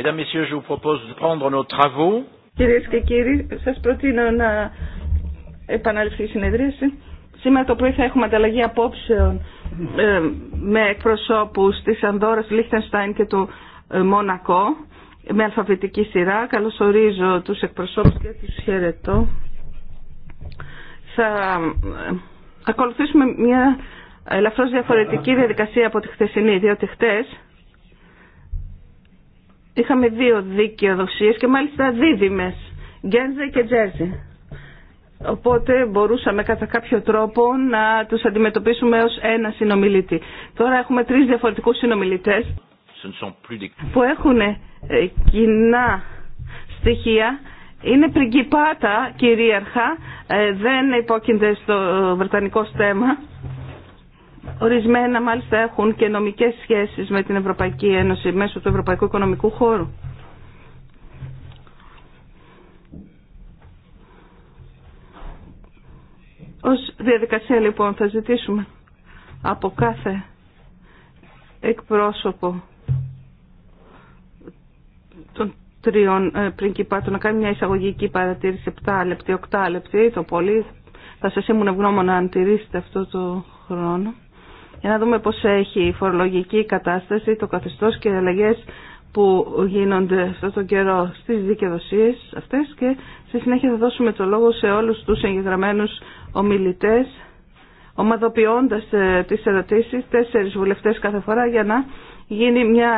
Mesdames, Κυρίες και κύριοι, σας προτείνω να επαναληφθεί η συνεδρίαση. Σήμερα το πρωί θα έχουμε ανταλλαγή απόψεων ε, με εκπροσώπους της Ανδόρας, Λίχτενστάιν και του ε, Μονακό με αλφαβητική σειρά. ορίζω τους εκπροσώπους και τους χαιρετώ. Θα ε, ακολουθήσουμε μια ελαφρώς διαφορετική διαδικασία από τη χθεσινή, διότι χτες Είχαμε δύο δίκαιοδοσίε και μάλιστα δίδυμε: Γκένζε και Τζέρζι. Οπότε μπορούσαμε κατά κάποιο τρόπο να τους αντιμετωπίσουμε ως ένα συνομιλητή. Τώρα έχουμε τρεις διαφορετικούς συνομιλητές που έχουν ε, κοινά στοιχεία. Είναι πριγκιπάτα κυρίαρχα, ε, δεν υπόκεινται στο βρετανικό στέμα Ορισμένα μάλιστα έχουν και νομικές σχέσεις με την Ευρωπαϊκή Ένωση μέσω του Ευρωπαϊκού Οικονομικού Χώρου. Ως διαδικασία λοιπόν θα ζητήσουμε από κάθε εκπρόσωπο των τριών ε, πριν κυπάτων να κάνει μια εισαγωγική παρατήρηση 7 λεπτή, 8 λεπτή το πολύ. Θα σας ήμουν ευγνώμων να αντιρρήσετε αυτό το χρόνο για να δούμε πώς έχει η φορολογική κατάσταση, το καθεστώς και οι αλλαγές που γίνονται αυτόν τον καιρό στις δικαιοδοσίες αυτές και στη συνέχεια θα δώσουμε το λόγο σε όλους τους εγγεγραμμένους ομιλητές ομαδοποιώντας ε, τις ερωτήσεις, τέσσερις βουλευτές κάθε φορά για να γίνει μια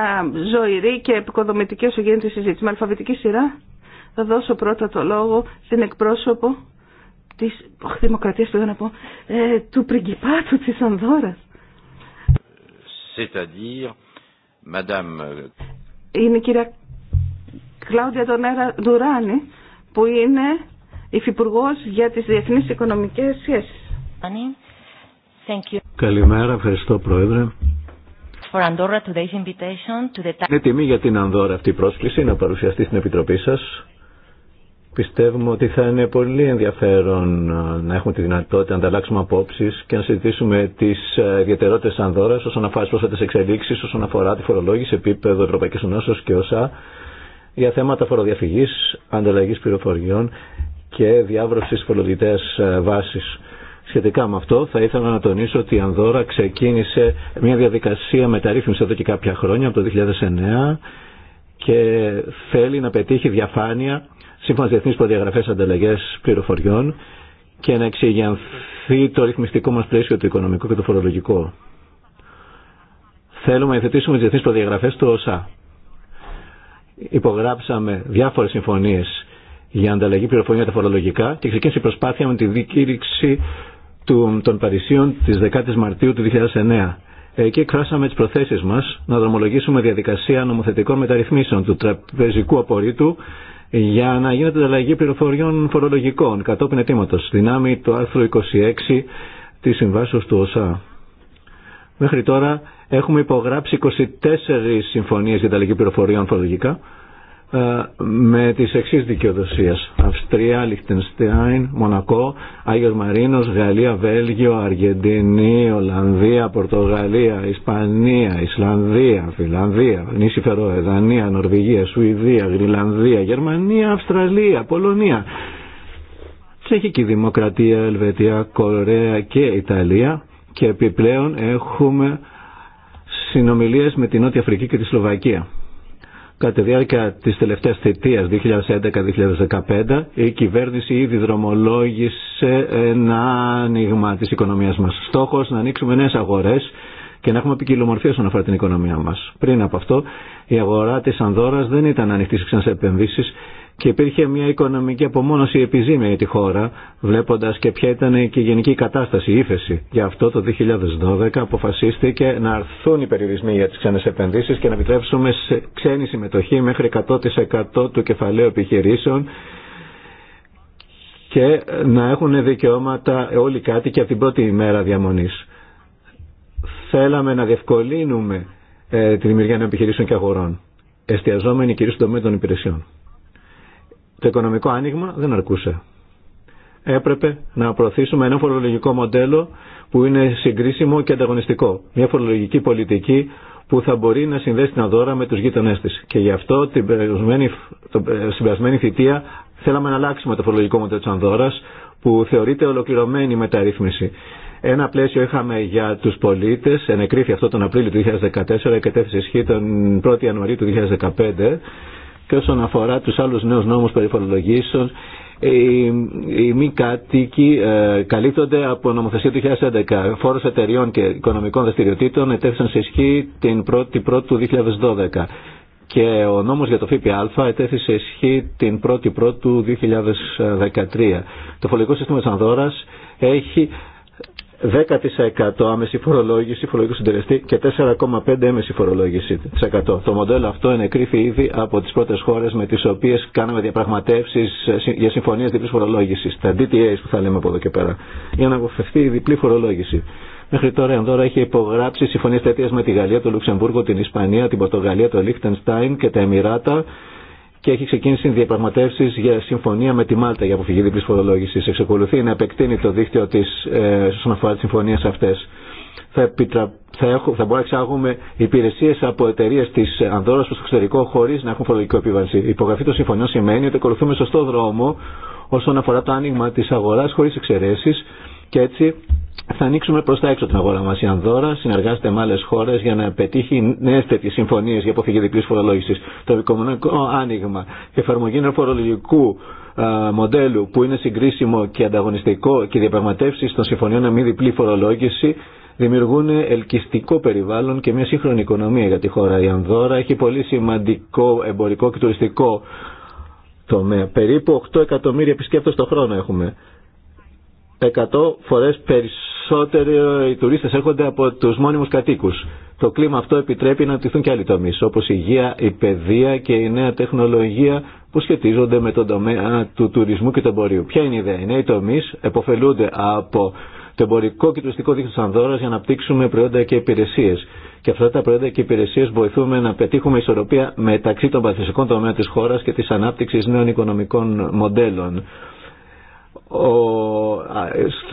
ζωηρή και επικοδομητική όσο γίνεται η συζήτηση. Με αλφαβητική σειρά θα δώσω πρώτα το λόγο στην εκπρόσωπο της, οχ, δημοκρατίας πρέπει να πω, ε, του πριγκιπάτου της Ανδόρας cest a euh, Είναι η κυρία Κλάουδια Τονέρα Ντουράνη, που είναι υφυπουργό για τι διεθνεί οικονομικέ σχέσει. Καλημέρα, ευχαριστώ Πρόεδρε. For Είναι τιμή για την Ανδόρα αυτή η πρόσκληση να παρουσιαστεί στην Επιτροπή σας Πιστεύουμε ότι θα είναι πολύ ενδιαφέρον ε, να έχουμε τη δυνατότητα να ανταλλάξουμε απόψει και να συζητήσουμε τι ε, ιδιαιτερότητε Ανδόρα όσον αφορά τι πρόσφατε εξελίξει, όσον αφορά τη φορολόγηση επίπεδο Ευρωπαϊκή Ενώσεω και όσα για θέματα φοροδιαφυγή, ανταλλαγή πληροφοριών και διάβρωση φορολογητέ ε, βάση. Σχετικά με αυτό θα ήθελα να τονίσω ότι η Ανδόρα ξεκίνησε μια διαδικασία μεταρρύθμιση εδώ και κάποια χρόνια, από το 2009 και θέλει να πετύχει διαφάνεια σύμφωνα με διεθνεί προδιαγραφέ ανταλλαγέ πληροφοριών και να εξηγιανθεί το ρυθμιστικό μα πλαίσιο, το οικονομικό και το φορολογικό. Θέλουμε να υιοθετήσουμε τι διεθνεί προδιαγραφέ του ΩΣΑ. Υπογράψαμε διάφορε συμφωνίε για ανταλλαγή πληροφοριών τα φορολογικά και ξεκίνησε η προσπάθεια με τη δικήρυξη των Παρισίων τη 10η Μαρτίου του 2009. Εκεί εκφράσαμε τι προθέσει μα να δρομολογήσουμε διαδικασία νομοθετικών μεταρρυθμίσεων του τραπεζικού απορρίτου για να γίνεται ανταλλαγή πληροφοριών φορολογικών κατόπιν αιτήματο. δυνάμει το άρθρο 26 τη συμβάσεω του ΟΣΑ. Μέχρι τώρα έχουμε υπογράψει 24 συμφωνίε για ανταλλαγή πληροφοριών φορολογικά ε, με τις εξής δικαιοδοσίες Αυστρία, Λιχτενστάιν, Μονακό, Άγιος Μαρίνος, Γαλλία, Βέλγιο, Αργεντινή, Ολλανδία, Πορτογαλία, Ισπανία, Ισλανδία, Φιλανδία, νήσι Φερόε, Δανία, Νορβηγία, Σουηδία, Γρυλανδία, Γερμανία, Αυστραλία, Πολωνία, Τσεχική Δημοκρατία, Ελβετία, Κορέα και Ιταλία και επιπλέον έχουμε συνομιλίες με την Νότια Αφρική και τη Σλοβακία. Κατά τη διάρκεια της τελευταίας θητείας 2011-2015 η κυβέρνηση ήδη δρομολόγησε ένα άνοιγμα της οικονομίας μας. Στόχος να ανοίξουμε νέες αγορές και να έχουμε ποικιλομορφία όσον αφορά την οικονομία μας. Πριν από αυτό η αγορά της Ανδόρας δεν ήταν ανοιχτή σε ξένες επενδύσεις και υπήρχε μια οικονομική απομόνωση επιζήμια για τη χώρα, βλέποντας και ποια ήταν και η γενική κατάσταση, η ύφεση. Γι' αυτό το 2012 αποφασίστηκε να αρθούν οι περιορισμοί για τις ξένες επενδύσεις και να επιτρέψουμε σε ξένη συμμετοχή μέχρι 100% του κεφαλαίου επιχειρήσεων και να έχουν δικαιώματα όλοι κάτι και από την πρώτη ημέρα διαμονής. Θέλαμε να διευκολύνουμε ε, τη δημιουργία νέων επιχειρήσεων και αγορών, εστιαζόμενοι κυρίως στον τομέα των υπηρεσιών. Το οικονομικό άνοιγμα δεν αρκούσε. Έπρεπε να προωθήσουμε ένα φορολογικό μοντέλο που είναι συγκρίσιμο και ανταγωνιστικό. Μια φορολογική πολιτική που θα μπορεί να συνδέσει την Ανδόρα με τους γείτονές της. Και γι' αυτό την περασμένη ε, θητεία θέλαμε να αλλάξουμε το φορολογικό μοντέλο της Ανδόρας που θεωρείται ολοκληρωμένη μεταρρύθμιση. Ένα πλαίσιο είχαμε για τους πολίτες, ενεκρίθη αυτό τον Απρίλιο του 2014 και τέθησε ισχύ τον 1η Ιανουαρίου του 2015 και όσον αφορά τους άλλους νέους νόμους περιφορολογήσεων, οι μη κάτοικοι ε, καλύπτονται από νομοθεσία του 2011. Φόρος εταιριών και οικονομικών δραστηριοτήτων ετέθησαν σε ισχύ την 1η του 2012 και ο νόμος για το ΦΠΑ ετέθησε σε ισχύ την 1η Πρώτου 2013. Το φορολογικό σύστημα της Ανδόρας έχει 10% άμεση φορολόγηση, φορολογικού συντελεστή και 4,5% έμεση φορολόγηση. Το μοντέλο αυτό είναι ενεκρίθη ήδη από τι πρώτε χώρε με τι οποίε κάναμε διαπραγματεύσει για συμφωνίε διπλή φορολόγηση. Τα DTAs που θα λέμε από εδώ και πέρα. Για να αποφευθεί η διπλή φορολόγηση. Μέχρι τώρα η Ανδόρα έχει υπογράψει συμφωνίε τέτοιε με τη Γαλλία, το Λουξεμβούργο, την Ισπανία, την Πορτογαλία, το Λίχτενστάιν και τα Εμμυράτα και έχει ξεκίνησει διαπραγματεύσει για συμφωνία με τη Μάλτα για αποφυγή διπλή φορολόγηση. Εξακολουθεί να επεκτείνει το δίκτυο τη ε, όσον αφορά τι συμφωνίε αυτέ. Θα, επιτρα... θα, θα μπορούμε να εξάγουμε υπηρεσίε από εταιρείε τη Ανδόρα προ το εξωτερικό χωρί να έχουν φορολογικό επιβάση. Η υπογραφή των συμφωνιών σημαίνει ότι ακολουθούμε σωστό δρόμο όσον αφορά το άνοιγμα τη αγορά χωρί εξαιρέσει και έτσι θα ανοίξουμε προ τα έξω την αγορά μα. Η Ανδόρα συνεργάζεται με άλλε χώρε για να πετύχει νέε τέτοιε συμφωνίε για αποφυγή διπλή φορολόγηση. Το οικονομικό άνοιγμα και εφαρμογή ενό φορολογικού μοντέλου που είναι συγκρίσιμο και ανταγωνιστικό και διαπραγματεύσει των συμφωνιών με μη διπλή φορολόγηση δημιουργούν ελκυστικό περιβάλλον και μια σύγχρονη οικονομία για τη χώρα. Η Ανδόρα έχει πολύ σημαντικό εμπορικό και τουριστικό τομέα. Περίπου 8 εκατομμύρια επισκέπτε το χρόνο έχουμε. Εκατό φορές περισσότεροι οι τουρίστες έρχονται από τους μόνιμους κατοίκους. Το κλίμα αυτό επιτρέπει να αντιθούν και άλλοι τομείς, όπως η υγεία, η παιδεία και η νέα τεχνολογία που σχετίζονται με τον τομέα του τουρισμού και του εμπορίου. Ποια είναι η ιδέα. Οι νέοι τομείς εποφελούνται από το εμπορικό και τουριστικό δίκτυο τη Ανδόρα για να αναπτύξουμε προϊόντα και υπηρεσίε. Και αυτά τα προϊόντα και υπηρεσίε βοηθούμε να πετύχουμε ισορροπία μεταξύ των παθησικών τομέων τη χώρα και τη ανάπτυξη νέων οικονομικών μοντέλων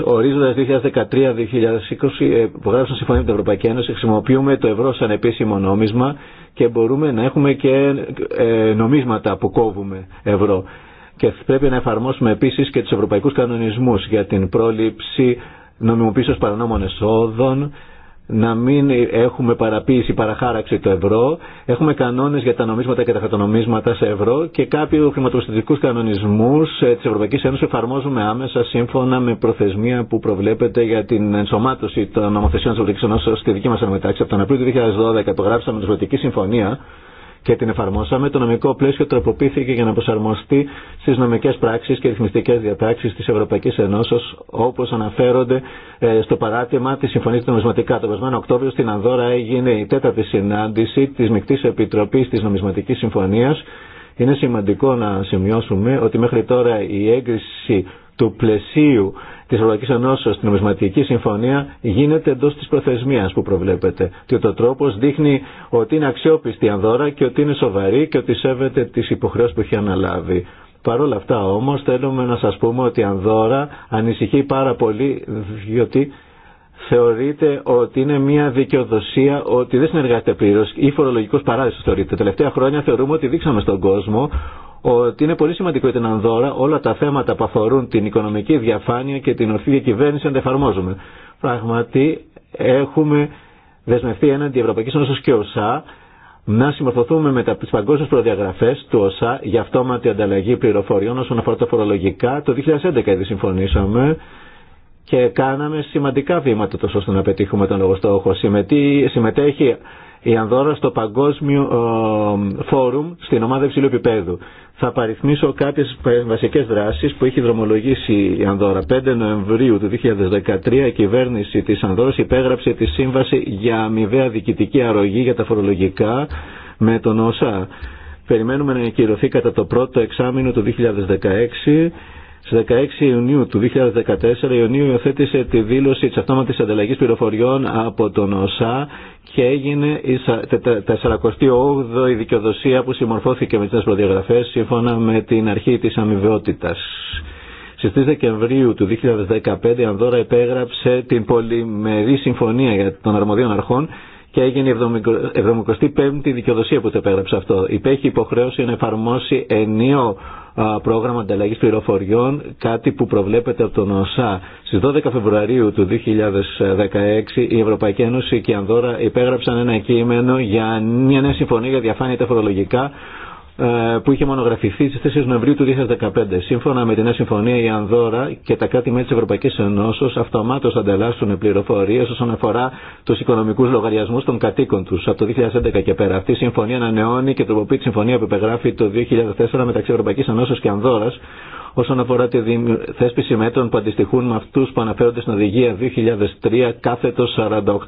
οριζοντας 2013 2013-2020 υπογράψαν συμφωνία με την Ευρωπαϊκή Ένωση, χρησιμοποιούμε το ευρώ σαν επίσημο νόμισμα και μπορούμε να έχουμε και ε, νομίσματα που κόβουμε ευρώ. Και πρέπει να εφαρμόσουμε επίσης και τους ευρωπαϊκούς κανονισμούς για την πρόληψη νομιμοποίησης παρανόμων εσόδων, να μην έχουμε παραποίηση, παραχάραξη το ευρώ. Έχουμε κανόνες για τα νομίσματα και τα χαρτονομίσματα σε ευρώ και κάποιου χρηματοπιστωτικού κανονισμούς ε, τη Ευρωπαϊκή Ένωση εφαρμόζουμε άμεσα σύμφωνα με προθεσμία που προβλέπεται για την ενσωμάτωση των νομοθεσιών τη Ευρωπαϊκή Ένωση στη δική μα αναμετάξη. Από τον Απρίλιο 2012 υπογράψαμε τη Ευρωπαϊκή Συμφωνία και την εφαρμόσαμε. Το νομικό πλαίσιο τροποποιήθηκε για να προσαρμοστεί στι νομικέ πράξει και ρυθμιστικέ διατάξει τη Ευρωπαϊκή Ενώσεω, όπω αναφέρονται ε, στο παράτημα τη Συμφωνία του Νομισματικά. Το περασμένο Οκτώβριο στην Ανδώρα έγινε η τέταρτη συνάντηση τη Μικτή Επιτροπή τη Νομισματική Συμφωνία. Είναι σημαντικό να σημειώσουμε ότι μέχρι τώρα η έγκριση του πλαισίου τη Ευρωπαϊκή Ενώσεω στην Νομισματική Συμφωνία γίνεται εντό τη προθεσμία που προβλέπετε Και ο τρόπο δείχνει ότι είναι αξιόπιστη η ανδώρα και ότι είναι σοβαρή και ότι σέβεται τι υποχρεώσει που έχει αναλάβει. Παρ' όλα αυτά όμω θέλουμε να σα πούμε ότι η Ανδώρα ανησυχεί πάρα πολύ διότι θεωρείται ότι είναι μια δικαιοδοσία ότι δεν συνεργάζεται πλήρω ή φορολογικό παράδεισο θεωρείται. τελευταία χρόνια θεωρούμε ότι δείξαμε στον κόσμο ότι είναι πολύ σημαντικό για την Ανδόρα όλα τα θέματα που αφορούν την οικονομική διαφάνεια και την ορθή διακυβέρνηση να τα εφαρμόζουμε. Πραγματι έχουμε δεσμευτεί έναντι Ευρωπαϊκή Ένωση και ΟΣΑ να συμμορφωθούμε με τι παγκόσμιε προδιαγραφέ του ΟΣΑ για αυτόματη ανταλλαγή πληροφοριών όσον αφορά τα φορολογικά. Το 2011 ήδη συμφωνήσαμε και κάναμε σημαντικά βήματα τόσο ώστε να πετύχουμε τον λόγο στόχο. Συμμετεί, συμμετέχει η Ανδόρα στο Παγκόσμιο ε, Φόρουμ στην ομάδα υψηλού επίπεδου. Θα παριθμίσω κάποιες βασικές δράσεις που έχει δρομολογήσει η Ανδόρα. 5 Νοεμβρίου του 2013 η κυβέρνηση της Ανδόρα υπέγραψε τη σύμβαση για αμοιβαία διοικητική αρρωγή για τα φορολογικά με τον ΩΣΑ. Περιμένουμε να εγκυρωθεί κατά το πρώτο εξάμεινο του 2016 Στι 16 Ιουνίου του 2014 Ιουνίου υιοθέτησε τη δήλωση της αυτόματης ανταλλαγής πληροφοριών από τον ΟΣΑ και έγινε η 48η δικαιοδοσία που συμμορφώθηκε με τις προδιαγραφέ σύμφωνα με την αρχή της αμοιβαιότητα. Στις 3 Δεκεμβρίου του 2015 η Ανδόρα επέγραψε την πολυμερή συμφωνία για τον αρμοδίων αρχών και έγινε η 75η δικαιοδοσία που το επέγραψε αυτό. Υπέχει υποχρέωση να εφαρμόσει ενίο πρόγραμμα ανταλλαγή πληροφοριών, κάτι που προβλέπεται από τον ΟΣΑ. Στις 12 Φεβρουαρίου του 2016 η Ευρωπαϊκή Ένωση και η Ανδόρα υπέγραψαν ένα κείμενο για μια νέα συμφωνία για διαφάνεια τα ε, που είχε μονογραφηθεί στις 4 Νοεμβρίου του 2015. Σύμφωνα με την Νέα Συμφωνία, η Ανδώρα και τα κράτη-μέλη της Ευρωπαϊκής Ενώσεως αυτομάτως ανταλλάσσουν πληροφορίες όσον αφορά τους οικονομικούς λογαριασμούς των κατοίκων τους από το 2011 και πέρα. Αυτή η συμφωνία ανανεώνει και τροποποιεί τη συμφωνία που υπεγράφει το 2004 μεταξύ Ευρωπαϊκής Ενώσεως και Ανδώρας όσον αφορά τη θέσπιση μέτρων που αντιστοιχούν με αυτού που αναφέρονται στην οδηγία 2003 κάθετο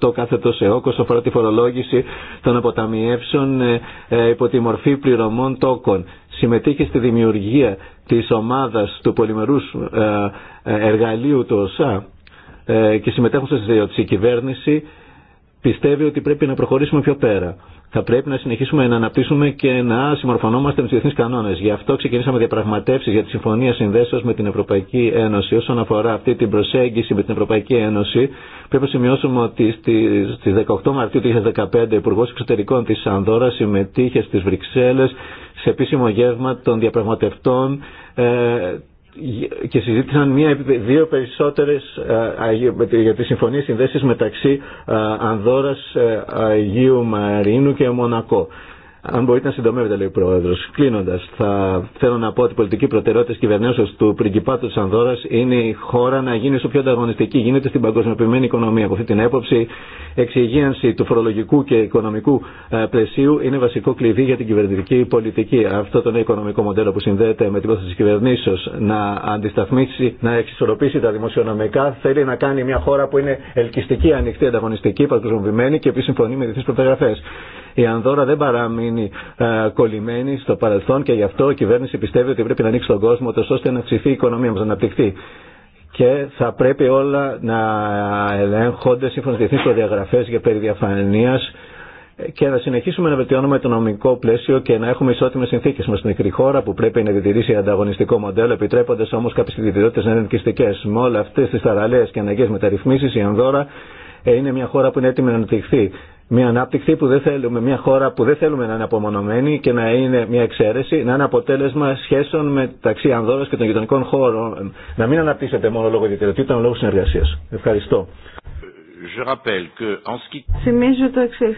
48 κάθετο ΕΟΚ όσον αφορά τη φορολόγηση των αποταμιεύσεων ε, ε, υπό τη μορφή πληρωμών τόκων. Συμμετείχε στη δημιουργία της ομάδας του πολυμερούς ε, εργαλείου του ΟΣΑ και συμμετέχουν στη κυβέρνηση πιστεύει ότι πρέπει να προχωρήσουμε πιο πέρα. Θα πρέπει να συνεχίσουμε να αναπτύσσουμε και να συμμορφωνόμαστε με του διεθνεί κανόνε. Γι' αυτό ξεκινήσαμε διαπραγματεύσει για τη Συμφωνία Συνδέσεω με την Ευρωπαϊκή Ένωση. Όσον αφορά αυτή την προσέγγιση με την Ευρωπαϊκή Ένωση, πρέπει να σημειώσουμε ότι στι 18 Μαρτίου του 2015 ο Υπουργό Εξωτερικών τη Ανδόρα συμμετείχε στι Βρυξέλλε σε επίσημο γεύμα των διαπραγματευτών ε, και συζήτησαν μία, δύο περισσότερες ε, για τη συμφωνίες συνδέσεις μεταξύ ε, Ανδόρας, ε, Αγίου Μαρίνου και Μονακό. Αν μπορείτε να συντομεύετε, λέει ο Πρόεδρο. Κλείνοντα, θα θέλω να πω ότι η πολιτική προτεραιότητα τη κυβερνήσεω του Πριγκιπάτου τη Ανδόρα είναι η χώρα να γίνει όσο πιο ανταγωνιστική γίνεται στην παγκοσμιοποιημένη οικονομία. Από αυτή την έποψη, εξυγίανση του φορολογικού και οικονομικού ε, πλαισίου είναι βασικό κλειδί για την κυβερνητική πολιτική. Αυτό το νέο οικονομικό μοντέλο που συνδέεται με την πρόθεση τη κυβερνήσεω να αντισταθμίσει, να εξισορροπήσει τα δημοσιονομικά, θέλει να κάνει μια χώρα που είναι ελκυστική, ανοιχτή, ανταγωνιστική, παγκοσμιοποιημένη και επίση συμφωνεί με διεθνεί η Ανδόρα δεν παραμείνει ε, κολλημένη στο παρελθόν και γι' αυτό η κυβέρνηση πιστεύει ότι πρέπει να ανοίξει τον κόσμο ώστε να αυξηθεί η οικονομία μας, να αναπτυχθεί. Και θα πρέπει όλα να ελέγχονται σύμφωνα με τις προδιαγραφές για περί διαφανείας και να συνεχίσουμε να βελτιώνουμε το νομικό πλαίσιο και να έχουμε ισότιμε συνθήκε με στην μικρή χώρα που πρέπει να διατηρήσει ανταγωνιστικό μοντέλο, επιτρέποντα όμω κάποιε ιδιαιτερότητε να είναι ελκυστικέ. Με όλε αυτέ τι θαραλέε και αναγκαίε μεταρρυθμίσει, η Ανδώρα ε, είναι μια χώρα που είναι έτοιμη να αναπτυχθεί μια ανάπτυξη που δεν θέλουμε, μια χώρα που δεν θέλουμε να είναι απομονωμένη και να είναι μια εξαίρεση, να είναι αποτέλεσμα σχέσεων μεταξύ Ανδόρα και των γειτονικών χώρων. Να μην αναπτύσσεται μόνο λόγω ιδιαιτεροτήτων, λόγω συνεργασία. Ευχαριστώ. Θυμίζω το εξή.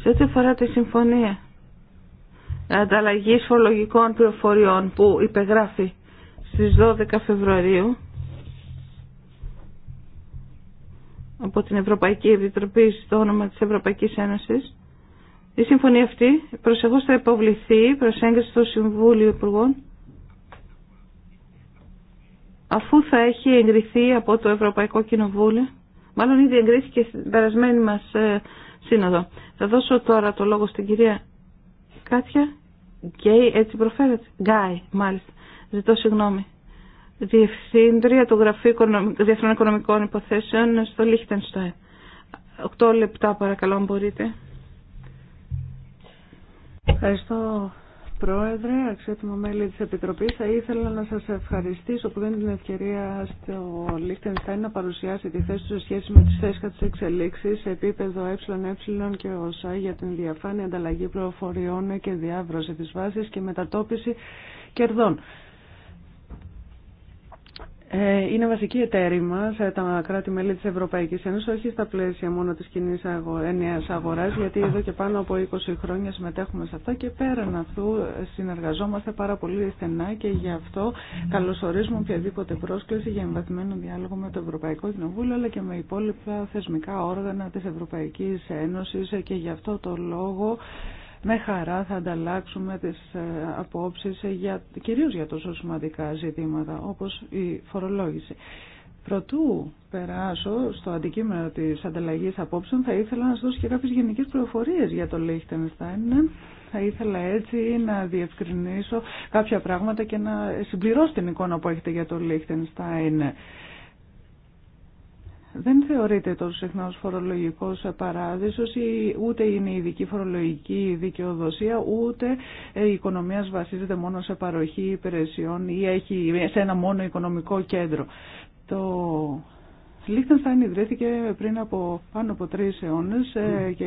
Σε ό,τι αφορά τη συμφωνία ανταλλαγή φορολογικών πληροφοριών που υπεγράφει στι 12 Φεβρουαρίου, από την Ευρωπαϊκή Επιτροπή στο όνομα της Ευρωπαϊκής Ένωσης. Η συμφωνία αυτή προσεχώς θα υποβληθεί προς έγκριση στο Συμβούλιο Υπουργών αφού θα έχει εγκριθεί από το Ευρωπαϊκό Κοινοβούλιο. Μάλλον ήδη εγκρίθηκε στην περασμένη μας ε, σύνοδο. Θα δώσω τώρα το λόγο στην κυρία Κάτια Γκέι, έτσι προφέρεται. Γκάι, μάλιστα. Ζητώ συγγνώμη. Διευθύντρια του Γραφείου Διεθνών Οικονομικών Υποθέσεων στο Λίχτενστάιν. Οκτώ λεπτά παρακαλώ αν μπορείτε. Ευχαριστώ Πρόεδρε, αξιότιμο μέλη της Επιτροπής. Θα ήθελα να σας ευχαριστήσω που δίνετε την ευκαιρία στο Λίχτενστάιν να παρουσιάσει τη θέση του σε σχέση με τις θέσεις της εξελίξης σε επίπεδο ΕΕ και ΩΣΑ για την διαφάνεια ανταλλαγή πληροφοριών και διάβρωση τη βάση και μετατόπιση κερδών. Ε, είναι βασική εταίρη μα ε, τα κράτη-μέλη τη Ευρωπαϊκή Ένωση, όχι στα πλαίσια μόνο τη κοινή ενιαία αγορά, γιατί εδώ και πάνω από 20 χρόνια συμμετέχουμε σε αυτά και πέραν αυτού ε, συνεργαζόμαστε πάρα πολύ στενά και γι' αυτό καλωσορίζουμε οποιαδήποτε πρόσκληση για εμβαθμένο διάλογο με το Ευρωπαϊκό Κοινοβούλιο αλλά και με υπόλοιπα θεσμικά όργανα τη Ευρωπαϊκή Ένωση και γι' αυτό το λόγο με χαρά θα ανταλλάξουμε τις ε, απόψεις για, κυρίως για τόσο σημαντικά ζητήματα όπως η φορολόγηση. Προτού περάσω στο αντικείμενο της ανταλλαγής απόψεων θα ήθελα να σας δώσω και κάποιες γενικές πληροφορίες για το Liechtenstein. Ναι, θα ήθελα έτσι να διευκρινίσω κάποια πράγματα και να συμπληρώσω την εικόνα που έχετε για το Liechtenstein δεν θεωρείται τόσο συχνά ως φορολογικός παράδεισος ή ούτε είναι η ειδική φορολογική δικαιοδοσία ούτε η οικονομία βασίζεται μόνο σε παροχή υπηρεσιών ή έχει σε ένα μόνο οικονομικό κέντρο. Το Λίχτενστάιν ιδρύθηκε πριν από πάνω από τρει αιώνε ε, και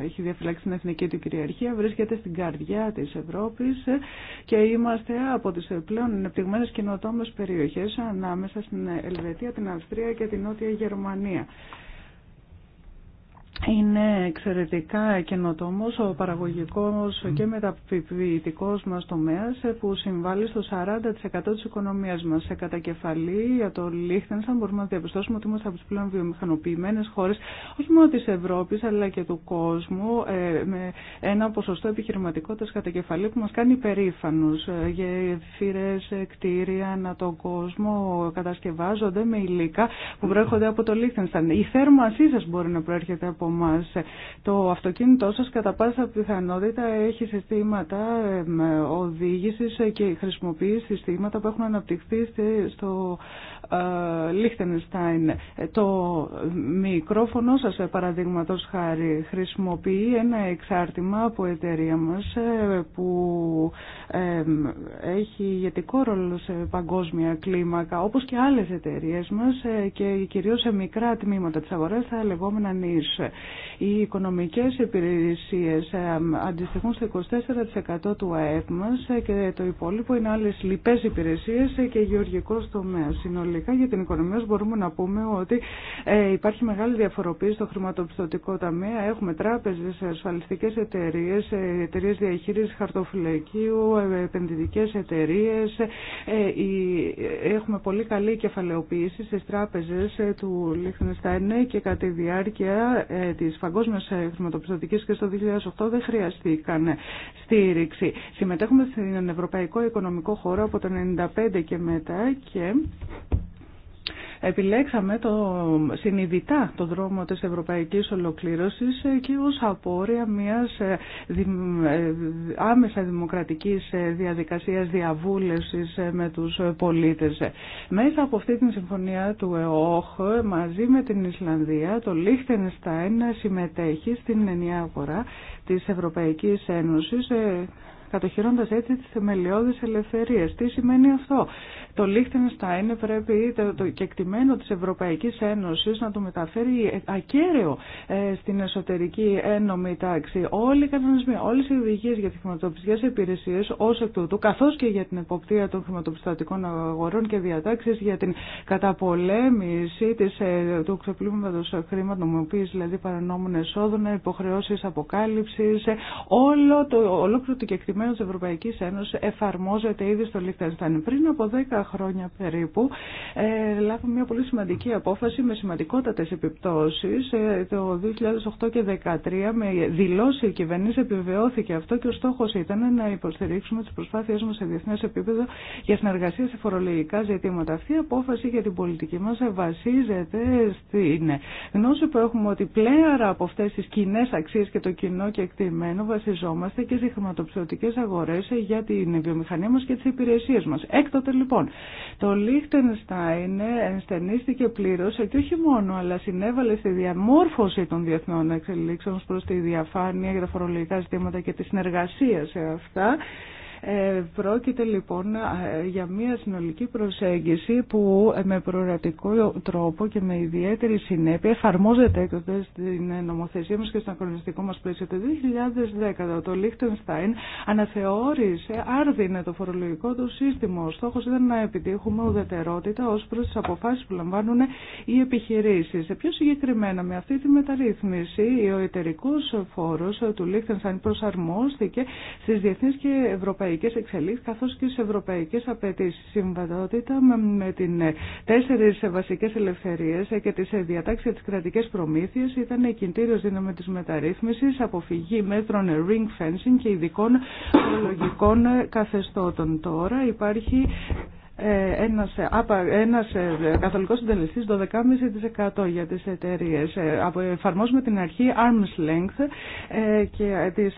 ε, έχει διαφυλάξει την εθνική του κυριαρχία. Βρίσκεται στην καρδιά τη Ευρώπη ε, και είμαστε από τι πλέον ανεπτυγμένε κοινοτόμε περιοχέ ανάμεσα στην Ελβετία, την Αυστρία και την Νότια Γερμανία είναι εξαιρετικά καινοτόμο ο παραγωγικός και μεταποιητικό μα τομέα που συμβάλλει στο 40% τη οικονομία μα Σε κατακεφαλή για το Λίχτενσαν μπορούμε να διαπιστώσουμε ότι είμαστε από τι πλέον βιομηχανοποιημένε χώρε, όχι μόνο τη Ευρώπη, αλλά και του κόσμου ε, με ένα ποσοστό επιχειρηματικότητα κατακεφαλή που μα κάνει περήφανου. Ε, Γεφύρες, κτίρια, να τον κόσμο κατασκευάζονται με υλικά που προέρχονται από το Λίχτενσταν. Η θέρμανσή σα μπορεί να προέρχεται από το αυτοκίνητό σα κατά πάσα πιθανότητα έχει συστήματα οδήγησης και χρησιμοποιεί συστήματα που έχουν αναπτυχθεί στο ε, Λίχτενστάιν. Ε, το μικρόφωνο σας ε, παραδείγματο χάρη χρησιμοποιεί ένα εξάρτημα από εταιρεία μας που έχει ηγετικό ρόλο σε παγκόσμια κλίμακα, όπως και άλλες εταιρείες μας ε, και κυρίως σε μικρά τμήματα της αγοράς, θα λεγόμενα νης. Οι οικονομικές υπηρεσίες αντιστοιχούν στο 24% του ΑΕΠ μας ε, και το υπόλοιπο είναι άλλες λοιπές υπηρεσίες ε, και γεωργικός τομέα. Συνολικά για την οικονομία μπορούμε να πούμε ότι υπάρχει μεγάλη διαφοροποίηση στο χρηματοπιστωτικό ταμείο. Έχουμε τράπεζες, ασφαλιστικές εταιρείες, εταιρείες διαχείρισης χαρτοφυλακίου, επενδυτικές εταιρείες, ε, έχουμε πολύ καλή κεφαλαιοποίηση στι τράπεζες ε, του Λίχνεστάιν ε, και κατά τη διάρκεια τη παγκόσμια χρηματοπιστωτικής και στο 2008 δεν χρειαστήκαν στήριξη. Συμμετέχουμε στην Ευρωπαϊκό Οικονομικό Χώρο από το 1995 και μετά και Επιλέξαμε το, συνειδητά τον δρόμο της ευρωπαϊκής ολοκλήρωσης και ως απόρρια μιας ε, ε, άμεσα δημοκρατικής ε, διαδικασίας διαβούλευσης με τους πολίτες. Μέσα από αυτή την συμφωνία του ΕΟΧ μαζί με την Ισλανδία το Λίχτενστάιν συμμετέχει στην ενιαία αγορά της Ευρωπαϊκής Ένωσης κατοχυρώντας έτσι τις θεμελιώδεις ελευθερίες. Τι σημαίνει αυτό. Το Λίχτενστάιν πρέπει το, το κεκτημένο της Ευρωπαϊκής Ένωσης να το μεταφέρει ακέραιο ε, στην εσωτερική ένωμη τάξη. Όλοι οι κανονισμοί, όλες οι οδηγίες για τις χρηματοπιστικές υπηρεσίες ως εκ τούτου, καθώς και για την εποπτεία των χρηματοπιστωτικών αγορών και διατάξεις για την καταπολέμηση της, ε, του ξεπλήματος χρήματος νομιμοποίησης, δηλαδή παρανόμων εσόδων, υποχρεώσεις αποκάλυψης, ε, όλο το, το κεκτημένο της Ευρωπαϊκής Ένωσης εφαρμόζεται ήδη στο Λίχτενστάιν. Πριν από 10 χρόνια περίπου, ε, λάβαμε μια πολύ σημαντική απόφαση με σημαντικότατες επιπτώσεις ε, το 2008 και 2013 με δηλώσει η κυβέρνηση επιβεβαιώθηκε αυτό και ο στόχο ήταν να υποστηρίξουμε τις προσπάθειές μας σε διεθνές επίπεδο για συνεργασία σε φορολογικά ζητήματα. Αυτή η απόφαση για την πολιτική μας βασίζεται στην γνώση που έχουμε ότι πλέαρα από αυτές τις κοινέ αξίες και το κοινό και εκτιμένο βασιζόμαστε και σε χρηματοψηφιακές αγορές για την βιομηχανία μας και τις υπηρεσίες μας. Έκτοτε λοιπόν το Λίχτενστάιν ενστενίστηκε πλήρω και όχι μόνο, αλλά συνέβαλε στη διαμόρφωση των διεθνών εξελίξεων προ τη διαφάνεια για τα φορολογικά ζητήματα και τη συνεργασία σε αυτά. Ε, πρόκειται λοιπόν ε, για μια συνολική προσέγγιση που ε, με προορατικό τρόπο και με ιδιαίτερη συνέπεια εφαρμόζεται έκτοτε στην νομοθεσία μας και στον ακρονιστικό μας πλαίσιο. Το 2010 το Λίχτενστάιν αναθεώρησε άρδινε το φορολογικό του σύστημα. Ο στόχος ήταν να επιτύχουμε ουδετερότητα ως προς τις αποφάσεις που λαμβάνουν οι επιχειρήσεις. Πιο συγκεκριμένα με αυτή τη μεταρρύθμιση ο εταιρικός φόρος του Λίχτενστάιν προσαρμόστηκε στις διεθνείς και ευρωπαϊκές ευρωπαϊκές εξελίξεις καθώς και στις ευρωπαϊκές απαιτήσεις. Συμβατότητα με την ε, τέσσερις βασικές ελευθερίες ε, και τις ε, διατάξεις της κρατικής κρατικές ήταν κινητήριος δύναμη της μεταρρύθμισης, αποφυγή μέτρων ring fencing και ειδικών λογικών καθεστώτων. Τώρα υπάρχει ε, ένας, ε, ένας ε, καθολικός συντελεστής 12,5% για τις εταιρείε. Εφαρμόζουμε την αρχή arm's length και τις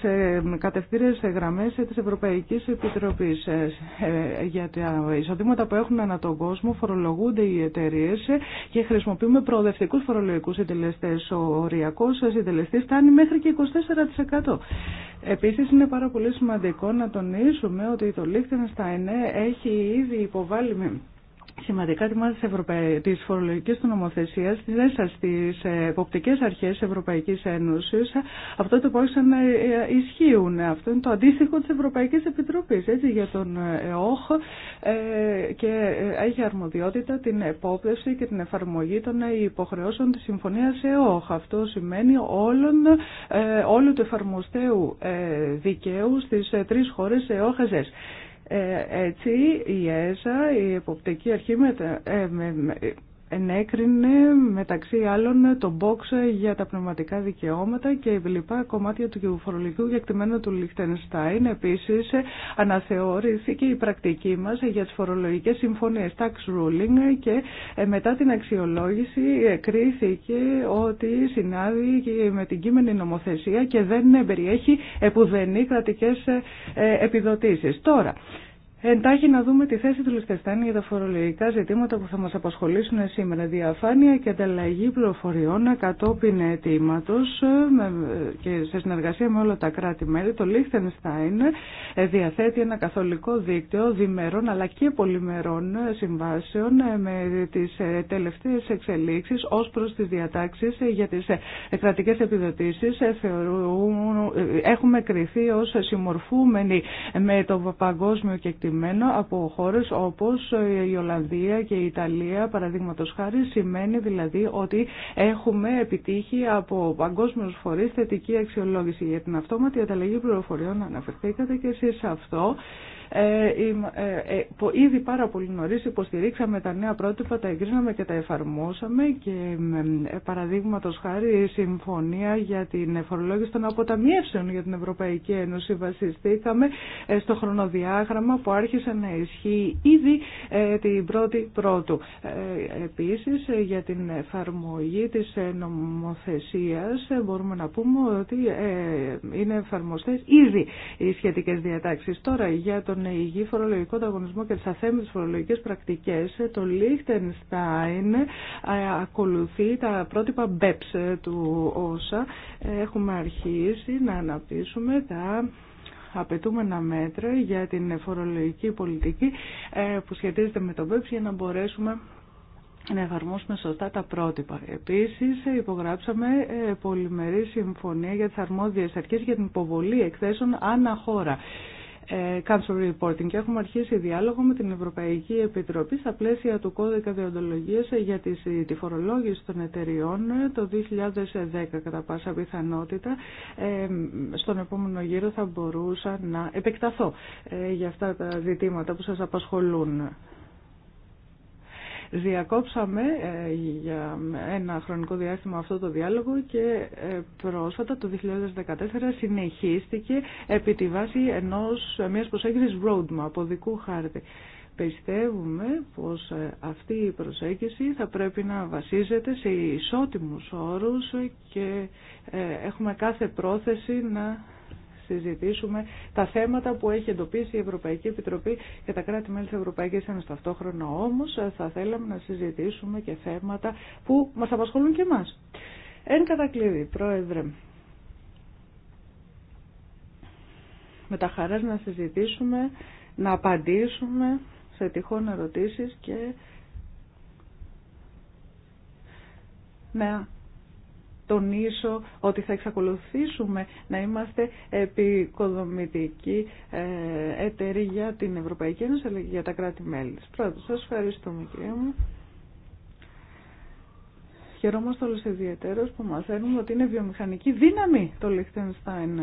κατευθύνες γραμμές της Ευρωπαϊκής Επιτροπής. Για τα εισοδήματα που έχουν ανά τον κόσμο φορολογούνται οι εταιρείε και χρησιμοποιούμε προοδευτικούς φορολογικούς συντελεστές. Ο οριακός συντελεστής φτάνει μέχρι και 24%. Επίσης είναι πάρα πολύ σημαντικό να τονίσουμε ότι το Λίχτενστάιν έχει ήδη υποβάλει σημαντικά της φορολογικής του νομοθεσίας μέσα στις ε, εποπτικές αρχές Ευρωπαϊκής Ένωσης αυτό το πώς να ε, ε, ισχύουν. Αυτό είναι το αντίστοιχο της Ευρωπαϊκής Επιτροπής έτσι, για τον ΕΟΧ και έχει αρμοδιότητα την επόπτευση και την εφαρμογή των υποχρεώσεων της Συμφωνίας ΕΟΧ. Αυτό σημαίνει όλων, όλου του εφαρμοστέου δικαίου στις τρεις χώρες ΕΟΧΕΖΕΣ. Ε, έτσι η ΕΣΑ, η Εποπτική Αρχή, ε, ενέκρινε μεταξύ άλλων το box για τα πνευματικά δικαιώματα και λοιπά κομμάτια του φορολογικού γεκτημένου του Λιχτενστάιν. Επίσης αναθεωρήθηκε η πρακτική μας για τις φορολογικές συμφωνίες tax ruling και ε, μετά την αξιολόγηση κρίθηκε ότι συνάδει με την κείμενη νομοθεσία και δεν περιέχει επουδενή κρατικές ε, ε, επιδοτήσεις. Τώρα, Εντάχει να δούμε τη θέση του Λιχτεστάνη για τα φορολογικά ζητήματα που θα μας απασχολήσουν σήμερα. Διαφάνεια και ανταλλαγή πληροφοριών κατόπιν αιτήματο ε, και σε συνεργασία με όλα τα κράτη-μέλη. Το Λίχτενστάιν ε, διαθέτει ένα καθολικό δίκτυο διμερών αλλά και πολυμερών συμβάσεων ε, με τις τελευταίες εξελίξεις ως προς τις διατάξεις για τις κρατικές επιδοτήσεις. Έχουμε κριθεί ως συμμορφούμενοι με το παγκόσμιο κεκτημένο από χώρες όπως η Ολλανδία και η Ιταλία παραδείγματο χάρη σημαίνει δηλαδή ότι έχουμε επιτύχει από παγκόσμιους φορείς θετική αξιολόγηση για την αυτόματη ανταλλαγή πληροφοριών αναφερθήκατε και εσείς σε αυτό. Ε, ε, ε, ήδη πάρα πολύ νωρίς υποστηρίξαμε τα νέα πρότυπα, τα εγκρίναμε και τα εφαρμόσαμε και παραδείγματο χάρη η συμφωνία για την εφορολόγηση των αποταμιεύσεων για την Ευρωπαϊκή Ένωση βασιστήκαμε στο χρονοδιάγραμμα που άρχισε να ισχύει ήδη την πρώτη πρώτου. Επίσης για την εφαρμογή της νομοθεσίας μπορούμε να πούμε ότι είναι εφαρμοστές ήδη οι σχετικές διατάξεις. Τώρα για τον τον υγιή φορολογικό Ταγωνισμό και τις αθέμενε φορολογικέ πρακτικές, το Liechtenstein ε, ακολουθεί τα πρότυπα BEPS του όσα Έχουμε αρχίσει να αναπτύσσουμε τα απαιτούμενα μέτρα για την φορολογική πολιτική ε, που σχετίζεται με το BEPS για να μπορέσουμε να εφαρμόσουμε σωστά τα πρότυπα. Επίσης υπογράψαμε ε, πολυμερή συμφωνία για τις αρμόδιες αρχές για την υποβολή εκθέσεων ανά χώρα. Council Reporting και έχουμε αρχίσει διάλογο με την Ευρωπαϊκή Επιτροπή στα πλαίσια του κώδικα διοντολογίας για τη φορολόγηση των εταιριών το 2010 κατά πάσα πιθανότητα. Ε, στον επόμενο γύρο θα μπορούσα να επεκταθώ ε, για αυτά τα ζητήματα που σας απασχολούν. Διακόψαμε ε, για ένα χρονικό διάστημα αυτό το διάλογο και ε, πρόσφατα το 2014 συνεχίστηκε επί τη βάση ενός, μιας προσέγγισης roadmap, δικού χάρτη. Πιστεύουμε πως ε, αυτή η προσέγγιση θα πρέπει να βασίζεται σε ισότιμους όρους και έχουμε κάθε πρόθεση να συζητήσουμε τα θέματα που έχει εντοπίσει η Ευρωπαϊκή Επιτροπή και τα κράτη-μέλη τη Ευρωπαϊκή Ένωση Ταυτόχρονα όμω θα θέλαμε να συζητήσουμε και θέματα που μας απασχολούν και εμά. Εν κατακλείδη, Πρόεδρε, με τα χαράς να συζητήσουμε, να απαντήσουμε σε τυχόν ερωτήσεις και να τονίσω ότι θα εξακολουθήσουμε να είμαστε επικοδομητικοί ε, εταιροί για την Ευρωπαϊκή Ένωση αλλά και για τα κράτη-μέλη. Πρώτα, σας ευχαριστούμε κύριε μου. Χαιρόμαστε όλους ιδιαίτερους που μαθαίνουμε ότι είναι βιομηχανική δύναμη το Λιχτενστάιν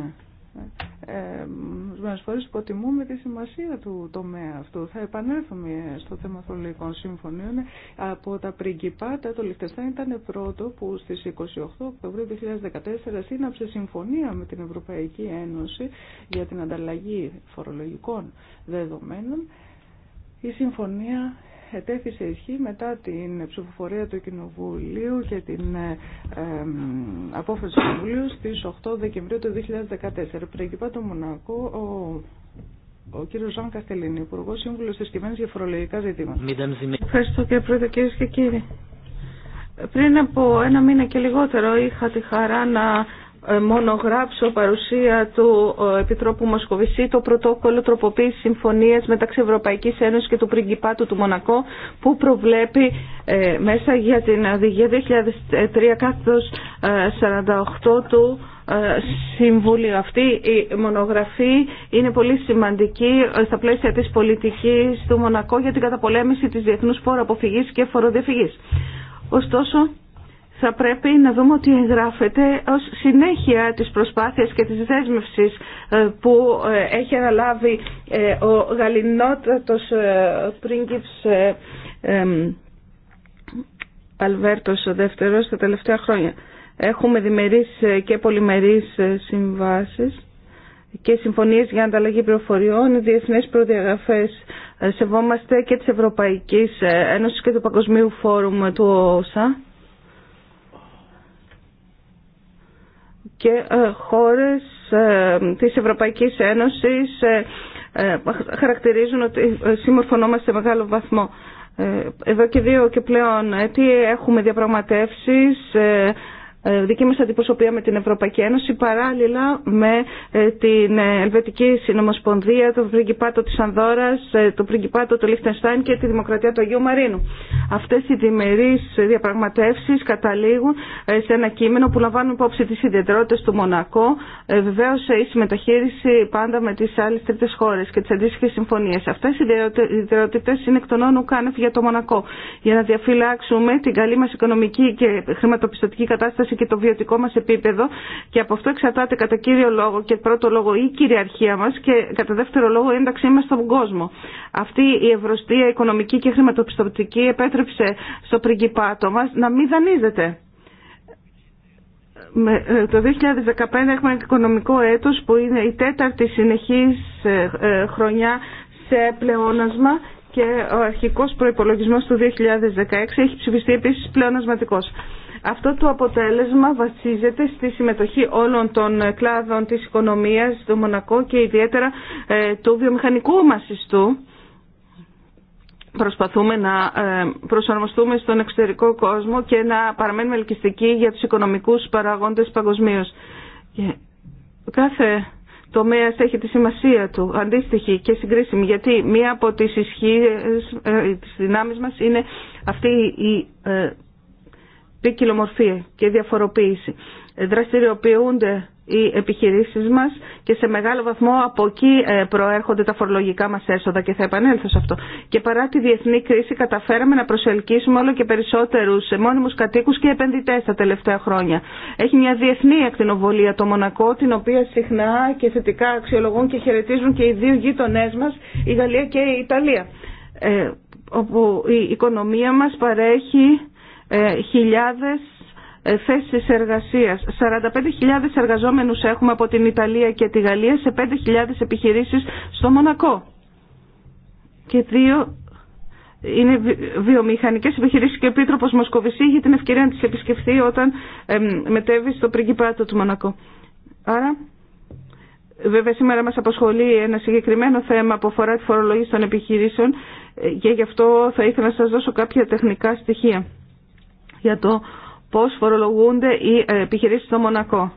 ορισμένε φορέ υποτιμούμε τη σημασία του τομέα αυτού. Θα επανέλθουμε στο θέμα των λαϊκών συμφωνίων. Από τα πριγκιπάτα, το Λιχτεστάιν ήταν πρώτο που στι 28 Οκτωβρίου 2014 σύναψε συμφωνία με την Ευρωπαϊκή Ένωση για την ανταλλαγή φορολογικών δεδομένων. Η συμφωνία ετέθη ισχύ μετά την ψηφοφορία του Κοινοβουλίου και την ε, απόφαση του Κοινοβουλίου στις 8 Δεκεμβρίου του 2014. Πριγκιπά το Μονακό, ο ο κύριο Ζαν Καστελίνη, Υπουργό Σύμβουλο της Κυβέρνησης για Φορολογικά Ζητήματα. Ευχαριστώ κύριε Πρόεδρε, κυρίε και κύριοι. Πριν από ένα μήνα και λιγότερο είχα τη χαρά να ε, μονογράψω παρουσία του ε, Επιτρόπου Μοσκοβισή το πρωτόκολλο τροποποίησης συμφωνίας μεταξύ Ευρωπαϊκής Ένωσης και του Πριγκιπάτου του Μονακό που προβλέπει ε, μέσα για την οδηγία 2003 48 του Συμβουλίου. Αυτή η μονογραφή είναι πολύ σημαντική στα πλαίσια της πολιτικής του Μονακό για την καταπολέμηση της διεθνούς και φοροδιαφυγής. Ωστόσο, θα πρέπει να δούμε ότι εγγράφεται ως συνέχεια της προσπάθειας και της δέσμευσης ε, που ε, έχει αναλάβει ε, ο γαλινότατος πρίγκιπς Αλβέρτος δεύτερος τα τελευταία χρόνια. Έχουμε διμερείς και πολυμερείς συμβάσεις και συμφωνίες για ανταλλαγή πληροφοριών, διεθνές προδιαγραφές. Σεβόμαστε και της Ευρωπαϊκής Ένωσης και του Παγκοσμίου Φόρουμ του ΟΣΑ και ε, χώρες ε, της Ευρωπαϊκής Ένωσης ε, χαρακτηρίζουν ότι συμμορφωνόμαστε σε μεγάλο βαθμό. Εδώ και δύο και πλέον τι έχουμε διαπραγματεύσεις ε, δική μας αντιπροσωπεία με την Ευρωπαϊκή Ένωση παράλληλα με ε, την ε, Ελβετική Συνομοσπονδία, το Πριγκιπάτο της Ανδόρας, το Πριγκιπάτο του Λίχτενστάιν και τη Δημοκρατία του Αγίου Μαρίνου. Αυτές οι διμερείς διαπραγματεύσεις καταλήγουν σε ένα κείμενο που λαμβάνουν υπόψη τις ιδιαιτερότητες του Μονακό, βεβαίως η συμμεταχείριση πάντα με τις άλλες τρίτες χώρες και τις αντίστοιχες συμφωνίες. Αυτές οι ιδιαιτερότητες είναι εκ των όνων κάνευ για το Μονακό. Για να διαφυλάξουμε την καλή μας οικονομική και χρηματοπιστωτική κατάσταση και το βιωτικό μας επίπεδο και από αυτό εξαρτάται κατά κύριο λόγο και πρώτο λόγο η κυριαρχία μας και κατά δεύτερο λόγο η ένταξή μας στον κόσμο. Αυτή η ευρωστία οικονομική και χρηματοπιστωτική επέτρεψε στο πριγκιπάτο μας να μην δανείζεται. Ε, το 2015 έχουμε ένα οικονομικό έτος που είναι η τέταρτη συνεχής ε, ε, χρονιά σε πλεόνασμα και ο αρχικός προϋπολογισμός του 2016 έχει ψηφιστεί επίσης πλεονασματικός. Αυτό το αποτέλεσμα βασίζεται στη συμμετοχή όλων των κλάδων της οικονομίας, του Μονακό και ιδιαίτερα ε, του βιομηχανικού μας ιστού. Προσπαθούμε να ε, προσαρμοστούμε στον εξωτερικό κόσμο και να παραμένουμε ελκυστικοί για τους οικονομικούς παραγόντες παγκοσμίω. Κάθε τομέα έχει τη σημασία του, αντίστοιχη και συγκρίσιμη, γιατί μία από τις ισχύες, ε, τις δυνάμεις μας είναι αυτή η ποικιλομορφία και διαφοροποίηση. Δραστηριοποιούνται οι επιχειρήσεις μας και σε μεγάλο βαθμό από εκεί ε, προέρχονται τα φορολογικά μας έσοδα και θα επανέλθω σε αυτό. Και παρά τη διεθνή κρίση καταφέραμε να προσελκύσουμε όλο και περισσότερους μόνιμους κατοίκους και επενδυτές τα τελευταία χρόνια. Έχει μια διεθνή ακτινοβολία το Μονακό την οποία συχνά και θετικά αξιολογούν και χαιρετίζουν και οι δύο γείτονε μας η Γαλλία και η Ιταλία ε, όπου η οικονομία μας παρέχει ε, χιλιάδες ε, θέσεις εργασίας. 45.000 εργαζόμενους έχουμε από την Ιταλία και τη Γαλλία σε 5.000 επιχειρήσεις στο Μονακό. Και δύο είναι βιομηχανικές επιχειρήσεις και ο επίτροπο Μοσκοβισή είχε την ευκαιρία να τι επισκεφθεί όταν μετέβη στο πριγκιπάτο του Μονακό. Άρα... Βέβαια σήμερα μας απασχολεί ένα συγκεκριμένο θέμα που αφορά τη φορολογία των επιχειρήσεων ε, και γι' αυτό θα ήθελα να σα δώσω κάποια τεχνικά στοιχεία για το πώς φορολογούνται οι ε, επιχειρήσεις στο Μονακό.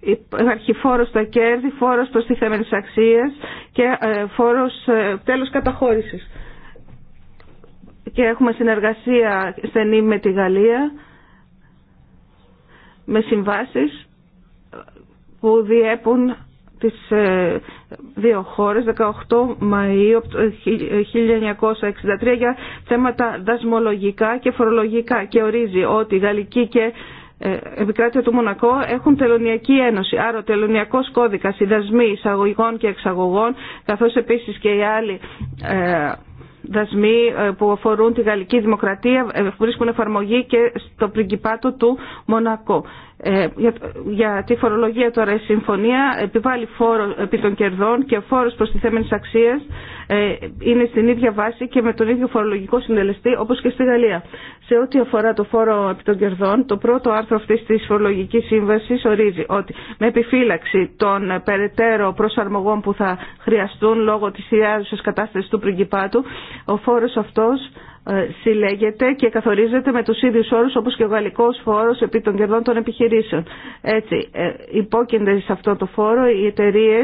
Υπάρχει φόρο στα κέρδη, φόρο στο στιθέμενη αξία και ε, φόρος ε, τέλος καταχώρηση. Και έχουμε συνεργασία στενή με τη Γαλλία, με συμβάσεις που διέπουν τις ε, δύο χώρες 18 Μαΐου 1963 ε, για θέματα δασμολογικά και φορολογικά και ορίζει ότι η Γαλλική και ε, επικράτεια του Μονακό έχουν τελωνιακή ένωση. Άρα ο τελωνιακός κώδικα, οι δασμοί εισαγωγικών και εξαγωγών, καθώς επίσης και οι άλλοι δασμοί που αφορούν τη Γαλλική Δημοκρατία, βρίσκουν εφαρμογή και στο πριγκιπάτο του Μονακό. Ε, για τη φορολογία τώρα η συμφωνία επιβάλλει φόρο επί των κερδών και ο φόρος προστιθέμενης αξίας ε, είναι στην ίδια βάση και με τον ίδιο φορολογικό συντελεστή όπως και στη Γαλλία. Σε ό,τι αφορά το φόρο επί των κερδών, το πρώτο άρθρο αυτής της φορολογικής σύμβασης ορίζει ότι με επιφύλαξη των ε, περαιτέρω προσαρμογών που θα χρειαστούν λόγω της ιδιάζουσας κατάστασης του πριγκιπάτου, ο φόρος αυτός ε, συλλέγεται και καθορίζεται με τους ίδιους όρους όπως και ο γαλλικός φόρος επί των κερδών των επιχειρήσεων. Έτσι, ε, υπόκεινται σε αυτό το φόρο οι εταιρείε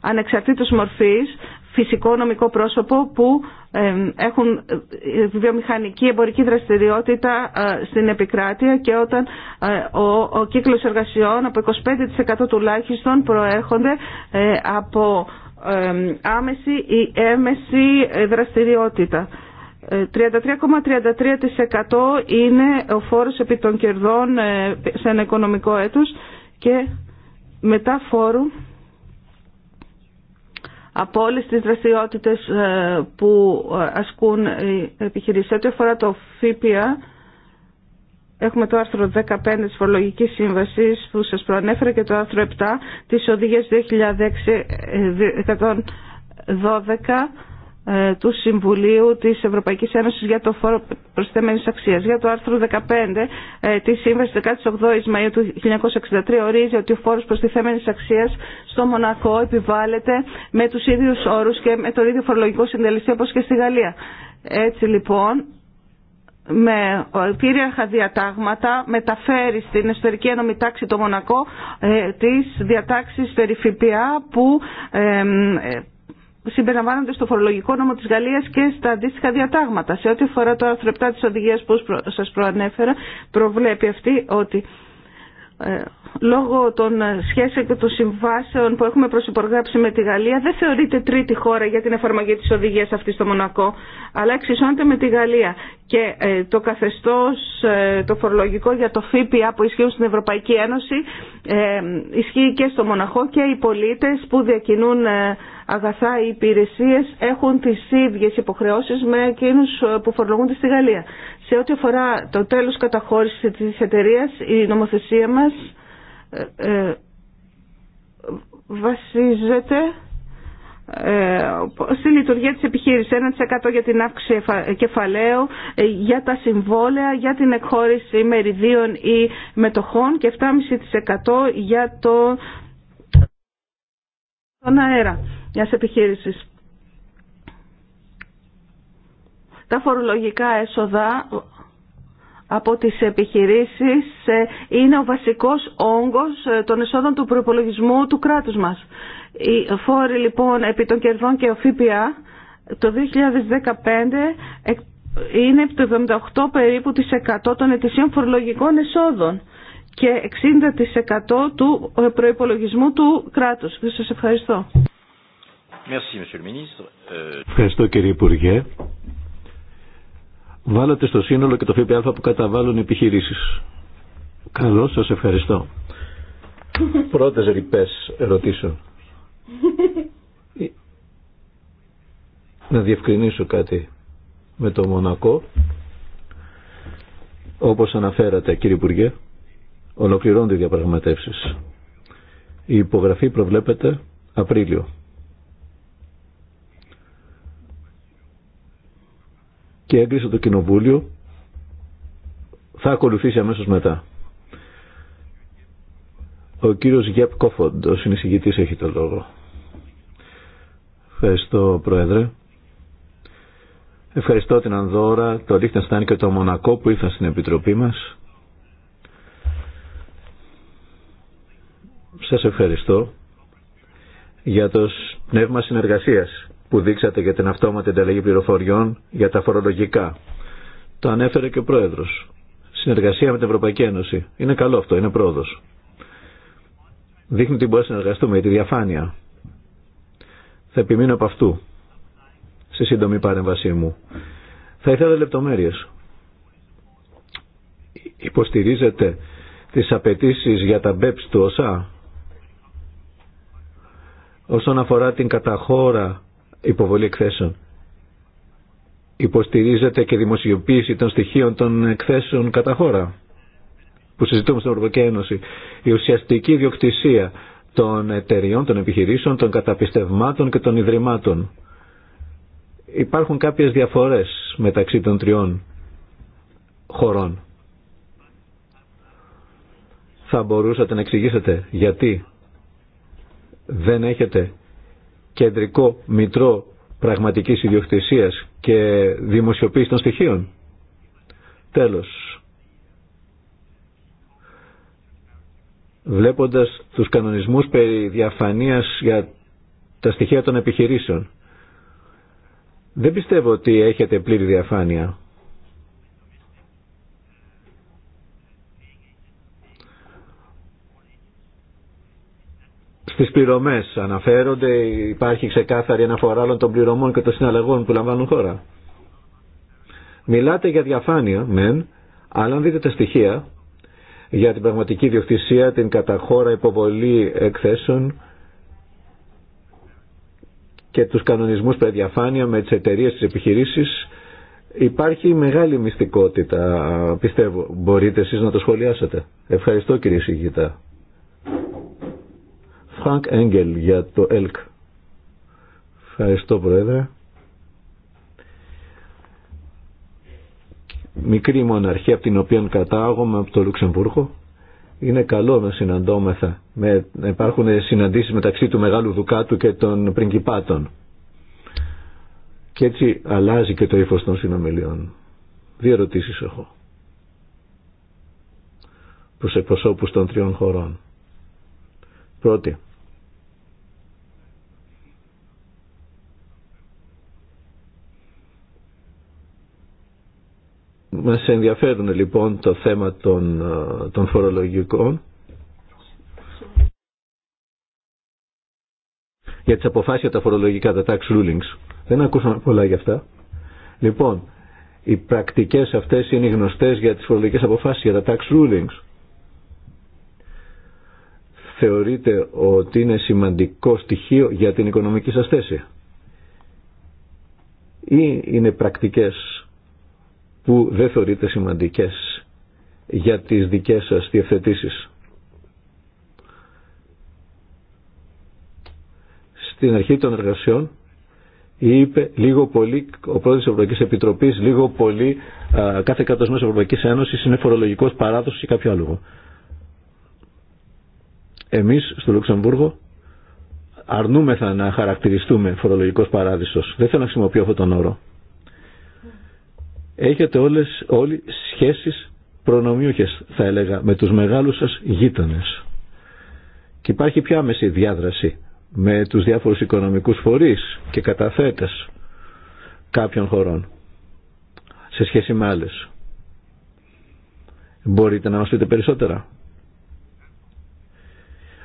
ανεξαρτήτως μορφής, φυσικό νομικό πρόσωπο που ε, έχουν βιομηχανική εμπορική δραστηριότητα στην επικράτεια και όταν ο κύκλος εργασιών από 25% τουλάχιστον προέρχονται από άμεση ή έμεση δραστηριότητα. 33,33% ε, είναι ο φόρος επί των κερδών ε, σε ένα οικονομικό έτος και μετά φόρου από όλες τις δραστηριότητες ε, που ασκούν οι επιχειρήσεις. Ό,τι αφορά το ΦΠΑ, έχουμε το άρθρο 15 της Φορολογικής Σύμβασης που σας προανέφερα και το άρθρο 7 της Οδηγίας 2006-112 ε, του Συμβουλίου της Ευρωπαϊκής Ένωσης για το φόρο προσθέμενης αξίας. Για το άρθρο 15 της Σύμβασης 18 Μαΐου του 1963 ορίζει ότι ο φόρος προστιθέμενης αξίας στο Μονακό επιβάλλεται με τους ίδιους όρους και με τον ίδιο φορολογικό συντελεστή όπως και στη Γαλλία. Έτσι λοιπόν με κυρίαρχα διατάγματα μεταφέρει στην εσωτερική ένωμη τάξη το Μονακό ε, τις διατάξεις περί ΦΠΑ που ε, ε, συμπεριλαμβάνονται στο φορολογικό νόμο της Γαλλίας και στα αντίστοιχα διατάγματα. Σε ό,τι αφορά το άρθρο 7 της οδηγίας που σας προανέφερα, προβλέπει αυτή ότι ε, λόγω των ε, σχέσεων και των συμβάσεων που έχουμε προσυπογράψει με τη Γαλλία δεν θεωρείται τρίτη χώρα για την εφαρμογή της οδηγίας αυτή στο Μονακό αλλά εξισώνεται με τη Γαλλία και ε, το καθεστώς ε, το φορολογικό για το ΦΠΑ που ισχύουν στην Ευρωπαϊκή Ένωση ισχύει και στο Μοναχό και οι πολίτες που διακινούν αγαθά ή υπηρεσίες έχουν τις ίδιες υποχρεώσεις με εκείνους που φορολογούνται στη Γαλλία. Σε ό,τι αφορά το τέλος καταχώρησης της εταιρεία, η υπηρεσιες εχουν τις ιδιες υποχρεωσεις με εκεινους που φορολογουνται στη γαλλια σε οτι αφορα το τελος καταχώρηση τη εταιρεια η νομοθεσια μας ε, ε, βασίζεται ε, στη λειτουργία της επιχείρησης 1% για την αύξηση κεφαλαίου για τα συμβόλαια για την εκχώρηση μεριδίων ή μετοχών και 7,5% για το τον αέρα μια επιχείρηση. Τα φορολογικά έσοδα από τις επιχειρήσεις ε, είναι ο βασικός όγκος ε, των εσόδων του προπολογισμού του κράτους μας. Οι φόροι λοιπόν επί των κερδών και ο ΦΠΑ το 2015 είναι το 78 περίπου της 100 των ετησίων φορολογικών εσόδων και 60% του ε, προϋπολογισμού του κράτους. Σας ευχαριστώ. Ευχαριστώ κύριε Υπουργέ. Βάλατε στο σύνολο και το ΦΠΑ που καταβάλουν οι επιχειρήσει. Καλώς σας ευχαριστώ. Πρώτες ρηπέ ερωτήσω. Ε, να διευκρινίσω κάτι με το Μονακό. Όπως αναφέρατε κύριε Υπουργέ, ολοκληρώνται οι διαπραγματεύσεις. Η υπογραφή προβλέπεται Απρίλιο. και έγκρισε το Κοινοβούλιο θα ακολουθήσει αμέσως μετά. Ο κύριος Γεπ Κόφοντ, ο συνεισηγητής, έχει το λόγο. Ευχαριστώ, Πρόεδρε. Ευχαριστώ την Ανδόρα, το Λίχτενστάν και το Μονακό που ήρθαν στην Επιτροπή μας. Σας ευχαριστώ για το πνεύμα συνεργασίας που δείξατε για την αυτόματη ανταλλαγή πληροφοριών για τα φορολογικά. Το ανέφερε και ο πρόεδρο. Συνεργασία με την Ευρωπαϊκή Ένωση. Είναι καλό αυτό, είναι πρόοδο. Δείχνει ότι μπορεί να συνεργαστούμε για τη διαφάνεια. Θα επιμείνω από αυτού στη σύντομη παρέμβασή μου. Θα ήθελα λεπτομέρειε. Υποστηρίζετε τι απαιτήσει για τα BEPS του ΟΣΑ όσον αφορά την καταχώρα υποβολή εκθέσεων. Υποστηρίζεται και δημοσιοποίηση των στοιχείων των εκθέσεων κατά χώρα που συζητούμε στην Ευρωπαϊκή Ένωση. Η ουσιαστική διοκτησία των εταιριών, των επιχειρήσεων, των καταπιστευμάτων και των ιδρυμάτων. Υπάρχουν κάποιες διαφορές μεταξύ των τριών χωρών. Θα μπορούσατε να εξηγήσετε γιατί δεν έχετε κεντρικό μητρό πραγματικής ιδιοκτησίας και δημοσιοποίηση των στοιχείων. Τέλος. Βλέποντας τους κανονισμούς περί διαφανείας για τα στοιχεία των επιχειρήσεων. Δεν πιστεύω ότι έχετε πλήρη διαφάνεια. Στις πληρωμές αναφέρονται, υπάρχει ξεκάθαρη αναφορά όλων των πληρωμών και των συναλλαγών που λαμβάνουν χώρα. Μιλάτε για διαφάνεια, μεν, αλλά αν δείτε τα στοιχεία για την πραγματική διοκτησία, την καταχώρα υποβολή εκθέσεων και τους κανονισμούς περί διαφάνεια με τις εταιρείε τις επιχειρήσεις, υπάρχει μεγάλη μυστικότητα, πιστεύω. Μπορείτε εσείς να το σχολιάσετε. Ευχαριστώ κύριε Σιγητά. Φρανκ Έγγελ για το ΕΛΚ. Ευχαριστώ Πρόεδρε. Μικρή μοναρχία από την οποία κατάγομαι από το Λουξεμβούργο. Είναι καλό να συναντώμεθα. Με, να υπάρχουν συναντήσεις μεταξύ του Μεγάλου Δουκάτου και των Πριγκιπάτων. Και έτσι αλλάζει και το ύφος των συνομιλιών. Δύο ερωτήσεις έχω προς εκπροσώπους των τριών χωρών. Πρώτη, Μας ενδιαφέρουν λοιπόν το θέμα των, ε, των φορολογικών για τις αποφάσεις τα φορολογικά, τα tax rulings. Δεν ακούσαμε πολλά για αυτά. Λοιπόν, οι πρακτικές αυτές είναι γνωστές για τις φορολογικές αποφάσεις, για τα tax rulings. Θεωρείτε ότι είναι σημαντικό στοιχείο για την οικονομική σας θέση. Ή είναι πρακτικές που δεν θεωρείται σημαντικές για τις δικές σας διευθετήσεις. Στην αρχή των εργασιών είπε λίγο πολύ, ο πρόεδρος της Ευρωπαϊκής Επιτροπής, λίγο πολύ α, κάθε κράτος της Ευρωπαϊκής Ένωσης είναι φορολογικός παράδοσος ή κάποιο άλλο. Εμείς στο Λουξεμβούργο αρνούμεθα να χαρακτηριστούμε φορολογικός παράδεισος. Δεν θέλω να χρησιμοποιώ αυτόν τον όρο έχετε όλες, όλοι σχέσεις προνομιούχες θα έλεγα με τους μεγάλους σας γείτονες και υπάρχει πιο άμεση διάδραση με τους διάφορους οικονομικούς φορείς και καταθέτες κάποιων χωρών σε σχέση με άλλες. Μπορείτε να μας πείτε περισσότερα.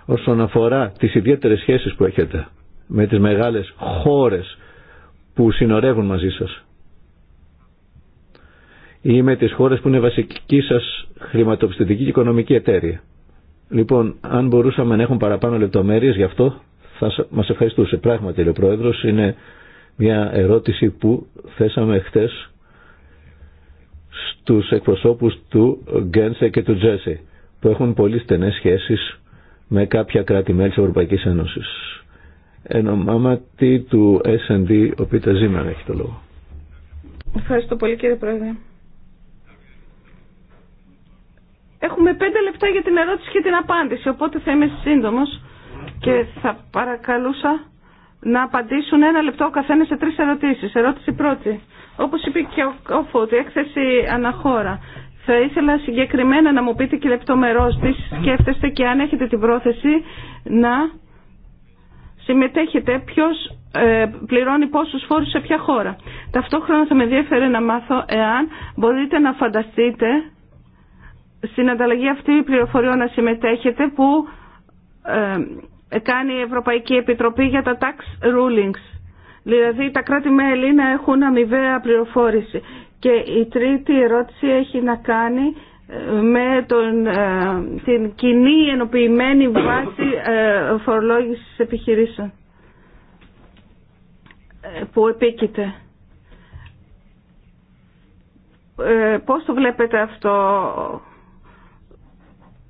Όσον αφορά τις ιδιαίτερες σχέσεις που έχετε με τις μεγάλες χώρες που συνορεύουν μαζί σας ή με τις χώρες που είναι βασική σας χρηματοπιστωτική και οικονομική εταίρεια. Λοιπόν, αν μπορούσαμε να έχουν παραπάνω λεπτομέρειες γι' αυτό θα μας ευχαριστούσε. Πράγματι, ο Πρόεδρος, είναι μια ερώτηση που θέσαμε χτες στους εκπροσώπους του Γκένσε και του Τζέσε, που έχουν πολύ στενές σχέσεις με κάποια κράτη-μέλη της Ευρωπαϊκής Ένωσης. Εν του S&D, ο Πίτα Ζήμερα έχει το λόγο. Ευχαριστώ πολύ κύριε Πρόεδρε. Έχουμε πέντε λεπτά για την ερώτηση και την απάντηση, οπότε θα είμαι σύντομος και θα παρακαλούσα να απαντήσουν ένα λεπτό ο καθένα σε τρεις ερωτήσεις. Ερώτηση πρώτη. Όπως είπε και ο Φωτ, έκθεση αναχώρα. Θα ήθελα συγκεκριμένα να μου πείτε και λεπτομερώς τι σκέφτεστε και αν έχετε την πρόθεση να συμμετέχετε ποιος ε, πληρώνει πόσους φόρους σε ποια χώρα. Ταυτόχρονα θα με ενδιαφέρει να μάθω εάν μπορείτε να φανταστείτε στην ανταλλαγή αυτή πληροφοριών να συμμετέχετε που ε, κάνει η Ευρωπαϊκή Επιτροπή για τα tax rulings. Δηλαδή τα κράτη-μέλη να έχουν αμοιβαία πληροφόρηση. Και η τρίτη ερώτηση έχει να κάνει ε, με τον, ε, την κοινή ενοποιημένη βάση ε, φορολόγησης επιχειρήσεων που επίκειται. Ε, πώς το βλέπετε αυτό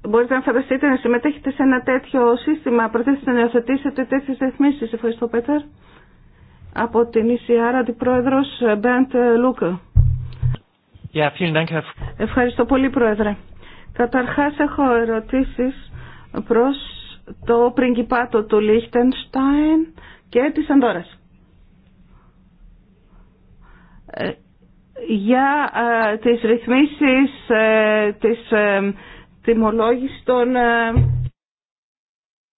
μπορείτε να φανταστείτε να συμμετέχετε σε ένα τέτοιο σύστημα, προτείνετε να νεοθετήσετε τέτοιε ρυθμίσει. Ευχαριστώ, Πέτερ. Από την ECR, αντιπρόεδρο Μπέντ Λούκα. Ευχαριστώ πολύ, Πρόεδρε. Καταρχά, έχω ερωτήσει προ το πριγκιπάτο του Λίχτενστάιν και τη Ανδόρα. Ε, για ε, τις ρυθμίσεις ε, της τιμολόγηση των ε,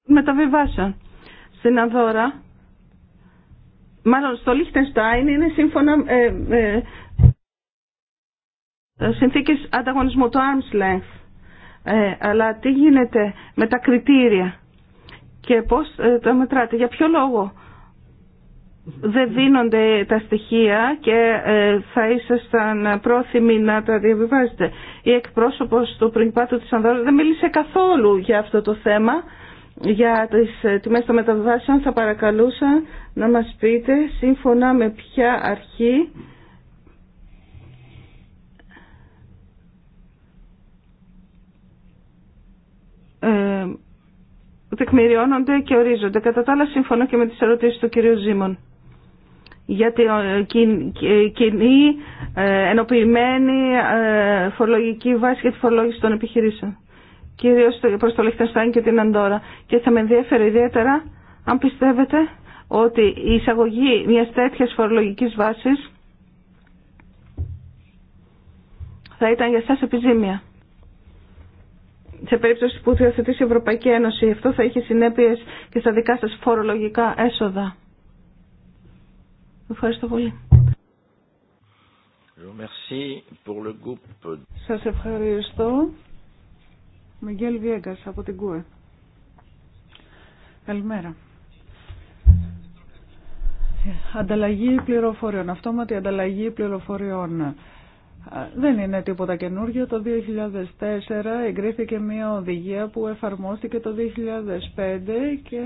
μεταβιβάσεων. Στην Ανδώρα, μάλλον στο Λίχτενστάιν είναι σύμφωνα με ε, ε ανταγωνισμού, το arm's length. Ε, αλλά τι γίνεται με τα κριτήρια και πώς ε, τα μετράτε, για ποιο λόγο δεν δίνονται τα στοιχεία και ε, θα ήσασταν πρόθυμοι να τα διαβιβάζετε. Η εκπρόσωπος του Πριγκιπάτου της Ανδόρας δεν μίλησε καθόλου για αυτό το θέμα. Για τις ε, τιμές των μεταβιβάσεων θα παρακαλούσα να μας πείτε σύμφωνα με ποια αρχή ε, τεκμηριώνονται και ορίζονται. Κατά τα άλλα σύμφωνα και με τις ερωτήσεις του κ. Ζήμων για την ε, ε, κοινή ε, ενοποιημένη φορολογική βάση για τη φορολόγηση των επιχειρήσεων. Κυρίως προς το Λεχτενστάιν και την Αντόρα. Και θα με ενδιαφέρει ιδιαίτερα αν πιστεύετε ότι η εισαγωγή μιας τέτοιας φορολογικής βάσης θα ήταν για σας επιζήμια. Σε περίπτωση που θα η Ευρωπαϊκή Ένωση, αυτό θα είχε συνέπειες και στα δικά σας φορολογικά έσοδα. Ευχαριστώ πολύ. Σας ευχαριστώ. Μιγγέλ Βιέγκας από την ΚΟΕ. Καλημέρα. Ανταλλαγή πληροφοριών, αυτόματη ανταλλαγή πληροφοριών. Δεν είναι τίποτα καινούργιο. Το 2004 εγκρίθηκε μια οδηγία που εφαρμόστηκε το 2005 και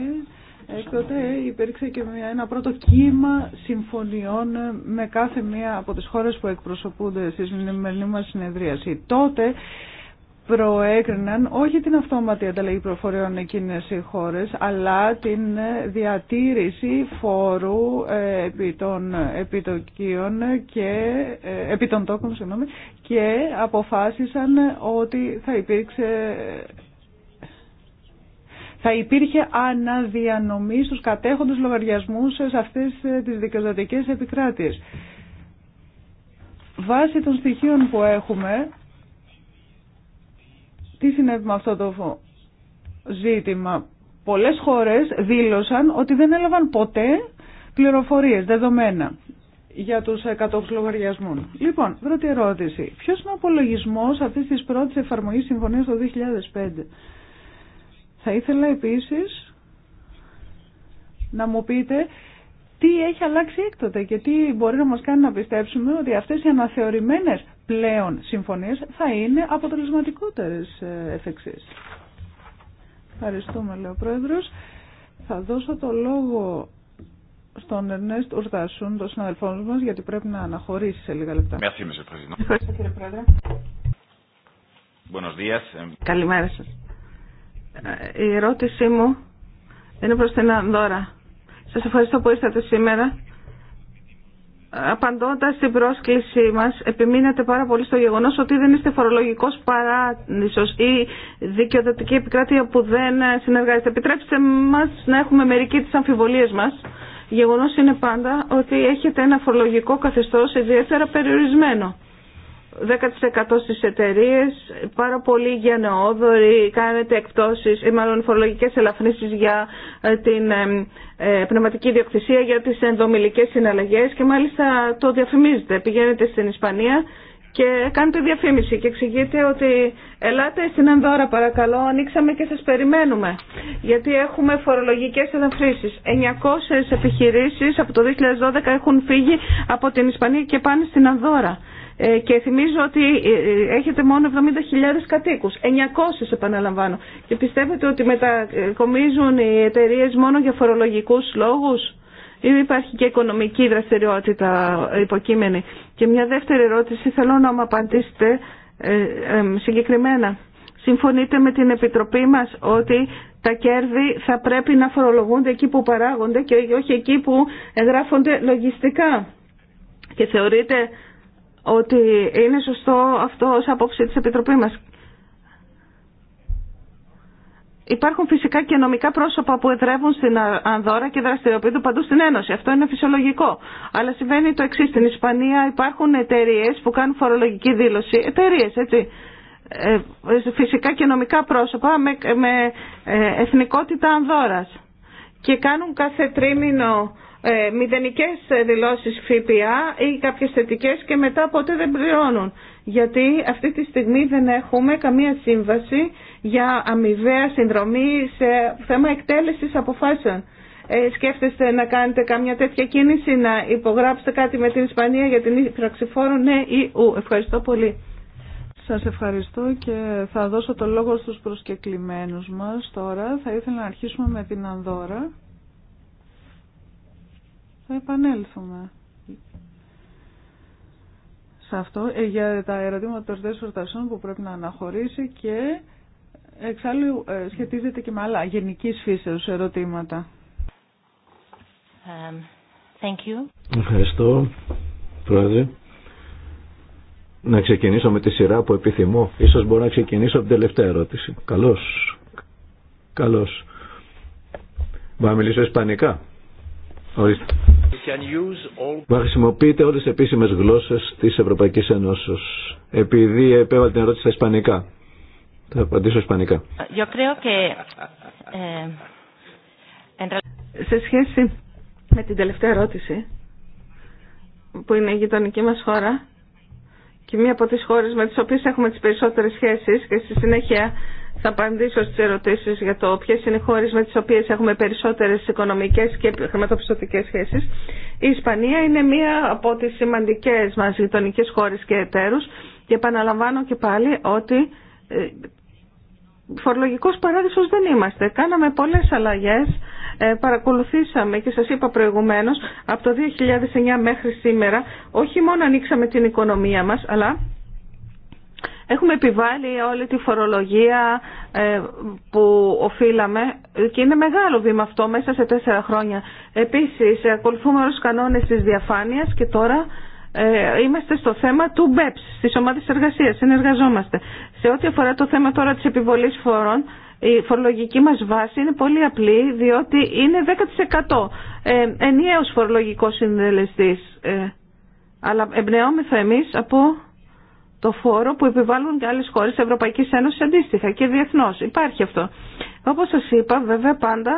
Έκτοτε υπήρξε και μια ένα πρώτο κύμα συμφωνιών με κάθε μία από τις χώρες που εκπροσωπούνται στη σημερινή μας συνεδρίαση. Τότε προέκριναν όχι την αυτόματη ανταλλαγή προφοριών εκείνες οι χώρες, αλλά την διατήρηση φόρου ε, επί των επιτοκίων και ε, επί τόκων, και αποφάσισαν ότι θα υπήρξε θα υπήρχε αναδιανομή στους κατέχοντες λογαριασμούς σε αυτές ε, τις δικαιοδοτικές επικράτειες. Βάσει των στοιχείων που έχουμε, τι συνέβη με αυτό το ζήτημα. Πολλές χώρες δήλωσαν ότι δεν έλαβαν ποτέ πληροφορίες, δεδομένα για τους κατόχους λογαριασμών. Λοιπόν, πρώτη ερώτηση. Ποιος είναι ο απολογισμός αυτής της πρώτης εφαρμογής συμφωνίας το 2005. Θα ήθελα επίσης να μου πείτε τι έχει αλλάξει έκτοτε και τι μπορεί να μας κάνει να πιστέψουμε ότι αυτές οι αναθεωρημένες πλέον συμφωνίες θα είναι αποτελεσματικότερες ε, εφ' Ευχαριστούμε, λέει ο Πρόεδρος. Θα δώσω το λόγο στον Ερνέστ Ουρτάσουν, τον συναδελφό μας, γιατί πρέπει να αναχωρήσει σε λίγα λεπτά. Ευχαριστώ, κύριε Πρόεδρε. Καλημέρα σας. Η ερώτησή μου είναι προς την Ανδώρα. Σας ευχαριστώ που ήρθατε σήμερα. Απαντώντας στην πρόσκλησή μας, επιμείνετε πάρα πολύ στο γεγονός ότι δεν είστε φορολογικός παράδεισος ή δικαιοδοτική επικράτεια που δεν συνεργάζεται. Επιτρέψτε μας να έχουμε μερικοί τις αμφιβολίες μας. Γεγονός είναι πάντα ότι έχετε ένα φορολογικό καθεστώς ιδιαίτερα περιορισμένο. 10% στις εταιρείε, πάρα πολύ για νεόδοροι, κάνετε εκπτώσεις ή μάλλον φορολογικές ελαφρύνσεις για ε, την ε, ε, πνευματική διοκτησία, για τις ενδομιλικές συναλλαγές και μάλιστα το διαφημίζετε. Πηγαίνετε στην Ισπανία και κάνετε διαφήμιση και εξηγείτε ότι ελάτε στην Ανδώρα παρακαλώ, ανοίξαμε και σας περιμένουμε. Γιατί έχουμε φορολογικές ελαφρύσεις. 900 επιχειρήσεις από το 2012 έχουν φύγει από την Ισπανία και πάνε στην Ανδώρα. Ε, και θυμίζω ότι ε, ε, έχετε μόνο 70.000 κατοίκους, 900 επαναλαμβάνω. Και πιστεύετε ότι μετακομίζουν οι εταιρείε μόνο για φορολογικούς λόγους ή υπάρχει και οικονομική δραστηριότητα υποκείμενη. Και μια δεύτερη ερώτηση θέλω να μου απαντήσετε συγκεκριμένα. Συμφωνείτε με την Επιτροπή μας ότι τα κέρδη θα πρέπει να φορολογούνται εκεί που παράγονται και όχι εκεί που εγγράφονται λογιστικά. Και θεωρείτε ότι είναι σωστό αυτό ως άποψη της Επιτροπής μας. Υπάρχουν φυσικά και νομικά πρόσωπα που εδρεύουν στην Ανδώρα και δραστηριοποιούνται παντού στην Ένωση. Αυτό είναι φυσιολογικό. Αλλά συμβαίνει το εξή. Στην Ισπανία υπάρχουν εταιρείε που κάνουν φορολογική δήλωση. Εταιρείε, έτσι. Ε, φυσικά και νομικά πρόσωπα με, ε, εθνικότητα Ανδόρας. Και κάνουν κάθε τρίμηνο ε, μηδενικές δηλώσεις ΦΠΑ ή κάποιες θετικές και μετά ποτέ δεν πληρώνουν. Γιατί αυτή τη στιγμή δεν έχουμε καμία σύμβαση για αμοιβαία συνδρομή σε θέμα εκτέλεσης αποφάσεων. Ε, σκέφτεστε να κάνετε καμιά τέτοια κίνηση, να υπογράψετε κάτι με την Ισπανία για την φόρου, ναι ή ου. Ευχαριστώ πολύ. Σας ευχαριστώ και θα δώσω το λόγο στους προσκεκλημένους μας τώρα. Θα ήθελα να αρχίσουμε με την Ανδώρα θα επανέλθουμε σε αυτό ε, για τα ερωτήματα των που πρέπει να αναχωρήσει και εξάλλου ε, σχετίζεται και με άλλα γενική φύσεως ερωτήματα. Um, thank you. Ευχαριστώ, Πρόεδρε. Να ξεκινήσω με τη σειρά που επιθυμώ. Ίσως μπορώ να ξεκινήσω από την τελευταία ερώτηση. Καλώς. Καλώς. Μπορώ να μιλήσω ισπανικά. Ορίστε. Μα χρησιμοποιείτε όλε τι επίσημε γλώσσε τη Ευρωπαϊκή Ενώσεω. Επειδή επέβαλε την ερώτηση στα ισπανικά. Θα απαντήσω ισπανικά. Ε, Σε σχέση με την τελευταία ερώτηση, που είναι η γειτονική μα χώρα και μία από τι χώρε με τι οποίε έχουμε τι περισσότερε σχέσει και στη συνέχεια θα απαντήσω στις ερωτήσεις για το ποιες είναι οι χώρες με τις οποίες έχουμε περισσότερες οικονομικές και χρηματοπιστωτικές σχέσεις. Η Ισπανία είναι μία από τις σημαντικές μας γειτονικές χώρες και εταίρους και επαναλαμβάνω και πάλι ότι ε, φορολογικός παράδεισος δεν είμαστε. Κάναμε πολλές αλλαγές, ε, παρακολουθήσαμε και σας είπα προηγουμένως από το 2009 μέχρι σήμερα όχι μόνο ανοίξαμε την οικονομία μας αλλά Έχουμε επιβάλει όλη τη φορολογία ε, που οφείλαμε και είναι μεγάλο βήμα αυτό μέσα σε τέσσερα χρόνια. Επίσης, ακολουθούμε όλους τους κανόνες της διαφάνειας και τώρα ε, είμαστε στο θέμα του BEPS, της ομάδας εργασίας, συνεργαζόμαστε. Σε ό,τι αφορά το θέμα τώρα της επιβολής φορών, η φορολογική μας βάση είναι πολύ απλή, διότι είναι 10% ε, ενιαίος φορολογικός συνδελεστής. Ε, αλλά εμπνεώμεθα εμείς από το φόρο που επιβάλλουν και άλλες χώρες της Ευρωπαϊκής Ένωσης αντίστοιχα και διεθνώς. Υπάρχει αυτό. Όπως σας είπα, βέβαια πάντα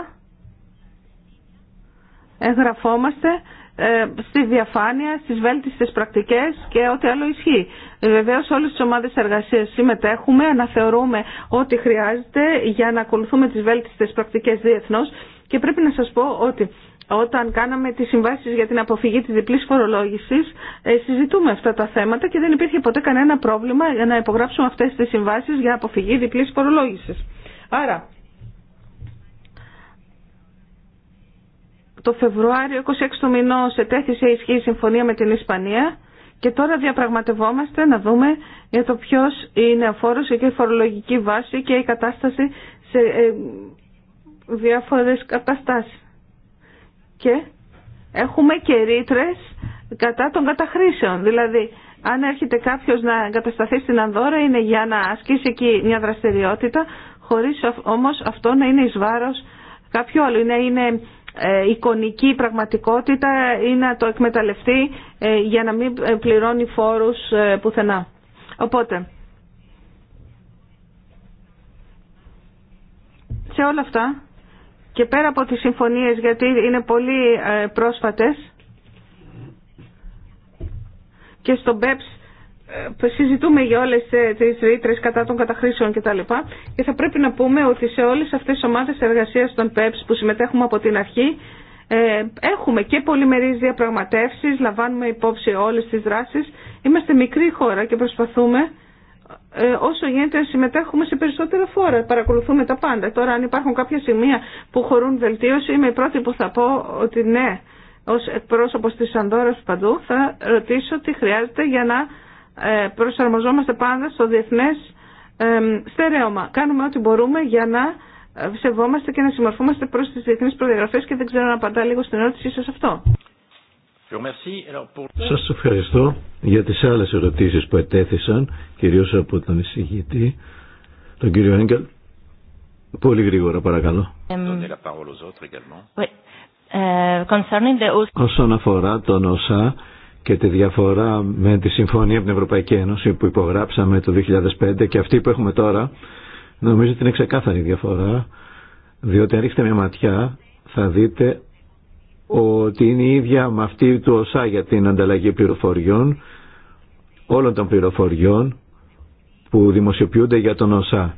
εγγραφόμαστε ε, στη διαφάνεια, στις βέλτιστες πρακτικές και ό,τι άλλο ισχύει. Βεβαίω όλες τις ομάδες εργασίας συμμετέχουμε, αναθεωρούμε ό,τι χρειάζεται για να ακολουθούμε τις βέλτιστες πρακτικές διεθνώς και πρέπει να σας πω ότι όταν κάναμε τις συμβάσεις για την αποφυγή της διπλής φορολόγησης, ε, συζητούμε αυτά τα θέματα και δεν υπήρχε ποτέ κανένα πρόβλημα για να υπογράψουμε αυτές τις συμβάσεις για αποφυγή διπλής φορολόγησης. Άρα, το Φεβρουάριο 26 του σε ετέθησε ισχύ η συμφωνία με την Ισπανία και τώρα διαπραγματευόμαστε να δούμε για το ποιο είναι ο και η φορολογική βάση και η κατάσταση σε ε, διάφορες καταστάσεις και έχουμε και ρήτρε κατά των καταχρήσεων. Δηλαδή, αν έρχεται κάποιος να εγκατασταθεί στην Ανδώρα είναι για να ασκήσει εκεί μια δραστηριότητα, χωρίς όμως αυτό να είναι εις βάρος κάποιου άλλου. Είναι, είναι ε, εικονική πραγματικότητα ή να το εκμεταλλευτεί ε, για να μην ε, πληρώνει φόρους πουθενά. Οπότε, σε όλα αυτά και πέρα από τις συμφωνίες γιατί είναι πολύ ε, πρόσφατες και στο BEPS ε, συζητούμε για όλες ε, τις ρήτρε κατά των καταχρήσεων κτλ. Και θα πρέπει να πούμε ότι σε όλες αυτές τις ομάδες εργασίας των ΠΕΠΣ που συμμετέχουμε από την αρχή έχουμε και πολυμερείς διαπραγματεύσεις, λαμβάνουμε υπόψη όλες τις δράσεις. Είμαστε μικρή χώρα και προσπαθούμε ε, όσο γίνεται συμμετέχουμε σε περισσότερα φόρα, παρακολουθούμε τα πάντα. Τώρα αν υπάρχουν κάποια σημεία που χωρούν βελτίωση, είμαι η πρώτη που θα πω ότι ναι, ως εκπρόσωπος της Ανδόρα παντού θα ρωτήσω τι χρειάζεται για να ε, προσαρμοζόμαστε πάντα στο διεθνές ε, στερέωμα. Κάνουμε ό,τι μπορούμε για να σεβόμαστε και να συμμορφούμαστε προ τι διεθνείς προδιαγραφέ και δεν ξέρω να απαντά λίγο στην ερώτησή σας αυτό. Σας ευχαριστώ για τις άλλες ερωτήσεις που ετέθησαν, κυρίως από τον εισηγητή, τον κύριο Έγκελ. Πολύ γρήγορα παρακαλώ. Ε, Όσον αφορά τον ΩΣΑ και τη διαφορά με τη συμφωνία από την Ευρωπαϊκή Ένωση που υπογράψαμε το 2005 και αυτή που έχουμε τώρα, νομίζω ότι είναι ξεκάθαρη διαφορά, διότι αν ρίξετε μια ματιά θα δείτε ότι είναι η ίδια με αυτή του ΟΣΑ για την ανταλλαγή πληροφοριών, όλων των πληροφοριών που δημοσιοποιούνται για τον ΟΣΑ.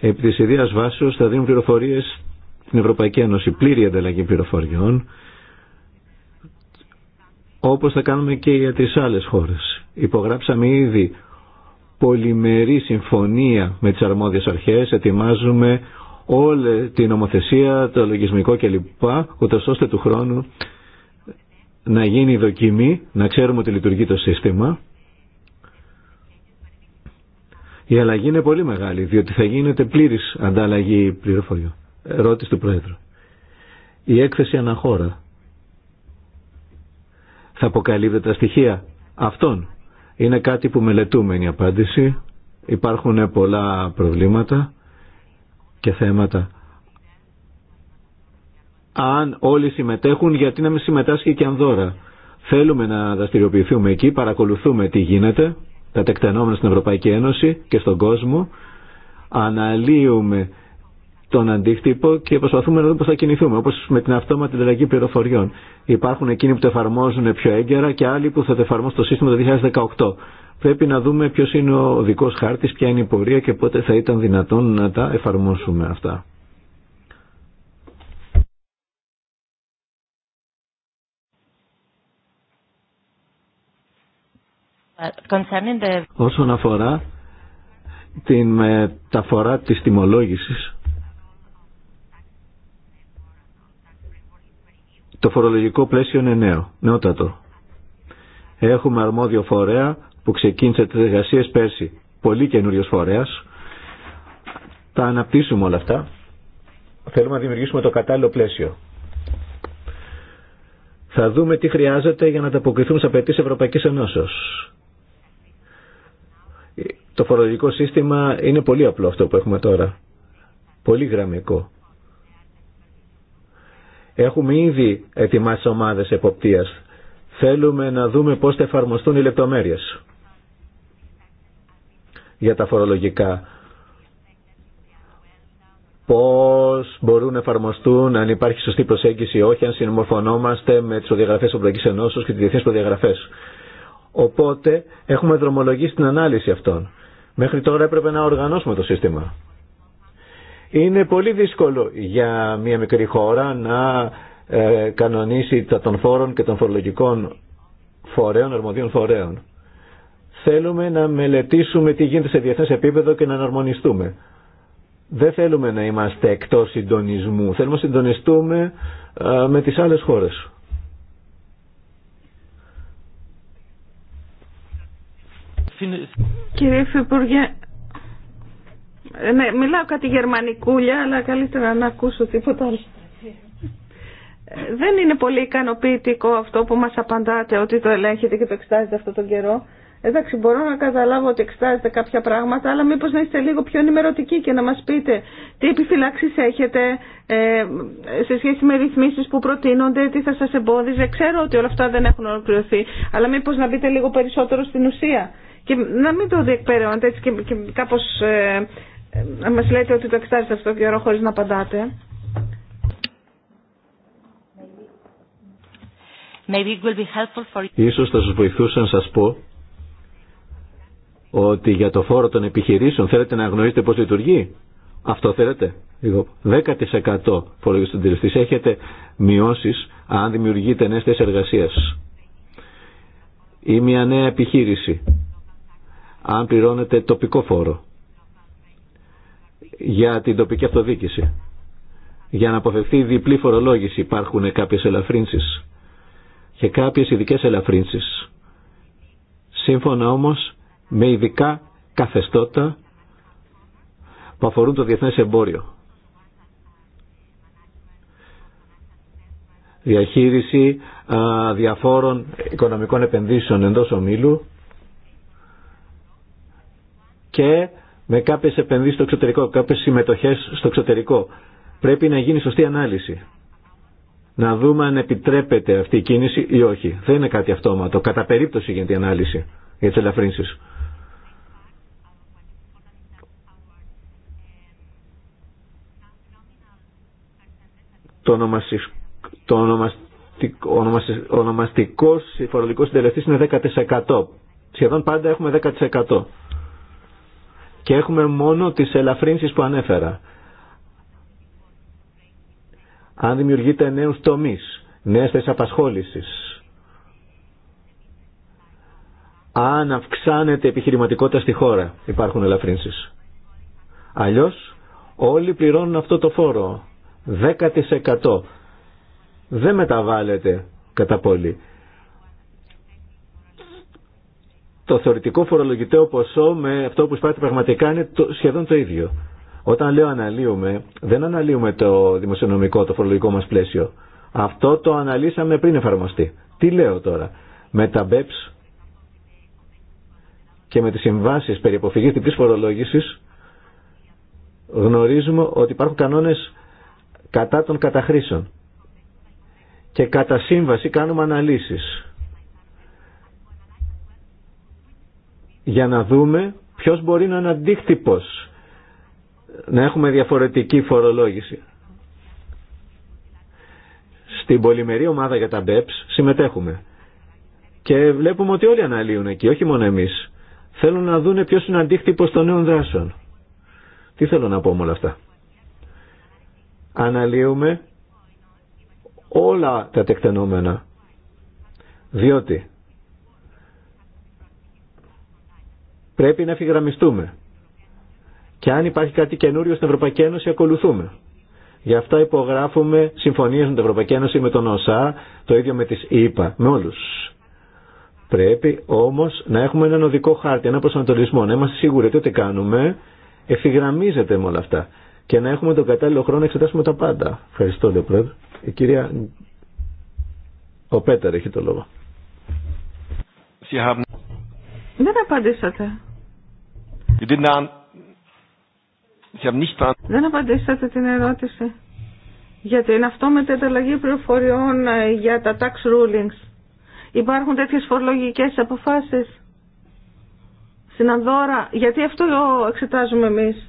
Επί της ιδίας βάσεως θα δίνουν πληροφορίες στην Ευρωπαϊκή Ένωση, πλήρη ανταλλαγή πληροφοριών, όπως θα κάνουμε και για τις άλλες χώρες. Υπογράψαμε ήδη πολυμερή συμφωνία με τις αρμόδιες αρχές, ετοιμάζουμε όλη την ομοθέσια, το λογισμικό κλπ. ούτω ώστε του χρόνου να γίνει η δοκιμή, να ξέρουμε ότι λειτουργεί το σύστημα. Η αλλαγή είναι πολύ μεγάλη, διότι θα γίνεται πλήρη ανταλλαγή πληροφοριών. Ερώτηση του Πρόεδρου. Η έκθεση αναχώρα θα αποκαλύπτει τα στοιχεία αυτών. Είναι κάτι που μελετούμε η απάντηση. Υπάρχουν πολλά προβλήματα και θέματα. Αν όλοι συμμετέχουν, γιατί να μην συμμετάσχει και δώρα, Θέλουμε να δραστηριοποιηθούμε εκεί, παρακολουθούμε τι γίνεται, τα τεκτενόμενα στην Ευρωπαϊκή Ένωση και στον κόσμο, αναλύουμε τον αντίκτυπο και προσπαθούμε να δούμε πως θα κινηθούμε. Όπω με την αυτόματη ανταλλαγή πληροφοριών. Υπάρχουν εκείνοι που το εφαρμόζουν πιο έγκαιρα και άλλοι που θα το εφαρμόσουν το σύστημα το 2018 πρέπει να δούμε ποιος είναι ο δικός χάρτης, ποια είναι η πορεία και πότε θα ήταν δυνατόν να τα εφαρμόσουμε αυτά. Ε, the... Όσον αφορά την μεταφορά της τιμολόγησης, το φορολογικό πλαίσιο είναι νέο, νεότατο. Έχουμε αρμόδιο φορέα που ξεκίνησε τις εργασίες πέρσι. Πολύ καινούριο φορέας. Θα αναπτύσσουμε όλα αυτά. Θέλουμε να δημιουργήσουμε το κατάλληλο πλαίσιο. Θα δούμε τι χρειάζεται για να ανταποκριθούμε σε απαιτήσει Ευρωπαϊκή Ενώσεως. Το φορολογικό σύστημα είναι πολύ απλό αυτό που έχουμε τώρα. Πολύ γραμμικό. Έχουμε ήδη ετοιμάσει ομάδες εποπτείας. Θέλουμε να δούμε πώς θα εφαρμοστούν οι λεπτομέρειες για τα φορολογικά. Πώς μπορούν να εφαρμοστούν, αν υπάρχει σωστή προσέγγιση ή όχι, αν συνομορφωνόμαστε με τις προδιαγραφές Ευρωπαϊκής Ενώσεως και τις διεθνείς προδιαγραφές. Οπότε έχουμε δρομολογήσει την ανάλυση αυτών. Μέχρι τώρα έπρεπε να οργανώσουμε το σύστημα. Είναι πολύ δύσκολο για μια μικρή χώρα να ε, κανονίσει τα των φόρων και των φορολογικών φορέων, αρμοδίων φορέων. Θέλουμε να μελετήσουμε τι γίνεται σε διεθνές επίπεδο και να αναρμονιστούμε. Δεν θέλουμε να είμαστε εκτός συντονισμού. Θέλουμε να συντονιστούμε με τις άλλες χώρες. Κύριε Φυπουργέ, ναι, μιλάω κάτι γερμανικούλια, αλλά καλύτερα να ακούσω τίποτα άλλο. Δεν είναι πολύ ικανοποιητικό αυτό που μας απαντάτε ότι το ελέγχετε και το εξετάζετε αυτό τον καιρό. Εντάξει, μπορώ να καταλάβω ότι εξετάζετε κάποια πράγματα, αλλά μήπως να είστε λίγο πιο ενημερωτικοί και να μας πείτε τι επιφυλάξεις έχετε ε, σε σχέση με ρυθμίσεις που προτείνονται, τι θα σας εμπόδιζε. Ξέρω ότι όλα αυτά δεν έχουν ολοκληρωθεί, αλλά μήπως να μπείτε λίγο περισσότερο στην ουσία και να μην το διεκπαιρεώνετε έτσι και, και κάπως ε, ε μας λέτε ότι το εξετάζετε αυτό καιρό χωρίς να απαντάτε. Ίσως θα σας βοηθούσε να σας πω ότι για το φόρο των επιχειρήσεων θέλετε να γνωρίζετε πώς λειτουργεί. Αυτό θέλετε. 10% φορολογικό συντηρητής Έχετε μειώσεις αν δημιουργείτε νέες θέσεις εργασίας. Ή μια νέα επιχείρηση. Αν πληρώνετε τοπικό φόρο. Για την τοπική αυτοδίκηση. Για να αποφευθεί διπλή φορολόγηση υπάρχουν κάποιες ελαφρύνσεις. Και κάποιες ειδικές ελαφρύνσεις. Σύμφωνα όμως με ειδικά καθεστώτα που αφορούν το διεθνές εμπόριο. Διαχείριση διαφόρων οικονομικών επενδύσεων εντός ομίλου και με κάποιες επενδύσεις στο εξωτερικό, κάποιες συμμετοχές στο εξωτερικό. Πρέπει να γίνει σωστή ανάλυση. Να δούμε αν επιτρέπεται αυτή η κίνηση ή όχι. Δεν είναι κάτι αυτόματο. Κατά περίπτωση γίνεται η ανάλυση για τις ελαφρύνσεις. το, ονομαστικό το ονομαστικός φορολογικός συντελεστής είναι 10%. Σχεδόν πάντα έχουμε 10%. Και έχουμε μόνο τις ελαφρύνσεις που ανέφερα. Αν δημιουργείται νέους τομείς, νέες θέσεις απασχόλησης, αν αυξάνεται η επιχειρηματικότητα στη χώρα, υπάρχουν ελαφρύνσεις. Αλλιώς όλοι πληρώνουν αυτό το φόρο 10% δεν μεταβάλλεται κατά πολύ. Το θεωρητικό φορολογητέο ποσό με αυτό που υπάρχει πραγματικά είναι το, σχεδόν το ίδιο. Όταν λέω αναλύουμε, δεν αναλύουμε το δημοσιονομικό, το φορολογικό μας πλαίσιο. Αυτό το αναλύσαμε πριν εφαρμοστεί. Τι λέω τώρα. Με τα BEPS και με τις συμβάσεις περί αποφυγής της φορολόγησης γνωρίζουμε ότι υπάρχουν κανόνες κατά των καταχρήσεων. Και κατά σύμβαση κάνουμε αναλύσεις για να δούμε ποιος μπορεί να είναι αντίκτυπος να έχουμε διαφορετική φορολόγηση. Στην πολυμερή ομάδα για τα BEPS συμμετέχουμε και βλέπουμε ότι όλοι αναλύουν εκεί, όχι μόνο εμείς. Θέλουν να δούνε ποιος είναι αντίχτυπος των νέων δράσεων. Τι θέλω να πω με όλα αυτά αναλύουμε όλα τα τεκτενόμενα. Διότι πρέπει να αφιγραμμιστούμε. Και αν υπάρχει κάτι καινούριο στην Ευρωπαϊκή Ένωση, ακολουθούμε. Γι' αυτά υπογράφουμε συμφωνίες με την Ευρωπαϊκή Ένωση, με τον ΟΣΑ, το ίδιο με τις ΗΠΑ, με όλους. Πρέπει όμως να έχουμε έναν οδικό χάρτη, ένα προσανατολισμό, να είμαστε σίγουροι ότι ό,τι κάνουμε ευθυγραμμίζεται με όλα αυτά και να έχουμε τον κατάλληλο χρόνο να εξετάσουμε τα πάντα. Ευχαριστώ, λέει Η κυρία ο Πέτερ έχει το λόγο. Δεν απαντήσατε. Δεν απαντήσατε την ερώτηση Γιατί είναι αυτό με την ανταλλαγή πληροφοριών ε, για τα tax rulings. Υπάρχουν τέτοιε φορολογικές αποφάσει. στην Ανδόρα. Γιατί αυτό εξετάζουμε εμείς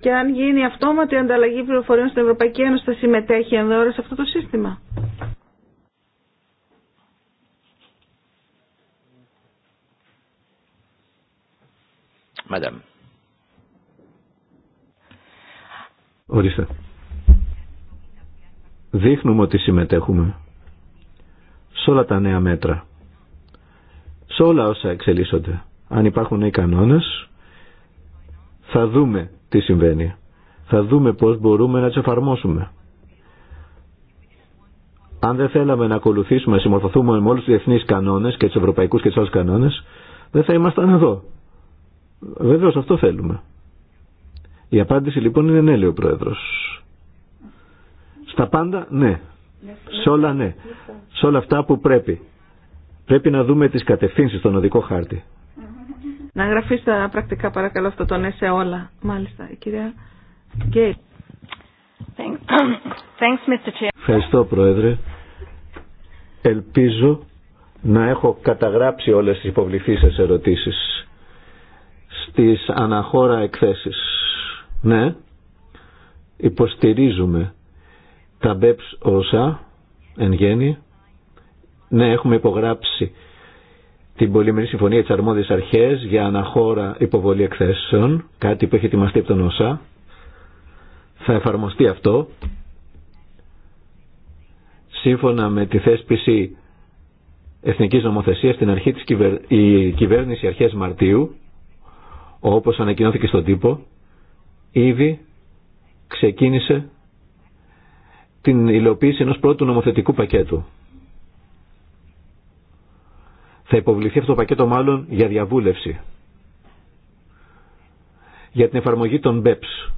και αν γίνει αυτόματη ανταλλαγή πληροφοριών στην Ευρωπαϊκή Ένωση θα συμμετέχει ενδόρα σε αυτό το σύστημα. Madame. Ορίστε. Δείχνουμε ότι συμμετέχουμε σε όλα τα νέα μέτρα, σε όλα όσα εξελίσσονται. Αν υπάρχουν νέοι κανόνες, θα δούμε τι συμβαίνει. Θα δούμε πώς μπορούμε να τι εφαρμόσουμε. Αν δεν θέλαμε να ακολουθήσουμε, να συμμορφωθούμε με όλου του διεθνεί κανόνε και του ευρωπαϊκού και του άλλου κανόνε, δεν θα ήμασταν εδώ. Βεβαίω αυτό θέλουμε. Η απάντηση λοιπόν είναι ναι, λέει ο Πρόεδρο. Στα πάντα ναι. Σε όλα ναι. Σε όλα αυτά που πρέπει. Πρέπει να δούμε τι κατευθύνσει στον οδικό χάρτη. Να γραφεί τα πρακτικά παρακαλώ αυτό το ναι σε όλα. Μάλιστα, η κυρία Γκέιλ. Ευχαριστώ Πρόεδρε. Ελπίζω να έχω καταγράψει όλες τις υποβληθείς ερωτήσεις στις αναχώρα εκθέσεις. Ναι, υποστηρίζουμε τα BEPS όσα εν γέννη. Ναι, έχουμε υπογράψει την πολυμερή συμφωνία της αρχές για αναχώρα υποβολή εκθέσεων, κάτι που έχει ετοιμαστεί από τον ΩΣΑ. Θα εφαρμοστεί αυτό σύμφωνα με τη θέσπιση εθνικής νομοθεσίας στην αρχή της κυβέρνηση αρχές Μαρτίου, όπως ανακοινώθηκε στον τύπο, ήδη ξεκίνησε την υλοποίηση ενός πρώτου νομοθετικού πακέτου. Θα υποβληθεί αυτό το πακέτο μάλλον για διαβούλευση. Για την εφαρμογή των BEPS.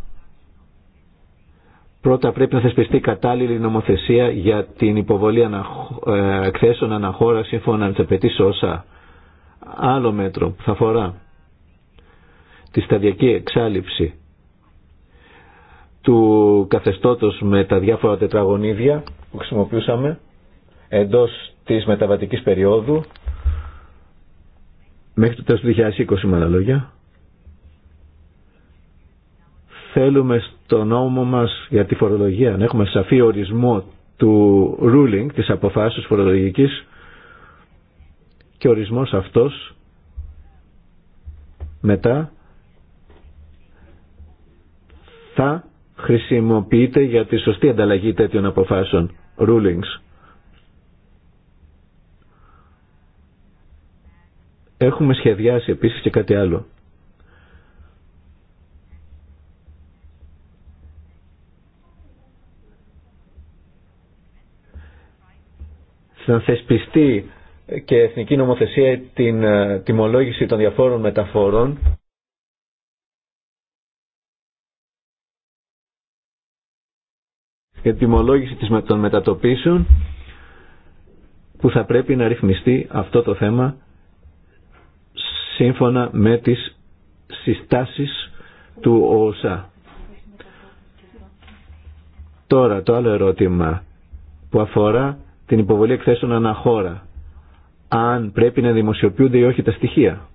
Πρώτα πρέπει να θεσπιστεί κατάλληλη νομοθεσία για την υποβολή ε, εκθέσεων αναχώρα σύμφωνα με τι απαιτήσει όσα άλλο μέτρο που θα αφορά τη σταδιακή εξάλληψη του καθεστώτος με τα διάφορα τετραγωνίδια που χρησιμοποιούσαμε εντός της μεταβατικής περίοδου μέχρι το τέλος του 2020 με άλλα λόγια. Θέλουμε στο νόμο μας για τη φορολογία να έχουμε σαφή ορισμό του ruling, της αποφάσεως φορολογικής και ορισμός αυτός μετά θα χρησιμοποιείται για τη σωστή ανταλλαγή τέτοιων αποφάσεων, rulings. Έχουμε σχεδιάσει επίσης και κάτι άλλο. να θεσπιστεί και εθνική νομοθεσία την ε, τιμολόγηση των διαφόρων μεταφορών και τιμολόγηση της, των μετατοπίσεων που θα πρέπει να ρυθμιστεί αυτό το θέμα σύμφωνα με τις συστάσεις του ΟΣΑ. Τώρα το άλλο ερώτημα που αφορά την υποβολή εκθέσεων αναχώρα. Αν πρέπει να δημοσιοποιούνται ή όχι τα στοιχεία.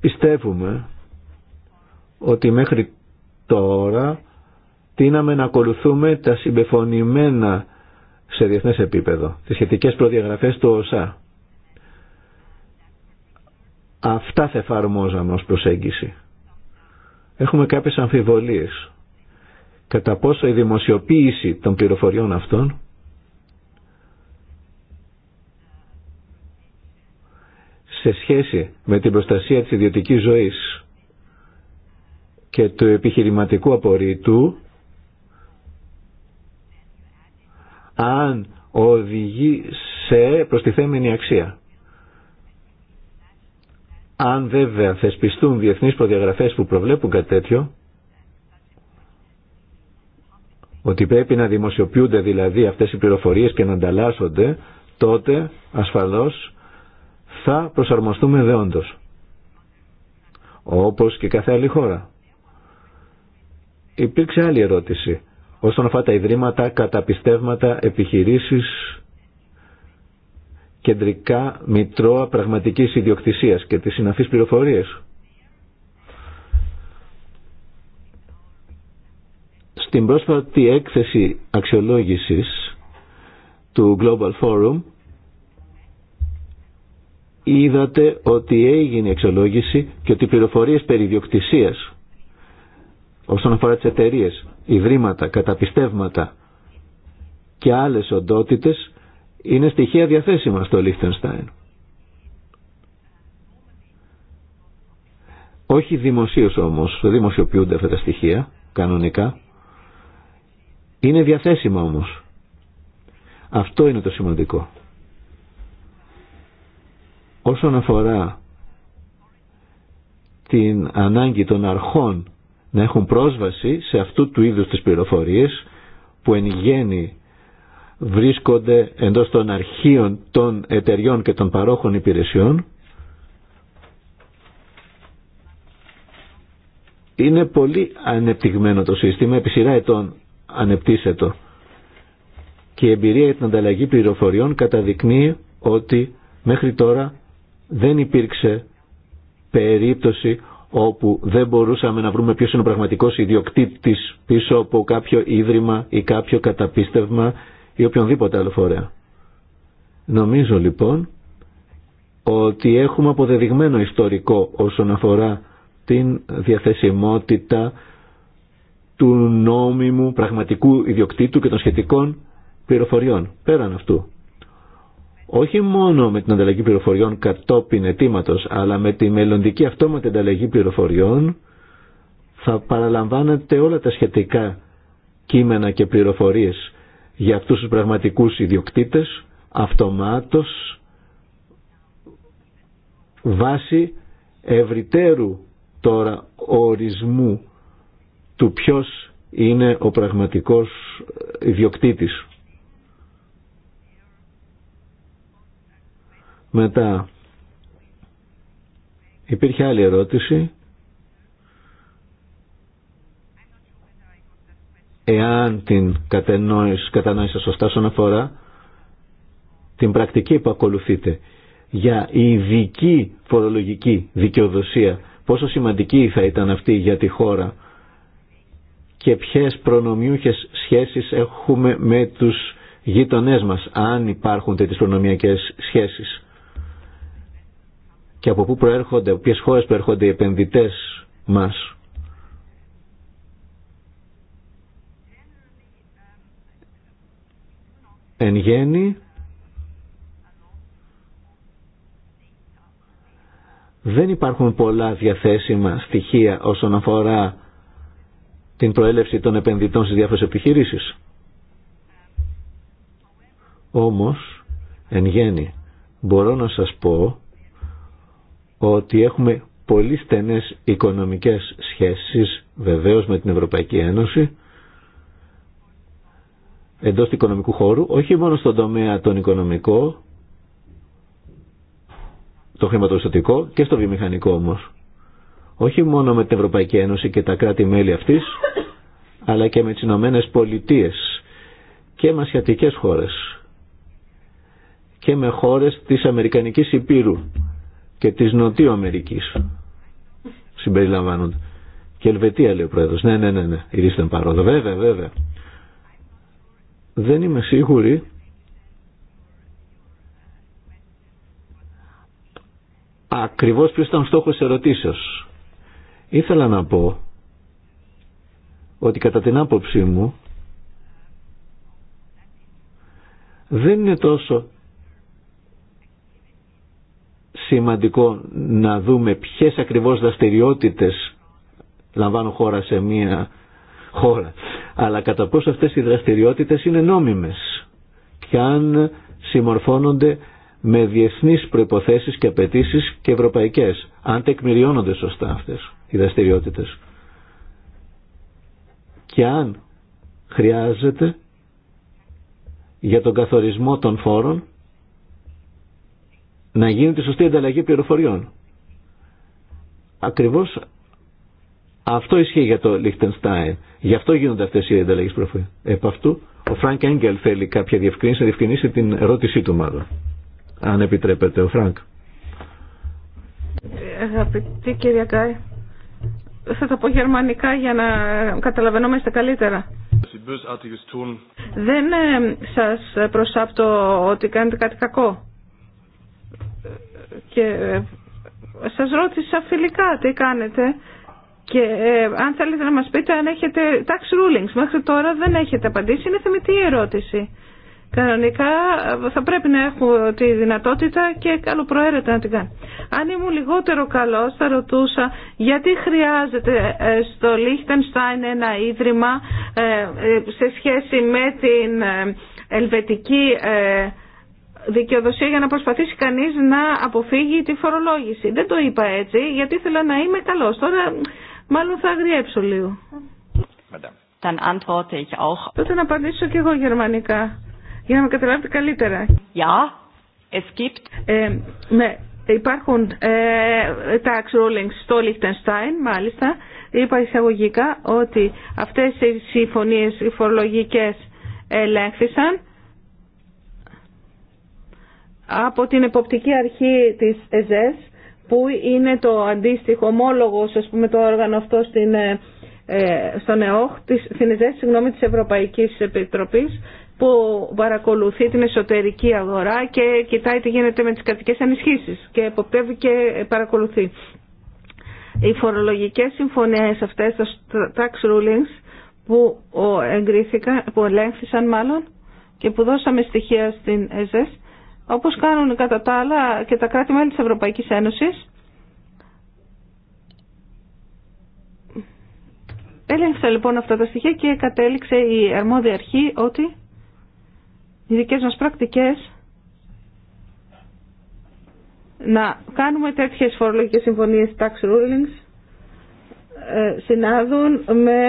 Πιστεύουμε ότι μέχρι τώρα τίναμε να ακολουθούμε τα συμπεφωνημένα σε διεθνές επίπεδο, τις σχετικές προδιαγραφές του ΩΣΑ Αυτά θα εφαρμόζαμε ως προσέγγιση. Έχουμε κάποιες αμφιβολίες κατά πόσο η δημοσιοποίηση των πληροφοριών αυτών σε σχέση με την προστασία της ιδιωτικής ζωής και του επιχειρηματικού απορρίτου αν οδηγεί σε προστιθέμενη αξία. Αν βέβαια θεσπιστούν διεθνείς προδιαγραφές που προβλέπουν κάτι τέτοιο, ότι πρέπει να δημοσιοποιούνται δηλαδή αυτές οι πληροφορίες και να ανταλλάσσονται, τότε ασφαλώς θα προσαρμοστούμε δεόντως. Όπως και κάθε άλλη χώρα. Υπήρξε άλλη ερώτηση όσον αφορά τα ιδρύματα, καταπιστεύματα, επιχειρήσεις, κεντρικά μητρώα πραγματικής ιδιοκτησίας και τις συναφείς πληροφορίες. Στην πρόσφατη έκθεση αξιολόγησης του Global Forum είδατε ότι έγινε αξιολόγηση και ότι οι πληροφορίες περί ιδιοκτησίας όσον αφορά τις εταιρείες ιδρύματα, καταπιστεύματα και άλλες οντότητες είναι στοιχεία διαθέσιμα στο Λίχτενστάιν. Όχι δημοσίως όμως, δημοσιοποιούνται αυτά τα στοιχεία κανονικά. Είναι διαθέσιμα όμως. Αυτό είναι το σημαντικό. Όσον αφορά την ανάγκη των αρχών να έχουν πρόσβαση σε αυτού του είδους τις πληροφορίες που εν γέννη βρίσκονται εντός των αρχείων των εταιριών και των παρόχων υπηρεσιών είναι πολύ ανεπτυγμένο το σύστημα, επί σειρά ετών ανεπτύσσετο και η εμπειρία για την ανταλλαγή πληροφοριών καταδεικνύει ότι μέχρι τώρα δεν υπήρξε περίπτωση όπου δεν μπορούσαμε να βρούμε ποιος είναι ο πραγματικός ιδιοκτήτης πίσω από κάποιο ίδρυμα ή κάποιο καταπίστευμα ή οποιονδήποτε άλλο φορέα. Νομίζω λοιπόν ότι έχουμε αποδεδειγμένο ιστορικό όσον αφορά την διαθεσιμότητα του νόμιμου πραγματικού ιδιοκτήτου και των σχετικών πληροφοριών. Πέραν αυτού, όχι μόνο με την ανταλλαγή πληροφοριών κατόπιν ετήματος αλλά με τη μελλοντική αυτόματη ανταλλαγή πληροφοριών θα παραλαμβάνετε όλα τα σχετικά κείμενα και πληροφορίες για αυτούς τους πραγματικούς ιδιοκτήτες αυτομάτως βάσει ευρυτέρου τώρα ορισμού του ποιος είναι ο πραγματικός ιδιοκτήτης. Μετά υπήρχε άλλη ερώτηση. Εάν την κατανόησα, κατανόησα σωστά στον αφορά την πρακτική που ακολουθείτε για η ειδική φορολογική δικαιοδοσία, πόσο σημαντική θα ήταν αυτή για τη χώρα και ποιες προνομιούχες σχέσεις έχουμε με τους γείτονές μας, αν υπάρχουν τέτοιες προνομιακές σχέσεις και από πού προέρχονται, από ποιες χώρες προέρχονται οι επενδυτές μας. Εν γέννη, δεν υπάρχουν πολλά διαθέσιμα στοιχεία όσον αφορά την προέλευση των επενδυτών στις διάφορες επιχειρήσεις. Όμως, εν γέννη, μπορώ να σας πω ότι έχουμε πολύ στενές οικονομικές σχέσεις βεβαίως με την Ευρωπαϊκή Ένωση εντός του οικονομικού χώρου, όχι μόνο στον τομέα τον οικονομικό, το χρηματοδοτικό και στο βιομηχανικό όμως. Όχι μόνο με την Ευρωπαϊκή Ένωση και τα κράτη-μέλη αυτής, αλλά και με τις Ηνωμένε Πολιτείες και με ασιατικές χώρες και με χώρες της Αμερικανικής Υπήρου και της Νοτιού Αμερικής συμπεριλαμβάνονται. Και Ελβετία λέει ο Πρόεδρος. Ναι, ναι, ναι, ναι. Ήρθαν παρόλο. Βέβαια, βέβαια. Δεν είμαι σίγουρη ακριβώς ποιος ήταν ο στόχος ερωτήσεως. Ήθελα να πω ότι κατά την άποψή μου δεν είναι τόσο σημαντικό να δούμε ποιες ακριβώς δραστηριότητε λαμβάνουν χώρα σε μία χώρα. Αλλά κατά πόσο αυτές οι δραστηριότητες είναι νόμιμες και αν συμμορφώνονται με διεθνείς προϋποθέσεις και απαιτήσει και ευρωπαϊκές, αν τεκμηριώνονται σωστά αυτές οι δραστηριότητες. Και αν χρειάζεται για τον καθορισμό των φόρων να γίνεται σωστή ανταλλαγή πληροφοριών. Ακριβώς αυτό ισχύει για το Λίχτενστάιν. Γι' αυτό γίνονται αυτές οι ανταλλαγές πληροφοριών. Επ' αυτού ο Φρανκ Έγγελ θέλει κάποια διευκρίνηση, να διευκρινίσει την ερώτησή του μάλλον. Αν επιτρέπετε ο Φρανκ. Αγαπητή κυρία Κάι, θα τα πω γερμανικά για να καταλαβαίνόμαστε καλύτερα. Δεν ε, σας προσάπτω ότι κάνετε κάτι κακό και ε, σας ρώτησα φιλικά τι κάνετε και ε, αν θέλετε να μας πείτε αν έχετε tax rulings. Μέχρι τώρα δεν έχετε απαντήσει. Είναι θεμητή ερώτηση. Κανονικά ε, θα πρέπει να έχω τη δυνατότητα και καλοπροαίρετα να την κάνω. Αν ήμουν λιγότερο καλό, θα ρωτούσα γιατί χρειάζεται στο Liechtenstein ένα ίδρυμα σε σχέση με την ελβετική δικαιοδοσία για να προσπαθήσει κανείς να αποφύγει τη φορολόγηση. Δεν το είπα έτσι γιατί ήθελα να είμαι καλός. Τώρα μάλλον θα αγριέψω λίγο. Τότε να απαντήσω και εγώ γερμανικά για να με καταλάβετε καλύτερα. Ja, es gibt... Ε, ναι, υπάρχουν ε, tax rulings στο Liechtenstein, μάλιστα. Είπα εισαγωγικά ότι αυτές οι συμφωνίες οι φορολογικές ελέγχθησαν από την εποπτική αρχή της ΕΖΕΣ που είναι το αντίστοιχο ομόλογος ας πούμε το όργανο αυτό στην, ε, ε, στον ΕΟΧ της, στην ΕΖΕΣ συγγνώμη, της Ευρωπαϊκής Επιτροπής που παρακολουθεί την εσωτερική αγορά και κοιτάει τι γίνεται με τις κρατικές ανισχύσεις και εποπτεύει και παρακολουθεί. Οι φορολογικές συμφωνίες αυτές, τα tax rulings που που ελέγχθησαν μάλλον και που δώσαμε στοιχεία στην ΕΖΕΣ όπως κάνουν κατά τα άλλα και τα κράτη-μέλη της Ευρωπαϊκής Ένωσης, Έλεγξα λοιπόν αυτά τα στοιχεία και κατέληξε η αρμόδια αρχή ότι οι δικές μας πρακτικές να κάνουμε τέτοιες φορολογικές συμφωνίες tax rulings ε, συνάδουν με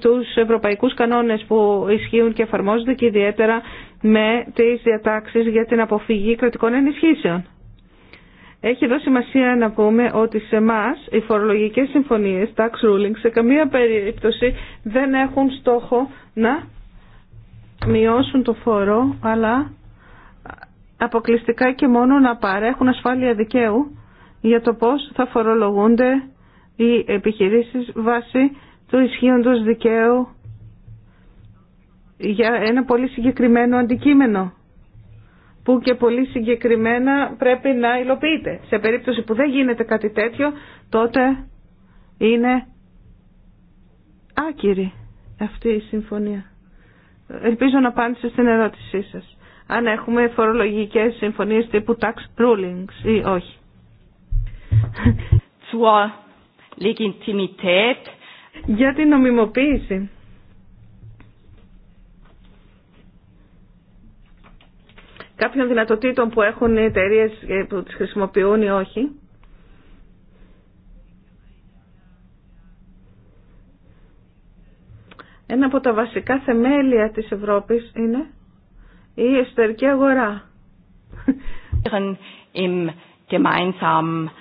τους ευρωπαϊκούς κανόνες που ισχύουν και εφαρμόζονται και ιδιαίτερα με τις διατάξεις για την αποφυγή κρατικών ενισχύσεων. Έχει εδώ σημασία να πούμε ότι σε εμά οι φορολογικές συμφωνίες, tax rulings, σε καμία περίπτωση δεν έχουν στόχο να μειώσουν το φόρο, αλλά αποκλειστικά και μόνο να παρέχουν ασφάλεια δικαίου για το πώς θα φορολογούνται οι επιχειρήσεις βάσει του ισχύοντος δικαίου για ένα πολύ συγκεκριμένο αντικείμενο που και πολύ συγκεκριμένα πρέπει να υλοποιείται. Σε περίπτωση που δεν γίνεται κάτι τέτοιο, τότε είναι άκυρη αυτή η συμφωνία. Ελπίζω να απάντησε στην ερώτησή σας. Αν έχουμε φορολογικές συμφωνίες τύπου tax rulings ή όχι. Για την νομιμοποίηση. κάποιων δυνατοτήτων που έχουν οι εταιρείε ε, που τις χρησιμοποιούν ή όχι. Ένα από τα βασικά θεμέλια της Ευρώπης είναι η εσωτερική αγορά.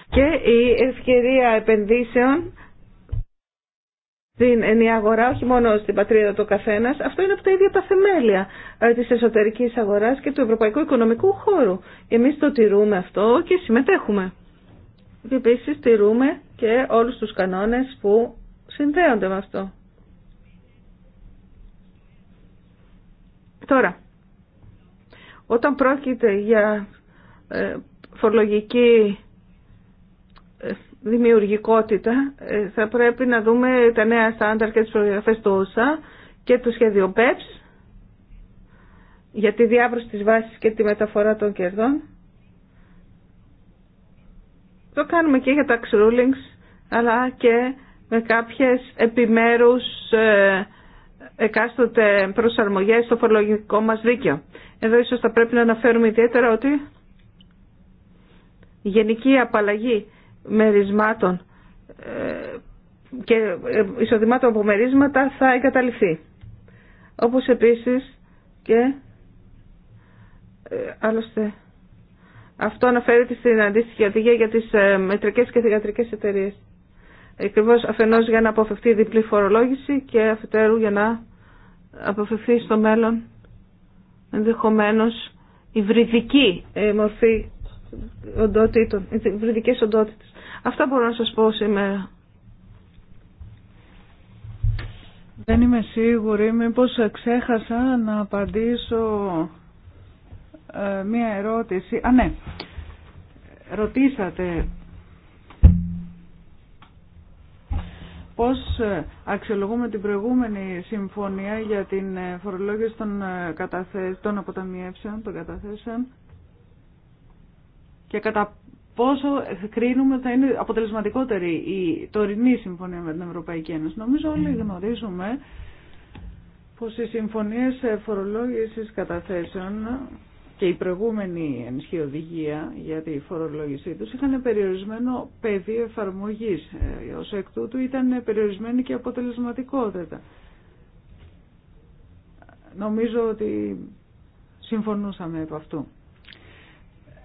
Και η ευκαιρία επενδύσεων στην ενιαία αγορά, όχι μόνο στην πατρίδα του καθένα. Αυτό είναι από τα ίδια τα θεμέλια ε, τη εσωτερική αγορά και του ευρωπαϊκού οικονομικού χώρου. Εμεί το τηρούμε αυτό και συμμετέχουμε. επίση τηρούμε και όλου του κανόνε που συνδέονται με αυτό. Τώρα, όταν πρόκειται για ε, φορολογική ε, δημιουργικότητα ε, θα πρέπει να δούμε τα νέα στάνταρ και τις προγραφές του ΩΣΑ και το σχέδιο ΠΕΠΣ για τη διάβρωση της βάσης και τη μεταφορά των κερδών. Το κάνουμε και για τα rulings αλλά και με κάποιες επιμέρους ε, εκάστοτε προσαρμογές στο φορολογικό μας δίκαιο. Εδώ ίσως θα πρέπει να αναφέρουμε ιδιαίτερα ότι η γενική απαλλαγή μερισμάτων ε, και ε, εισοδημάτων από μερίσματα θα εγκαταληφθεί. Όπως επίσης και ε, άλλωστε αυτό αναφέρεται στην αντίστοιχη οδηγία για τις μετρικές και θηγατρικές εταιρείες. Ακριβώ αφενός για να αποφευθεί διπλή φορολόγηση και αφετέρου για να αποφευθεί στο μέλλον ενδεχομένως βρυδική μορφή οντότητων, οντότητες. Αυτά μπορώ να σας πω σήμερα. Δεν είμαι σίγουρη, μήπως ξέχασα να απαντήσω ε, μία ερώτηση. Α, ναι. Ρωτήσατε πώς ε, αξιολογούμε την προηγούμενη συμφωνία για την ε, φορολόγηση των, καταθέσεων, των αποταμιεύσεων, των καταθέσεων και κατά πόσο κρίνουμε θα είναι αποτελεσματικότερη η τωρινή συμφωνία με την Ευρωπαϊκή Ένωση. Νομίζω όλοι γνωρίζουμε πως οι συμφωνίες φορολόγησης καταθέσεων και η προηγούμενη ενισχύ για τη φορολόγησή τους είχαν περιορισμένο πεδίο εφαρμογής. Ε, ως εκ τούτου ήταν περιορισμένη και αποτελεσματικότητα. Νομίζω ότι συμφωνούσαμε από αυτού.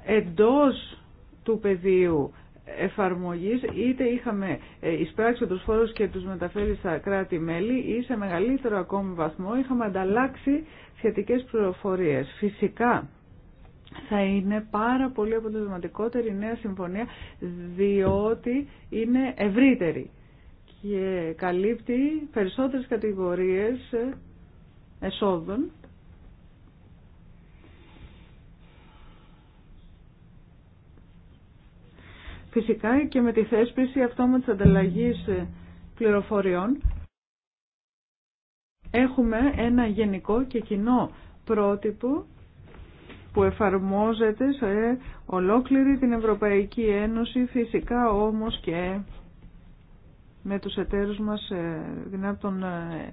Εντός του πεδίου εφαρμογής είτε είχαμε ε, εισπράξει τους φόρους και τους μεταφέρει στα κράτη-μέλη ή σε μεγαλύτερο ακόμη βαθμό είχαμε ανταλλάξει σχετικές πληροφορίες. Φυσικά θα είναι πάρα πολύ αποτελεσματικότερη η νέα συμφωνία διότι είναι ευρύτερη και καλύπτει περισσότερες κατηγορίες ε, εσόδων Φυσικά και με τη θέσπιση αυτόματης ανταλλαγής ε, πληροφοριών έχουμε ένα γενικό και κοινό πρότυπο που εφαρμόζεται σε ολόκληρη την Ευρωπαϊκή Ένωση, φυσικά όμως και με τους εταίρους μας ε, δυνάτων ε,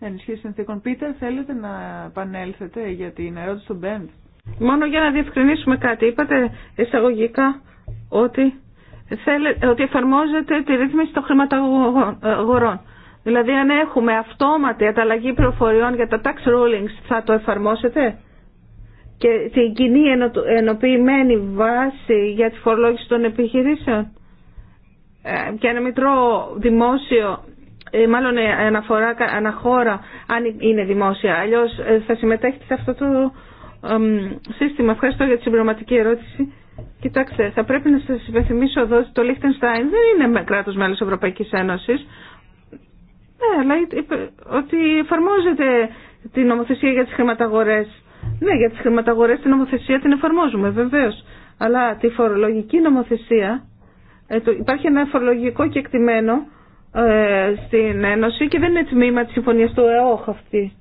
ενισχύσεις συνθήκων. Πίτερ, θέλετε να επανέλθετε για την ερώτηση του Μπέντ. Μόνο για να διευκρινίσουμε κάτι. Είπατε εισαγωγικά ότι ότι εφαρμόζεται τη ρύθμιση των χρηματαγορών. Δηλαδή αν έχουμε αυτόματη αταλλαγή προφοριών για τα tax rulings θα το εφαρμόσετε και την κοινή ενοποιημένη βάση για τη φορολόγηση των επιχειρήσεων ε, και ένα μητρό δημόσιο ε, μάλλον ε, αναφορά αναχώρα αν είναι δημόσια αλλιώς θα συμμετέχετε σε αυτό το σύστημα. Ευχαριστώ για τη συμπληρωματική ερώτηση. Κοιτάξτε, θα πρέπει να σα υπενθυμίσω εδώ ότι το Λίχτενστάιν δεν είναι κράτος μέλος Ευρωπαϊκής Ένωσης. Ναι, αλλά ότι εφαρμόζεται την νομοθεσία για τις χρηματαγορές. Ναι, για τις χρηματαγορές την νομοθεσία την εφαρμόζουμε βεβαίως. Αλλά τη φορολογική νομοθεσία, ε, υπάρχει ένα φορολογικό κεκτημένο ε, στην Ένωση και δεν είναι τμήμα τη Συμφωνία του ΕΟΧ αυτή.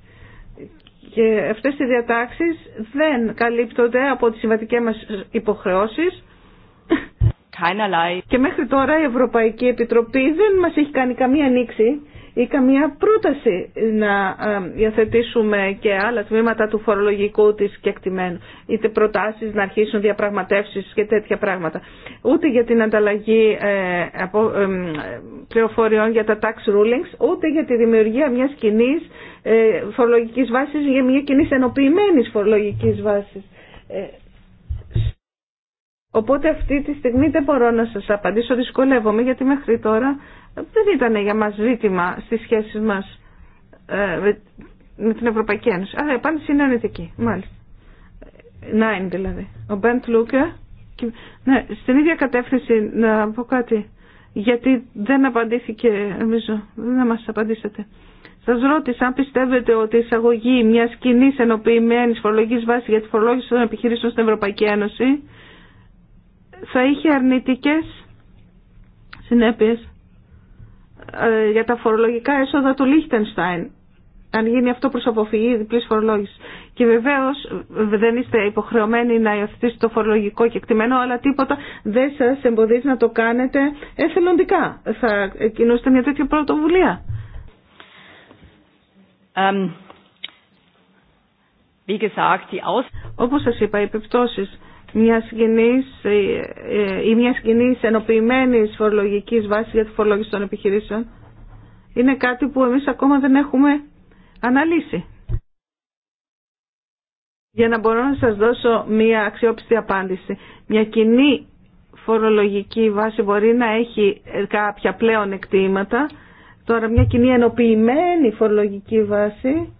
Και αυτές οι διατάξεις δεν καλύπτονται από τις συμβατικές μας υποχρεώσεις. Και μέχρι τώρα η Ευρωπαϊκή Επιτροπή δεν μας έχει κάνει καμία ανοίξη ή καμία πρόταση να διαθετήσουμε ε, και άλλα τμήματα του φορολογικού της κεκτημένου, είτε προτάσεις να αρχίσουν διαπραγματεύσεις και τέτοια πράγματα. Ούτε για την ανταλλαγή ε, ε, πληροφοριών για τα tax rulings, ούτε για τη δημιουργία μιας κοινή φορολογικής βάσης για μια κοινή ενοποιημένη φορολογικής βάσης. Οπότε αυτή τη στιγμή δεν μπορώ να σας απαντήσω, δυσκολεύομαι γιατί μέχρι τώρα δεν ήταν για μας ζήτημα στις σχέσεις μας ε, με, την Ευρωπαϊκή Ένωση. Άρα η απάντηση είναι αρνητική, μάλιστα. Νάιν δηλαδή. Ο Μπεντ Λούκε, ναι, στην ίδια κατεύθυνση να πω κάτι, γιατί δεν απαντήθηκε, νομίζω, δεν μας απαντήσατε. Σα ρώτησα αν πιστεύετε ότι η εισαγωγή μια κοινή ενοποιημένη φορολογική βάση για τη φορολόγηση των επιχειρήσεων στην Ευρωπαϊκή Ένωση θα είχε αρνητικέ συνέπειε ε, για τα φορολογικά έσοδα του Λίχτενστάιν αν γίνει αυτό προς αποφυγή διπλής φορολόγηση. Και βεβαίως ε, δεν είστε υποχρεωμένοι να υιοθετήσετε το φορολογικό κεκτημένο, αλλά τίποτα δεν σας εμποδίζει να το κάνετε εθελοντικά. Θα κινούσετε μια τέτοια πρωτοβουλία. Um, wie Aus... Όπως σας είπα, οι επιπτώσεις μια κοινή ε, ε, ή μια κοινή ενοποιημένη φορολογική βάση για τη φορολόγηση των επιχειρήσεων είναι κάτι που εμείς ακόμα δεν έχουμε αναλύσει. Για να μπορώ να σας δώσω μια αξιόπιστη απάντηση. Μια κοινή φορολογική βάση μπορεί να έχει κάποια πλέον εκτίματα. Τώρα μια κοινή ενοποιημένη φορολογική βάση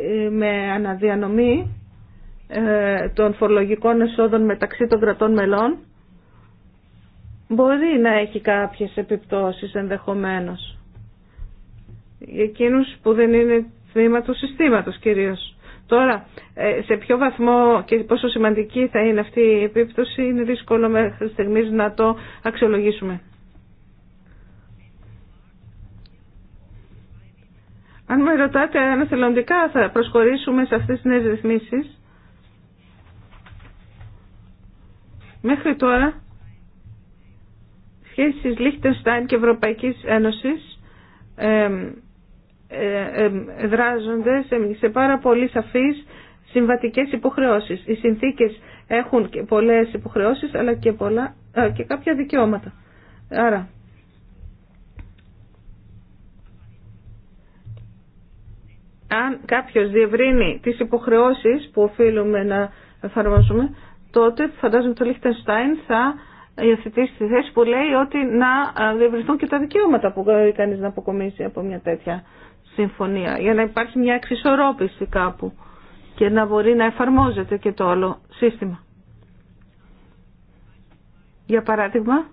ε, με αναδιανομή ε, των φορολογικών εσόδων μεταξύ των κρατών μελών μπορεί να έχει κάποιες επιπτώσεις ενδεχομένως. Για εκείνους που δεν είναι τμήμα του συστήματος κυρίως. Τώρα, ε, σε ποιο βαθμό και πόσο σημαντική θα είναι αυτή η επίπτωση είναι δύσκολο μέχρι στιγμής να το αξιολογήσουμε. Αν με ρωτάτε αν θα προσχωρήσουμε σε αυτές τις νέες ρυθμίσεις, Μέχρι τώρα, σχέσεις Λίχτενστάιν και Ευρωπαϊκής Ένωσης ε, ε, ε, δράζονται σε, πάρα πολύ σαφείς συμβατικές υποχρεώσεις. Οι συνθήκες έχουν και πολλές υποχρεώσεις αλλά και, πολλά, και κάποια δικαιώματα. Άρα, αν κάποιος διευρύνει τις υποχρεώσεις που οφείλουμε να εφαρμόσουμε, τότε φαντάζομαι το Λίχτενστάιν θα υιοθετήσει τη θέση που λέει ότι να ε, διευρυνθούν και τα δικαιώματα που μπορεί κανείς να αποκομίσει από μια τέτοια συμφωνία για να υπάρχει μια εξισορρόπηση κάπου και να μπορεί να εφαρμόζεται και το όλο σύστημα. Για παράδειγμα,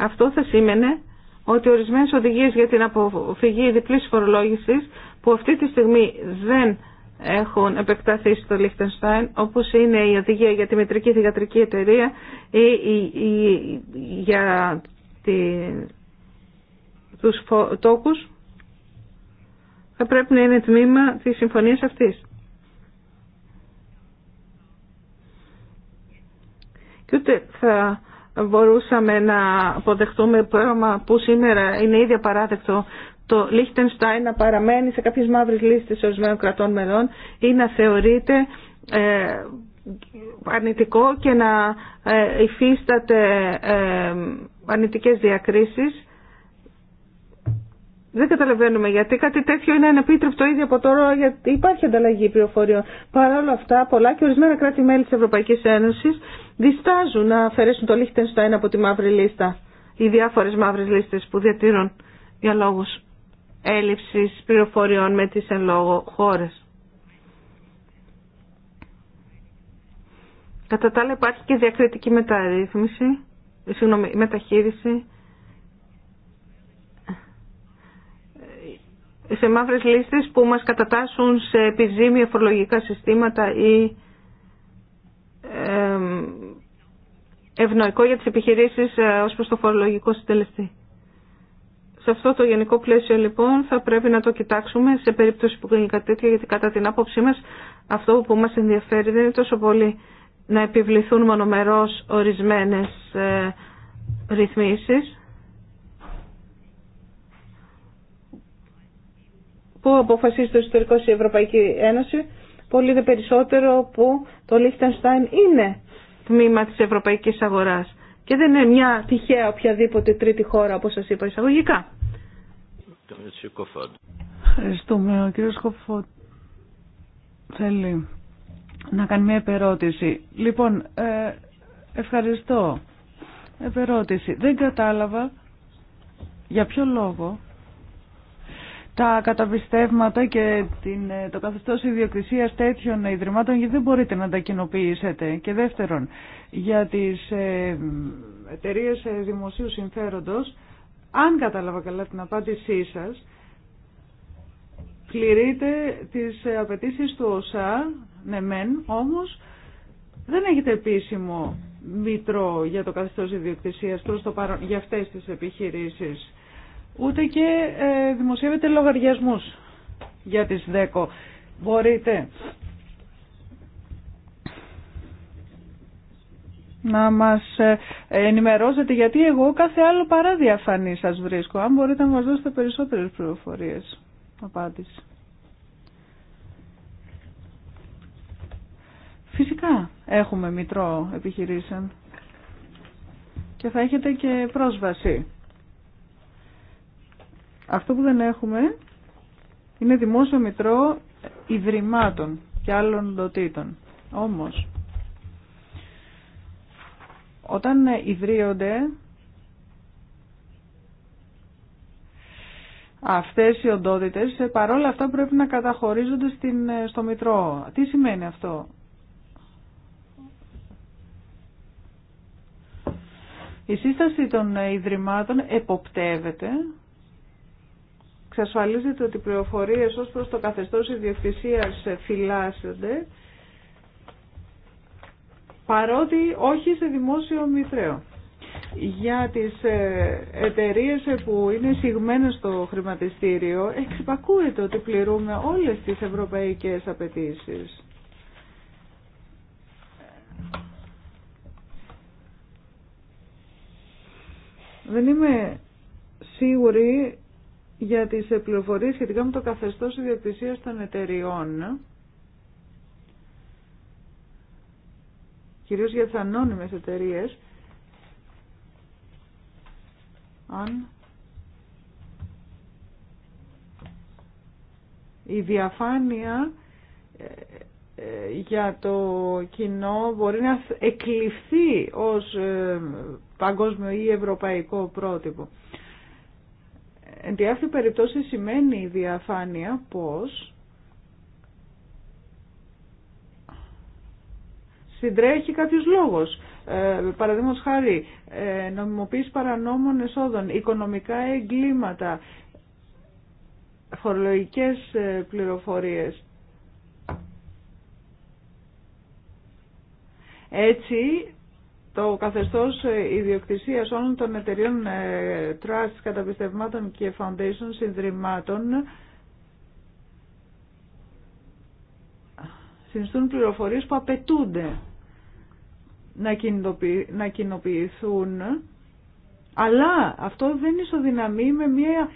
αυτό θα σήμαινε ότι ορισμένες οδηγίες για την αποφυγή διπλής φορολόγησης που αυτή τη στιγμή δεν έχουν επεκταθεί στο Λίχτενστάιν, όπως είναι η οδηγία για τη μετρική θηγατρική εταιρεία ή, ή για τη, τους τόκους, θα πρέπει να είναι τμήμα της συμφωνίας αυτής. Και ούτε θα μπορούσαμε να αποδεχτούμε πράγμα που σήμερα είναι ήδη απαράδεκτο το Λίχτενστάιν να παραμένει σε κάποιες μαύρες λίστες ορισμένων κρατών μελών ή να θεωρείται ε, αρνητικό και να ε, υφίσταται ε, αρνητικές διακρίσεις. Δεν καταλαβαίνουμε γιατί κάτι τέτοιο είναι ανεπίτρεπτο ήδη από τώρα γιατί υπάρχει ανταλλαγή πληροφοριών. Παρ' όλα αυτά, πολλά και ορισμένα κράτη-μέλη της Ευρωπαϊκής Ένωσης διστάζουν να αφαιρέσουν το Λίχτενστάιν από τη μαύρη λίστα. ή διάφορε μαύρες λίστες που διατηρούν για λόγους έλλειψης πληροφοριών με τις εν λόγω χώρες. Κατά τα άλλα υπάρχει και διακριτική μεταρρύθμιση, μεταχείριση σε μαύρες λίστες που μας κατατάσσουν σε επιζήμια φορολογικά συστήματα ή ευνοϊκό για τις επιχειρήσεις ε, ως προς το φορολογικό συντελεστή. Σε αυτό το γενικό πλαίσιο λοιπόν θα πρέπει να το κοιτάξουμε σε περίπτωση που γίνει κάτι τέτοιο γιατί κατά την άποψή μας αυτό που μας ενδιαφέρει δεν είναι τόσο πολύ να επιβληθούν μονομερώς ορισμένες ε, ρυθμίσεις που αποφασίζει το ιστορικό η Ευρωπαϊκή Ένωση πολύ δε περισσότερο που το Liechtenstein είναι τμήμα της ευρωπαϊκής αγοράς και δεν είναι μια τυχαία οποιαδήποτε τρίτη χώρα, όπως σας είπα εισαγωγικά. Ευχαριστούμε. Ο κύριος Κοφότ θέλει να κάνει μια επερώτηση. Λοιπόν, ε, ευχαριστώ. Επερώτηση. Δεν κατάλαβα για ποιο λόγο τα καταπιστεύματα και την, ε, το καθεστώς ιδιοκτησίας τέτοιων ιδρυμάτων γιατί δεν μπορείτε να τα κοινοποιήσετε. Και δεύτερον, για τις ε, εταιρείε ε, δημοσίου συμφέροντος, αν κατάλαβα καλά την απάντησή σας, πληρείτε τις απαιτήσει του ΩΣΑ, ναι μεν, όμως δεν έχετε επίσημο μητρό για το καθεστώς ιδιοκτησίας προ το παρόν, για αυτές τις επιχειρήσεις ούτε και ε, δημοσιεύετε λογαριασμούς για τις ΔΕΚΟ. Μπορείτε να μας ε, ενημερώσετε γιατί εγώ κάθε άλλο παρά διαφανή σας βρίσκω. Αν μπορείτε να μας δώσετε περισσότερες πληροφορίες. Απάντηση. Φυσικά έχουμε μητρό επιχειρήσεων και θα έχετε και πρόσβαση. Αυτό που δεν έχουμε είναι δημόσιο μητρό ιδρυμάτων και άλλων δοτήτων. Όμως, όταν ιδρύονται αυτές οι οντότητες, παρόλα αυτά πρέπει να καταχωρίζονται στην, στο μητρό. Τι σημαίνει αυτό. Η σύσταση των ιδρυμάτων εποπτεύεται εξασφαλίζεται ότι οι πληροφορίες ως προς το καθεστώς ιδιοκτησίας φυλάσσονται παρότι όχι σε δημόσιο μητρέο. Για τις ε, εταιρείε ε, που είναι συγμένες στο χρηματιστήριο εξυπακούεται ότι πληρούμε όλες τις ευρωπαϊκές απαιτήσεις. Δεν είμαι σίγουρη για τις πληροφορίες σχετικά με το καθεστώς ιδιοκτησίας των εταιριών, κυρίως για τις ανώνυμες εταιρείες, αν η διαφάνεια ε, ε, για το κοινό μπορεί να εκλειφθεί ως ε, παγκόσμιο ή ευρωπαϊκό πρότυπο. Εν τη περιπτώσει σημαίνει η διαφάνεια πως συντρέχει κάποιος λόγος. Ε, χάρη, ε, νομιμοποίηση παρανόμων εσόδων, οικονομικά εγκλήματα, φορολογικές ε, πληροφορίες. Έτσι το καθεστώς ιδιοκτησίας όλων των εταιριών ε, trust, καταπιστευμάτων και foundation συνδρυμάτων συνιστούν πληροφορίες που απαιτούνται να κοινοποιηθούν αλλά αυτό δεν ισοδυναμεί με μια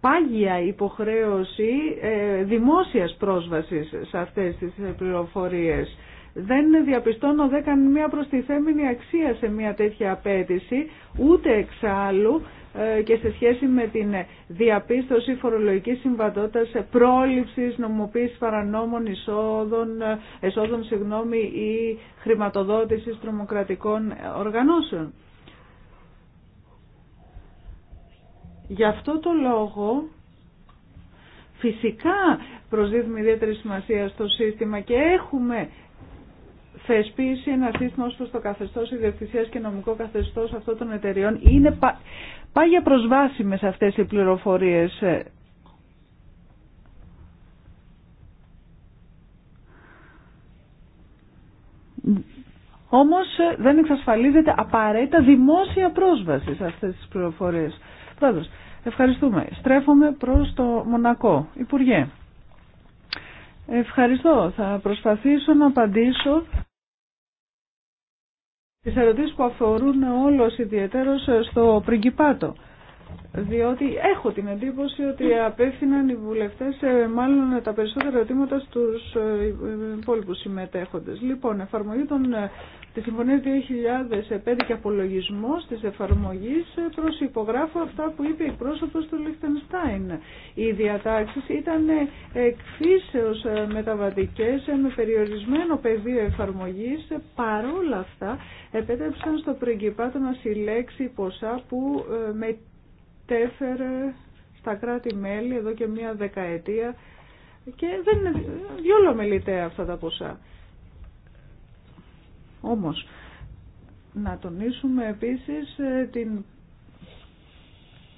πάγια υποχρέωση ε, δημόσιας πρόσβασης σε αυτές τις πληροφορίες δεν διαπιστώνω δε μία προστιθέμενη αξία σε μια τέτοια απέτηση, ούτε εξάλλου ε, και σε σχέση με την διαπίστωση φορολογικής συμβατότητας ε, πρόληψης νομοποίησης παρανόμων εισόδων, ε, εσόδων συγγνώμη, ή χρηματοδότησης τρομοκρατικών οργανώσεων. Γι' αυτό το λόγο φυσικά προσδίδουμε ιδιαίτερη σημασία στο σύστημα και έχουμε θεσπίσει ένα σύστημα ως προς το καθεστώς ιδιοκτησίας και νομικό καθεστώς αυτών των εταιριών. Είναι πα... πάγια προσβάσιμες αυτές οι πληροφορίες. Όμως ε, δεν εξασφαλίζεται απαραίτητα δημόσια πρόσβαση σε αυτές τις πληροφορίες. ευχαριστούμε. Στρέφομαι προς το Μονακό. Υπουργέ. Ευχαριστώ. Θα προσπαθήσω να απαντήσω τις ερωτήσεις που αφορούν όλος ιδιαίτερος στο πριγκιπάτο διότι έχω την εντύπωση ότι απέφθηναν οι βουλευτές ε, μάλλον τα περισσότερα ερωτήματα στους ε, υπόλοιπους συμμετέχοντες. Λοιπόν, εφαρμογή των, ε, της 2005 και απολογισμός της εφαρμογής προς υπογράφω αυτά που είπε η πρόσωπος του Λιχτενστάιν. Οι διατάξεις ήταν εκφύσεως μεταβατικές με περιορισμένο πεδίο εφαρμογής. Παρόλα αυτά επέτρεψαν στο πριγκιπάτο να συλλέξει ποσά που με μετέφερε στα κράτη-μέλη εδώ και μία δεκαετία και δεν είναι διόλου αυτά τα ποσά. Όμως, να τονίσουμε επίσης ε, την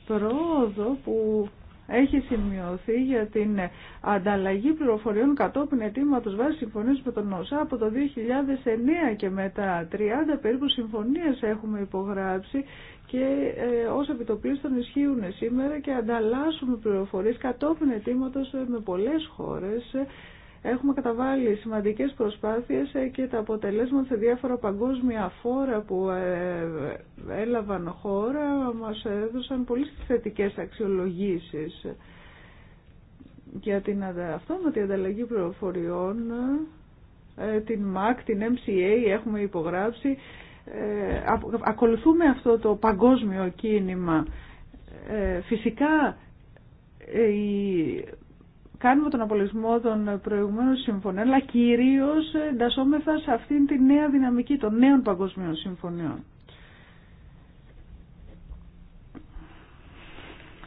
πρόοδο που έχει σημειωθεί για την ανταλλαγή πληροφοριών κατόπιν αιτήματος βάσει συμφωνίας με τον ΩΣΑ από το 2009 και μετά. 30 περίπου συμφωνίες έχουμε υπογράψει και ε, ως επιτοπλίστων ισχύουν σήμερα και ανταλλάσσουμε πληροφορίες κατόπιν αιτήματος με πολλές χώρες Έχουμε καταβάλει σημαντικές προσπάθειες ε, και τα αποτελέσματα σε διάφορα παγκόσμια φόρα που ε, έλαβαν χώρα μας έδωσαν πολύ θετικές αξιολογήσεις για την αυτόματη ανταλλαγή πληροφοριών, ε, την ΜΑΚ, την MCA έχουμε υπογράψει. Ακολουθούμε αυτό το παγκόσμιο κίνημα. Φυσικά η κάνουμε τον απολυσμό των προηγουμένων συμφωνιών, αλλά κυρίω εντασσόμεθα σε αυτήν τη νέα δυναμική των νέων παγκοσμίων συμφωνιών.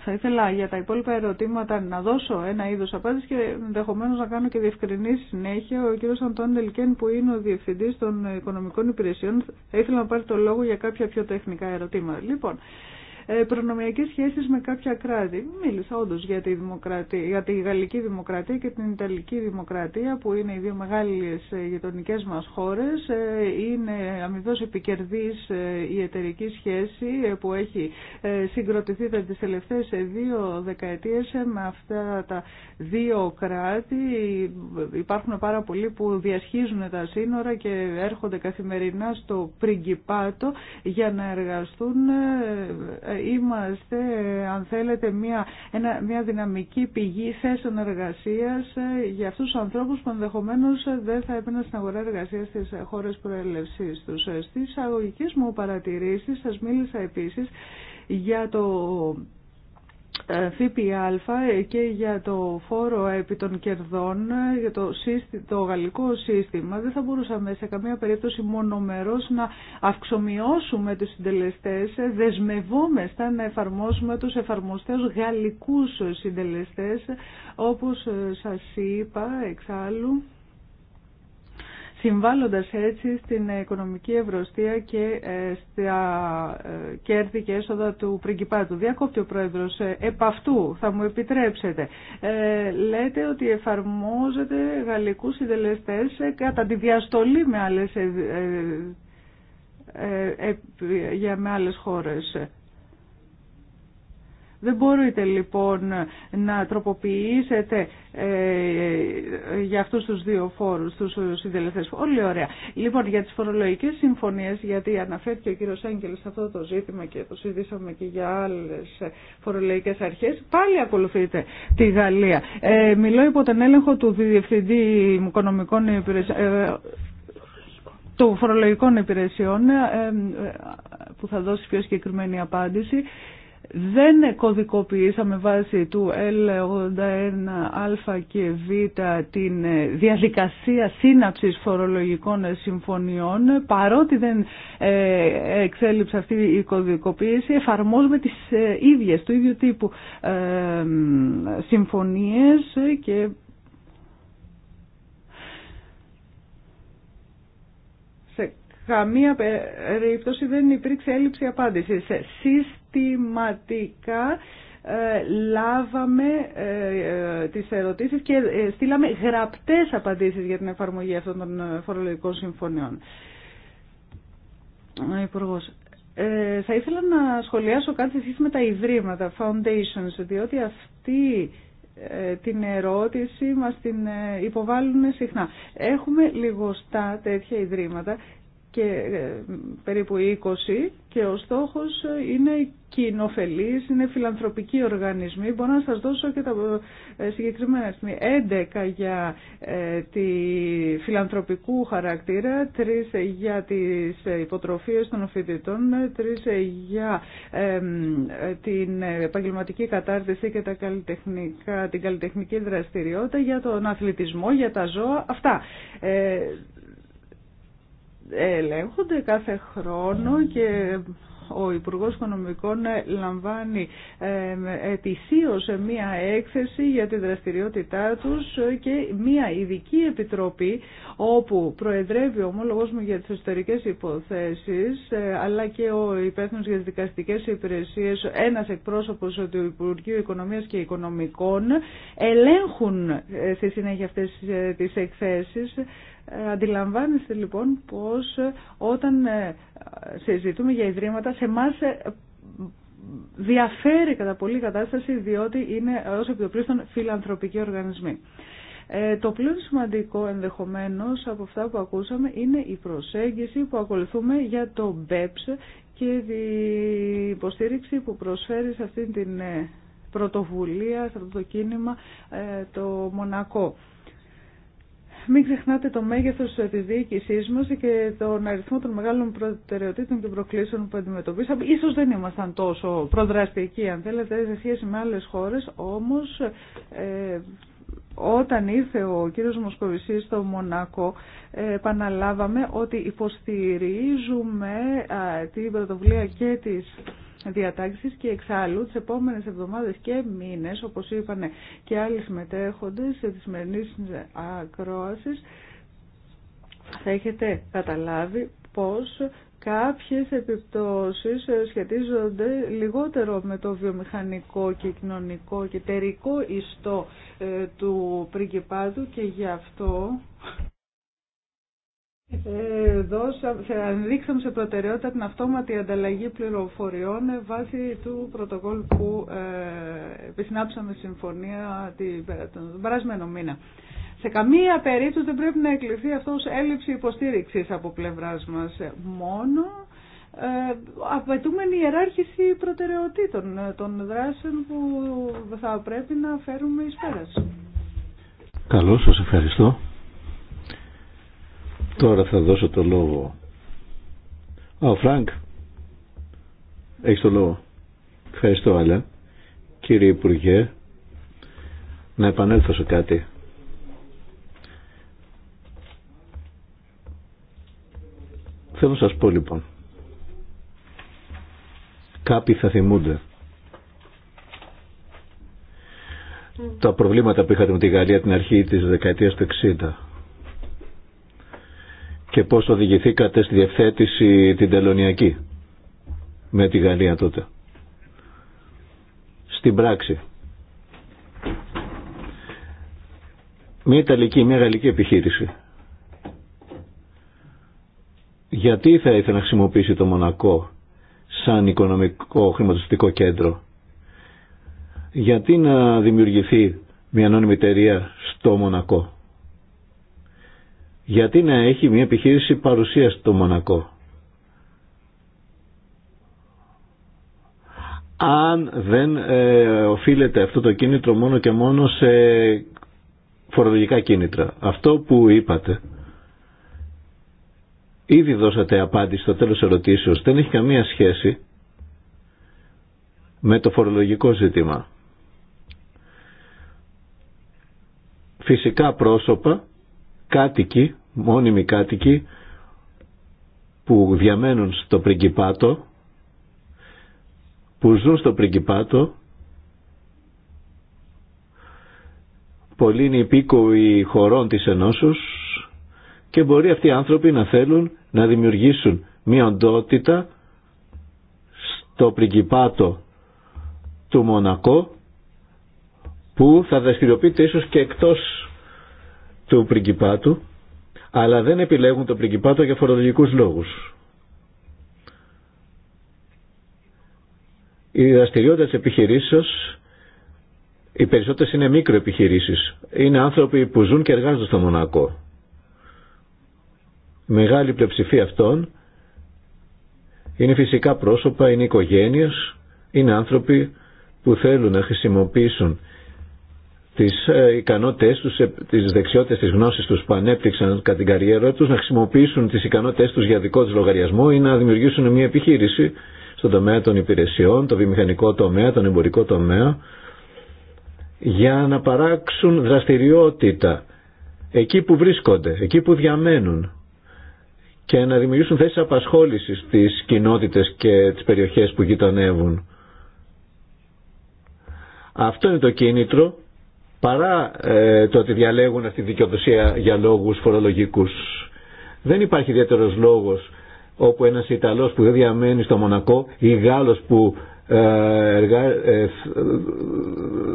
Θα ήθελα για τα υπόλοιπα ερωτήματα να δώσω ένα είδος απάντηση και ενδεχομένω να κάνω και διευκρινή συνέχεια. Ο κύριος Αντώνη Ελκέν που είναι ο διευθυντή των Οικονομικών Υπηρεσιών θα ήθελα να πάρει το λόγο για κάποια πιο τεχνικά ερωτήματα. Λοιπόν, ε, προνομιακές σχέσεις με κάποια κράτη. Μίλησα όντω για τη, για Γαλλική Δημοκρατία και την Ιταλική Δημοκρατία που είναι οι δύο μεγάλες ε, γειτονικέ μας χώρες. Ε, είναι αμοιβώς επικερδής η εταιρική σχέση που έχει συγκροτηθεί τις τελευταίες δύο δεκαετίες με αυτά τα δύο κράτη. Υπάρχουν πάρα πολλοί που διασχίζουν τα σύνορα και έρχονται καθημερινά στο πριγκιπάτο για να εργαστούν είμαστε, αν θέλετε, μια, μια δυναμική πηγή θέσεων εργασίας ε, για αυτούς τους ανθρώπους που ενδεχομένω ε, δεν θα έπαιρναν στην αγορά εργασίας στις ε, χώρες προέλευσής τους. Στις αγωγικές μου παρατηρήσεις σας μίλησα επίσης για το ε, ΦΠΑ και για το φόρο επί των κερδών, για το, σύστη, το γαλλικό σύστημα, δεν θα μπορούσαμε σε καμία περίπτωση μονομερός να αυξομοιώσουμε τους συντελεστές, δεσμευόμεστα να εφαρμόσουμε τους εφαρμοστές γαλλικούς συντελεστές, όπως σας είπα εξάλλου συμβάλλοντας έτσι στην οικονομική ευρωστία και ε, στα ε, κέρδη και έσοδα του πριγκιπάτου. Διακόπτει ο Πρόεδρος, ε, επ' αυτού θα μου επιτρέψετε. λέτε ότι εφαρμόζεται γαλλικούς συντελεστές κατά τη διαστολή με άλλες, για, με άλλες χώρες. Δεν μπορείτε λοιπόν να τροποποιήσετε ε, για αυτούς τους δύο φόρους, τους συντελεστές. Όλοι ωραία. Λοιπόν, για τις φορολογικές συμφωνίες, γιατί αναφέρθηκε ο κύριος Έγγελ σε αυτό το ζήτημα και το συζητήσαμε και για άλλες φορολογικές αρχές, πάλι ακολουθείτε τη Γαλλία. Ε, μιλώ υπό τον έλεγχο του Διευθυντή Οικονομικών Υπηρεσιών ε, φορολογικών υπηρεσιών ε, που θα δώσει πιο συγκεκριμένη απάντηση δεν κωδικοποιήσαμε βάσει του L81α και β την διαδικασία σύναψης φορολογικών συμφωνιών. Παρότι δεν ε, εξέλιψε αυτή η κωδικοποίηση, εφαρμόζουμε τις ε, ίδιες, του ίδιου τύπου ε, συμφωνίες και σε καμία περίπτωση δεν υπήρξε έλλειψη απάντησης συστηματικά ε, λάβαμε ε, ε, τις ερωτήσεις και στείλαμε γραπτές απαντήσεις για την εφαρμογή αυτών των φορολογικών συμφωνιών. Υπουργός, ε, θα ήθελα να σχολιάσω κάτι σε με τα ιδρύματα, foundations, διότι αυτή την ερώτηση μας την υποβάλλουν συχνά. Έχουμε λιγοστά τέτοια ιδρύματα και ε, περίπου 20 και ο στόχος είναι κοινοφελής, είναι φιλανθρωπικοί οργανισμοί. Μπορώ να σας δώσω και τα ε, συγκεκριμένα στιγμή. 11 για ε, τη φιλανθρωπικού χαρακτήρα, 3 για τις υποτροφίες των φοιτητών, 3 για την επαγγελματική κατάρτιση και τα καλλιτεχνικά, την καλλιτεχνική δραστηριότητα, για τον αθλητισμό, για τα ζώα, αυτά ελέγχονται κάθε χρόνο και ο Υπουργό Οικονομικών ε, λαμβάνει ετησίω μία έκθεση για τη δραστηριότητά τους και μία ειδική επιτροπή όπου προεδρεύει ο ομόλογο μου για τις εσωτερικέ υποθέσεις ε, αλλά και ο υπεύθυνο για τι δικαστικές υπηρεσίες, ένας εκπρόσωπος του Υπουργείου Οικονομίας και Οικονομικών ελέγχουν ε, στη συνέχεια αυτέ τι εκθέσει. Αντιλαμβάνεστε λοιπόν πως όταν συζητούμε για ιδρύματα σε εμά ε, διαφέρει κατά πολύ η κατάσταση διότι είναι ως επιτοπλίστων φιλανθρωπικοί οργανισμοί. Ε, το πλέον σημαντικό ενδεχομένως από αυτά που ακούσαμε είναι η προσέγγιση που ακολουθούμε για το BEPS και η υποστήριξη που προσφέρει σε αυτή την ε, πρωτοβουλία, σε αυτό το κίνημα, το Μονακό. Μην ξεχνάτε το μέγεθος τη διοίκησή μα και τον αριθμό των μεγάλων προτεραιοτήτων και προκλήσεων που αντιμετωπίσαμε. Ίσως δεν ήμασταν τόσο προδραστικοί, αν θέλετε, σε σχέση με άλλε χώρες, όμως ε, όταν ήρθε ο κύριος Μοσκοβισή στο Μονάκο επαναλάβαμε ότι υποστηρίζουμε ε, την πρωτοβουλία και της διατάξεις και εξάλλου τις επόμενες εβδομάδες και μήνες, όπως είπανε και άλλοι συμμετέχοντες σε τις σημερινές ακρόασεις, θα έχετε καταλάβει πώς κάποιες επιπτώσεις σχετίζονται λιγότερο με το βιομηχανικό και κοινωνικό και τερικό ιστό ε, του πριγκιπάτου και γι' αυτό θα δείξαμε σε προτεραιότητα την αυτόματη ανταλλαγή πληροφοριών βάσει του πρωτοκόλλου που ε, επισυνάψαμε συμφωνία τον περασμένο μήνα. Σε καμία περίπτωση δεν πρέπει να εκλειφθεί αυτό ως έλλειψη υποστήριξης από πλευράς μας. Μόνο ε, απαιτούμενη ιεράρχηση προτεραιοτήτων ε, των δράσεων που θα πρέπει να φέρουμε εις πέρας. Καλώς, σας ευχαριστώ. Τώρα θα δώσω το λόγο. Ο Φρανκ, έχει το λόγο. Ευχαριστώ, αλλά κύριε Υπουργέ, να επανέλθω σε κάτι. Θέλω να σας πω λοιπόν. Κάποιοι θα θυμούνται τα προβλήματα που είχατε με τη Γαλλία την αρχή της δεκαετίας του 60 και πώς οδηγηθήκατε στη διευθέτηση την τελωνιακή με τη Γαλλία τότε. Στην πράξη. Μια Ιταλική, μια Γαλλική επιχείρηση. Γιατί θα ήθελε να χρησιμοποιήσει το Μονακό σαν οικονομικό χρηματιστικό κέντρο. Γιατί να δημιουργηθεί μια ανώνυμη εταιρεία στο Μονακό γιατί να έχει μια επιχείρηση παρουσία στο Μονακό. Αν δεν ε, οφείλεται αυτό το κίνητρο μόνο και μόνο σε φορολογικά κίνητρα. Αυτό που είπατε, ήδη δώσατε απάντηση στο τέλος ερωτήσεως, δεν έχει καμία σχέση με το φορολογικό ζήτημα. Φυσικά πρόσωπα, κάτοικοι μόνιμοι κάτοικοι που διαμένουν στο Πριγκιπάτο, που ζουν στο Πριγκιπάτο, πολλοί είναι υπήκοοι χωρών της Ενώσεως και μπορεί αυτοί οι άνθρωποι να θέλουν να δημιουργήσουν μια οντότητα στο Πριγκιπάτο του Μονακό που θα δραστηριοποιείται ίσως και εκτός του Πριγκιπάτου αλλά δεν επιλέγουν τον πριγκιπάτο για φορολογικούς λόγους. Η δραστηριότητα της επιχειρήσεως, οι περισσότερες είναι μικροεπιχειρήσεις. Είναι άνθρωποι που ζουν και εργάζονται στο Μονακό. Μεγάλη πλειοψηφία αυτών είναι φυσικά πρόσωπα, είναι οικογένειες, είναι άνθρωποι που θέλουν να χρησιμοποιήσουν τις ε, ικανότητες τους, ε, τις δεξιότητες, τις γνώσεις τους που ανέπτυξαν κατά την καριέρα τους, να χρησιμοποιήσουν τις ικανότητες τους για δικό τους λογαριασμό ή να δημιουργήσουν μια επιχείρηση στον τομέα των υπηρεσιών, το βιομηχανικό τομέα, τον εμπορικό τομέα, για να παράξουν δραστηριότητα εκεί που βρίσκονται, εκεί που διαμένουν και να δημιουργήσουν θέσεις απασχόλησης στις κοινότητες και τις περιοχές που γειτονεύουν. Αυτό είναι το κίνητρο παρά ε, το ότι διαλέγουν αυτή τη δικαιοδοσία για λόγους φορολογικούς. Δεν υπάρχει ιδιαίτερο λόγος όπου ένας Ιταλός που δεν διαμένει στο Μονακό ή Γάλλος που ε, ε,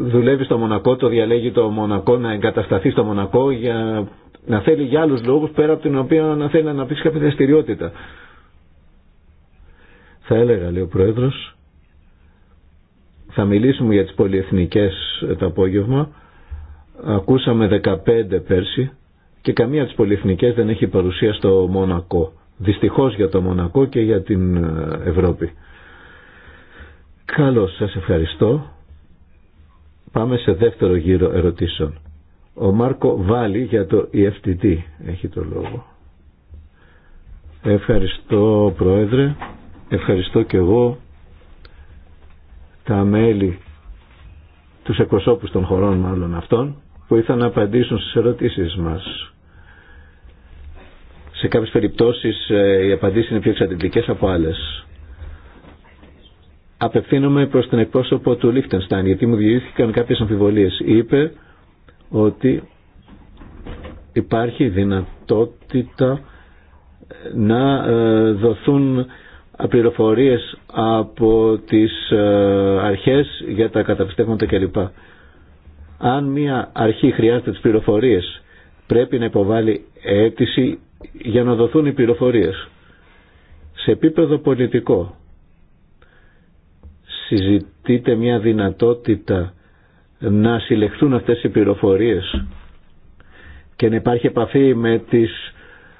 δουλεύει στο Μονακό, το διαλέγει το Μονακό να εγκατασταθεί στο Μονακό για να θέλει για άλλους λόγους πέρα από την οποία να θέλει να αναπτύξει κάποια δραστηριότητα. Θα έλεγα, λέει ο Πρόεδρος, θα μιλήσουμε για τις πολυεθνικές το απόγευμα. Ακούσαμε 15 πέρσι και καμία της τις δεν έχει παρουσία στο Μονακό. Δυστυχώς για το Μονακό και για την ε, Ευρώπη. Καλώς, σας ευχαριστώ. Πάμε σε δεύτερο γύρο ερωτήσεων. Ο Μάρκο Βάλι για το EFTT έχει το λόγο. Ευχαριστώ Πρόεδρε, ευχαριστώ και εγώ τα μέλη, τους εκπροσώπους των χωρών μάλλον αυτών που ήθελαν να απαντήσουν στις ερωτήσεις μας. Σε κάποιες περιπτώσεις ε, οι απαντήσεις είναι πιο εξαντλητικές από άλλες. Απευθύνομαι προς τον εκπρόσωπο του Λίχτενστάιν γιατί μου διηγήθηκαν κάποιες αμφιβολίες. Είπε ότι υπάρχει δυνατότητα ε, να ε, δοθούν πληροφορίες από τις αρχές για τα καταπιστεύματα κλπ. Αν μια αρχή χρειάζεται τις πληροφορίες, πρέπει να υποβάλει αίτηση για να δοθούν οι πληροφορίες. Σε επίπεδο πολιτικό, Συζητείτε μια δυνατότητα να συλλεχθούν αυτές οι πληροφορίες και να υπάρχει επαφή με τις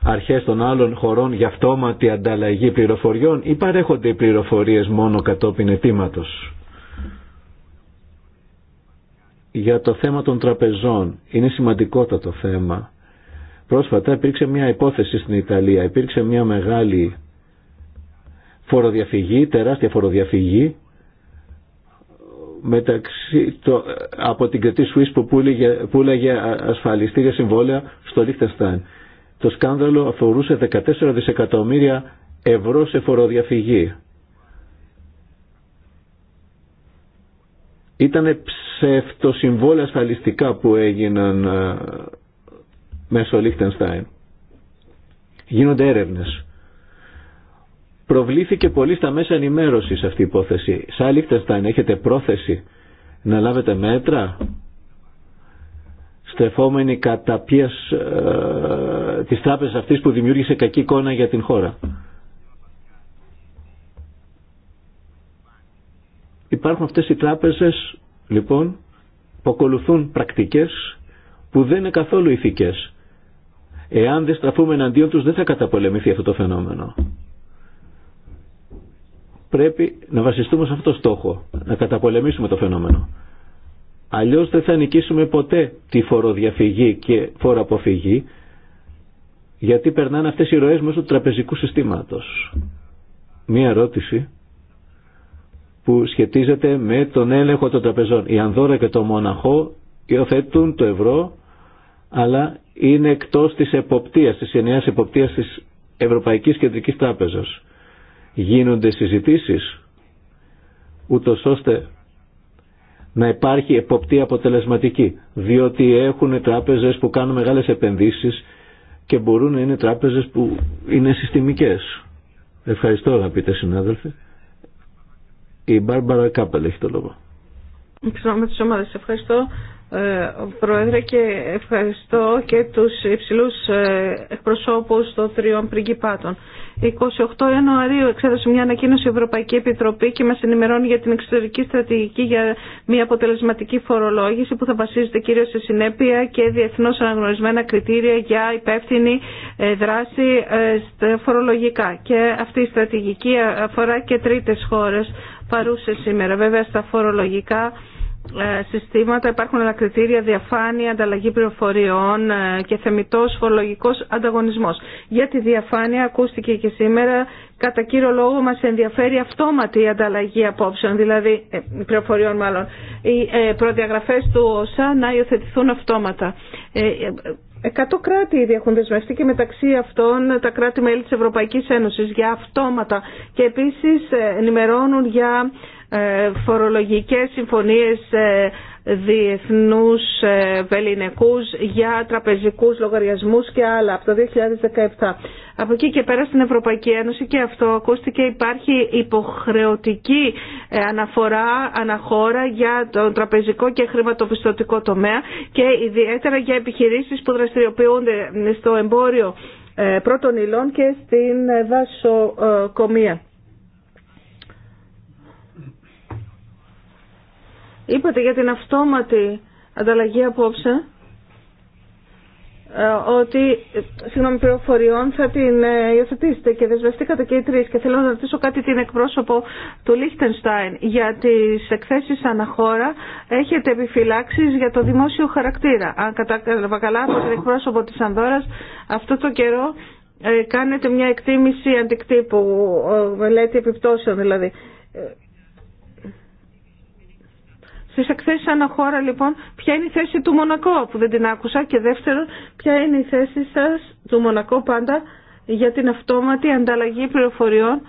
αρχές των άλλων χωρών για αυτόματη ανταλλαγή πληροφοριών ή παρέχονται οι πληροφορίες μόνο κατόπιν ετήματος για το θέμα των τραπεζών. Είναι σημαντικότατο θέμα. Πρόσφατα υπήρξε μια υπόθεση στην Ιταλία. Υπήρξε μια μεγάλη φοροδιαφυγή, τεράστια φοροδιαφυγή μεταξύ, το, από την κρατή Σουής που πουλήγε, πουλάγε ασφαλιστήρια συμβόλαια στο Λίχτεστάν. Το σκάνδαλο αφορούσε 14 δισεκατομμύρια ευρώ σε φοροδιαφυγή. Ήτανε ψευτοσυμβόλαια ασφαλιστικά που έγιναν ε, μέσω Λίχτενστάιν. Γίνονται έρευνες. Προβλήθηκε πολύ στα μέσα ενημέρωση αυτή η υπόθεση. Σαν Λίχτενστάιν έχετε πρόθεση να λάβετε μέτρα στεφόμενη κατά ποιες ε, της τράπεζας αυτής που δημιούργησε κακή εικόνα για την χώρα. Υπάρχουν αυτές οι τράπεζες λοιπόν που ακολουθούν πρακτικές που δεν είναι καθόλου ηθικές. Εάν δεν στραφούμε εναντίον τους δεν θα καταπολεμηθεί αυτό το φαινόμενο. Πρέπει να βασιστούμε σε αυτό το στόχο, να καταπολεμήσουμε το φαινόμενο. Αλλιώς δεν θα νικήσουμε ποτέ τη φοροδιαφυγή και φοροαποφυγή γιατί περνάνε αυτές οι ροές μέσω του τραπεζικού συστήματος. Μία ερώτηση που σχετίζεται με τον έλεγχο των τραπεζών. Η Ανδόρα και το Μοναχό υιοθετούν το ευρώ, αλλά είναι εκτός της εποπτείας, της ενιαίας εποπτείας της Ευρωπαϊκής Κεντρικής Τράπεζας. Γίνονται συζητήσεις, ούτω ώστε να υπάρχει εποπτεία αποτελεσματική, διότι έχουν τράπεζες που κάνουν μεγάλες επενδύσεις και μπορούν να είναι τράπεζες που είναι συστημικές. Ευχαριστώ αγαπητέ συνάδελφοι. Η Μπάρμπαρα Κάπελ έχει το λόγο. με τις ομάδες. Ευχαριστώ. Ε, Πρόεδρε και ευχαριστώ και τους υψηλούς ε, εκπροσώπους των τριών πριγκιπάτων. 28 Ιανουαρίου εξέδωσε μια ανακοίνωση η Ευρωπαϊκή Επιτροπή και μας ενημερώνει για την εξωτερική στρατηγική για μια αποτελεσματική φορολόγηση που θα βασίζεται κυρίως σε συνέπεια και διεθνώς αναγνωρισμένα κριτήρια για υπεύθυνη ε, δράση φορολογικά. Και αυτή η στρατηγική αφορά και τρίτες χώρες παρούσε σήμερα. Βέβαια στα φορολογικά ε, συστήματα υπάρχουν άλλα κριτήρια, διαφάνεια, ανταλλαγή πληροφοριών ε, και θεμητός φορολογικός ανταγωνισμός. Για τη διαφάνεια ακούστηκε και σήμερα, κατά κύριο λόγο μας ενδιαφέρει αυτόματη η ανταλλαγή απόψεων, δηλαδή ε, πληροφοριών μάλλον. Οι προδιαγραφές του ΩΣΑ να υιοθετηθούν αυτόματα. Εκατό κράτη ήδη έχουν δεσμευτεί και μεταξύ αυτών τα κράτη-μέλη της Ευρωπαϊκής Ένωσης για αυτόματα και επίσης ενημερώνουν για ε, φορολογικές συμφωνίες ε, διεθνούς ε, βεληνικούς για τραπεζικούς λογαριασμούς και άλλα από το 2017. Από εκεί και πέρα στην Ευρωπαϊκή Ένωση και αυτό ακούστηκε υπάρχει υποχρεωτική αναφορά αναχώρα για τον τραπεζικό και χρηματοπιστωτικό τομέα και ιδιαίτερα για επιχειρήσεις που δραστηριοποιούνται στο εμπόριο πρώτων υλών και στην δασοκομεία. Είπατε για την αυτόματη ανταλλαγή απόψε ε, ότι συγγνώμη πληροφοριών θα την ε, υιοθετήσετε και δεσμευτήκατε και οι τρει. Και θέλω να ρωτήσω κάτι την εκπρόσωπο του Λίχτενστάιν για τι εκθέσει αναχώρα. Έχετε επιφυλάξει για το δημόσιο χαρακτήρα. Αν κατάλαβα καλά από την εκπρόσωπο τη Ανδόρα, αυτό το καιρό ε, κάνετε μια εκτίμηση αντικτύπου, μελέτη επιπτώσεων δηλαδή. Στι εκθέσει αναχώρα, λοιπόν, ποια είναι η θέση του Μονακό, που δεν την άκουσα. Και δεύτερον, ποια είναι η θέση σα, του Μονακό πάντα, για την αυτόματη ανταλλαγή πληροφοριών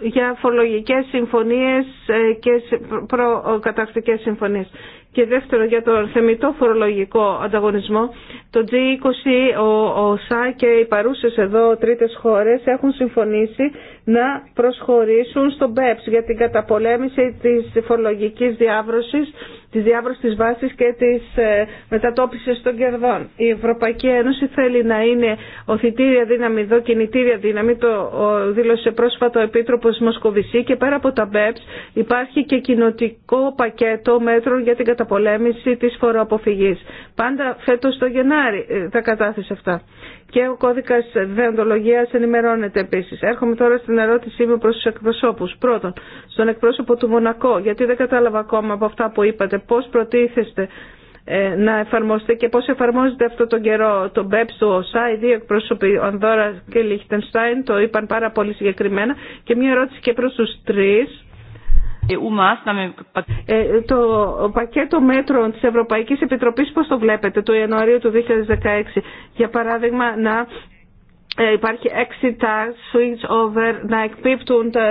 για φορολογικές συμφωνίες ε, και προκαταρκτικές συμφωνίες. Και δεύτερο, για το θεμητό φορολογικό ανταγωνισμό, το G20, ο, ο ΣΑ και οι παρούσες εδώ τρίτες χώρες έχουν συμφωνήσει να προσχωρήσουν στον ΠΕΠΣ για την καταπολέμηση της φορολογικής διάβρωσης, της διάβρωσης της βάσης και της ε, μετατόπισης των κερδών. Η Ευρωπαϊκή Ένωση θέλει να είναι οθητήρια δύναμη εδώ, κινητήρια δύναμη, το δήλωσε πρόσφατο ο Επίτροπος Μοσκοβισή και πέρα από τα ΠΕΠΣ υπάρχει και κοινοτικό πακέτο μέτρων για την καταπολέμηση της φοροαποφυγής. Πάντα φέτος το Γενάρη θα ε, κατάθεσε αυτά και ο κώδικας δεοντολογίας ενημερώνεται επίσης. Έρχομαι τώρα στην ερώτησή μου προς τους εκπροσώπου. Πρώτον, στον εκπρόσωπο του Μονακό, γιατί δεν κατάλαβα ακόμα από αυτά που είπατε πώς προτίθεστε ε, να εφαρμοστεί και πώς εφαρμόζεται αυτό τον καιρό το BEPS του ΟΣΑ, οι δύο εκπρόσωποι Ανδόρα και Λίχτενστάιν το είπαν πάρα πολύ συγκεκριμένα και μια ερώτηση και προ του τρει. Ε, το πακέτο μέτρων της Ευρωπαϊκής Επιτροπής πώς το βλέπετε το Ιανουαρίου του 2016 για παράδειγμα να ε, υπάρχει exit tax, switch over, να εκπίπτουν τα,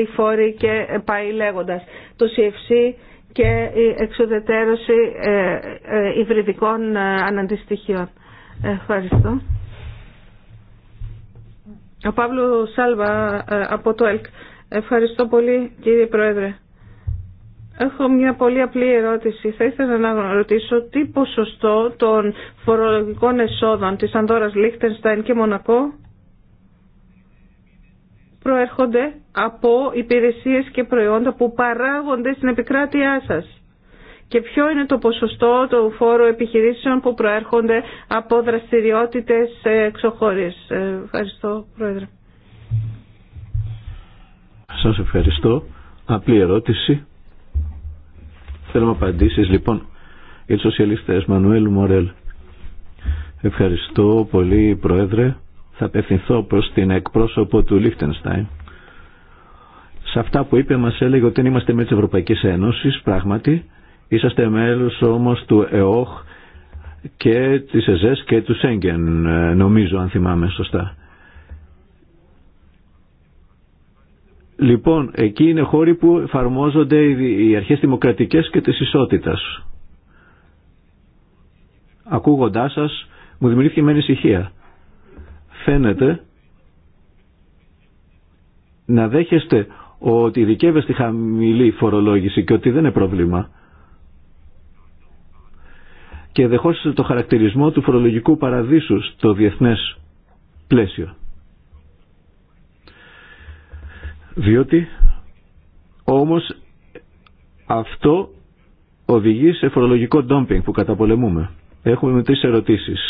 οι φόροι και πάει λέγοντας το CFC και η εξουδετερώση ε, ε, υβριδικών ε, αναντιστοιχείων. Ευχαριστώ. Ο Παύλο Σάλβα ε, από το ΕΛΚ. Ευχαριστώ πολύ κύριε Πρόεδρε. Έχω μια πολύ απλή ερώτηση. Θα ήθελα να ρωτήσω τι ποσοστό των φορολογικών εσόδων της Ανδόρας Λίχτενστάιν και Μονακό προέρχονται από υπηρεσίες και προϊόντα που παράγονται στην επικράτειά σας. Και ποιο είναι το ποσοστό του φόρου επιχειρήσεων που προέρχονται από δραστηριότητες ε, εξωχώρης. Ε, ευχαριστώ, Πρόεδρε. Σας ευχαριστώ. Απλή ερώτηση. Θέλω απαντήσεις. Λοιπόν, οι τους σοσιαλιστές Μανουέλ Μορέλ. Ευχαριστώ πολύ, Πρόεδρε. Θα απευθυνθώ προς την εκπρόσωπο του Λίχτενστάιν. Σε αυτά που είπε μας έλεγε ότι δεν είμαστε μέλη της Ευρωπαϊκής Ένωσης, πράγματι. Είσαστε μέλος όμως του ΕΟΧ και της ΕΖΕΣ και του ΣΕΝΚΕΝ νομίζω αν θυμάμαι σωστά. Λοιπόν, εκεί είναι χώροι που εφαρμόζονται οι αρχές δημοκρατικές και της ισότητας. Ακούγοντάς σας, μου δημιουργήθηκε με ανησυχία. Φαίνεται να δέχεστε ότι ειδικεύεστε χαμηλή φορολόγηση και ότι δεν είναι πρόβλημα. Και δεχόσαστε το χαρακτηρισμό του φορολογικού παραδείσου στο διεθνές πλαίσιο. Διότι όμως αυτό οδηγεί σε φορολογικό ντόμπινγκ που καταπολεμούμε. Έχουμε με τρεις ερωτήσεις.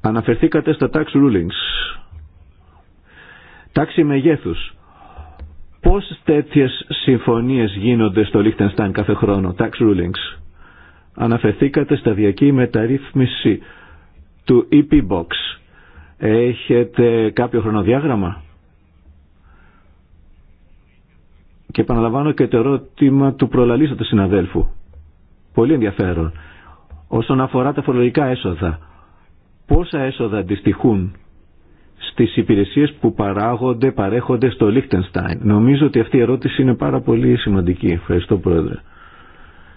Αναφερθήκατε στα tax rulings. Τάξη μεγέθους. Πώς τέτοιες συμφωνίες γίνονται στο Λίχτενστάιν κάθε χρόνο, tax rulings. Αναφερθήκατε σταδιακή μεταρρύθμιση του EP Box. Έχετε κάποιο χρονοδιάγραμμα. Και επαναλαμβάνω και το ερώτημα του προλαλήσατε συναδέλφου. Πολύ ενδιαφέρον. Όσον αφορά τα φορολογικά έσοδα, πόσα έσοδα αντιστοιχούν στις υπηρεσίες που παράγονται, παρέχονται στο Λίχτενστάιν. Νομίζω ότι αυτή η ερώτηση είναι πάρα πολύ σημαντική. Ευχαριστώ Πρόεδρε.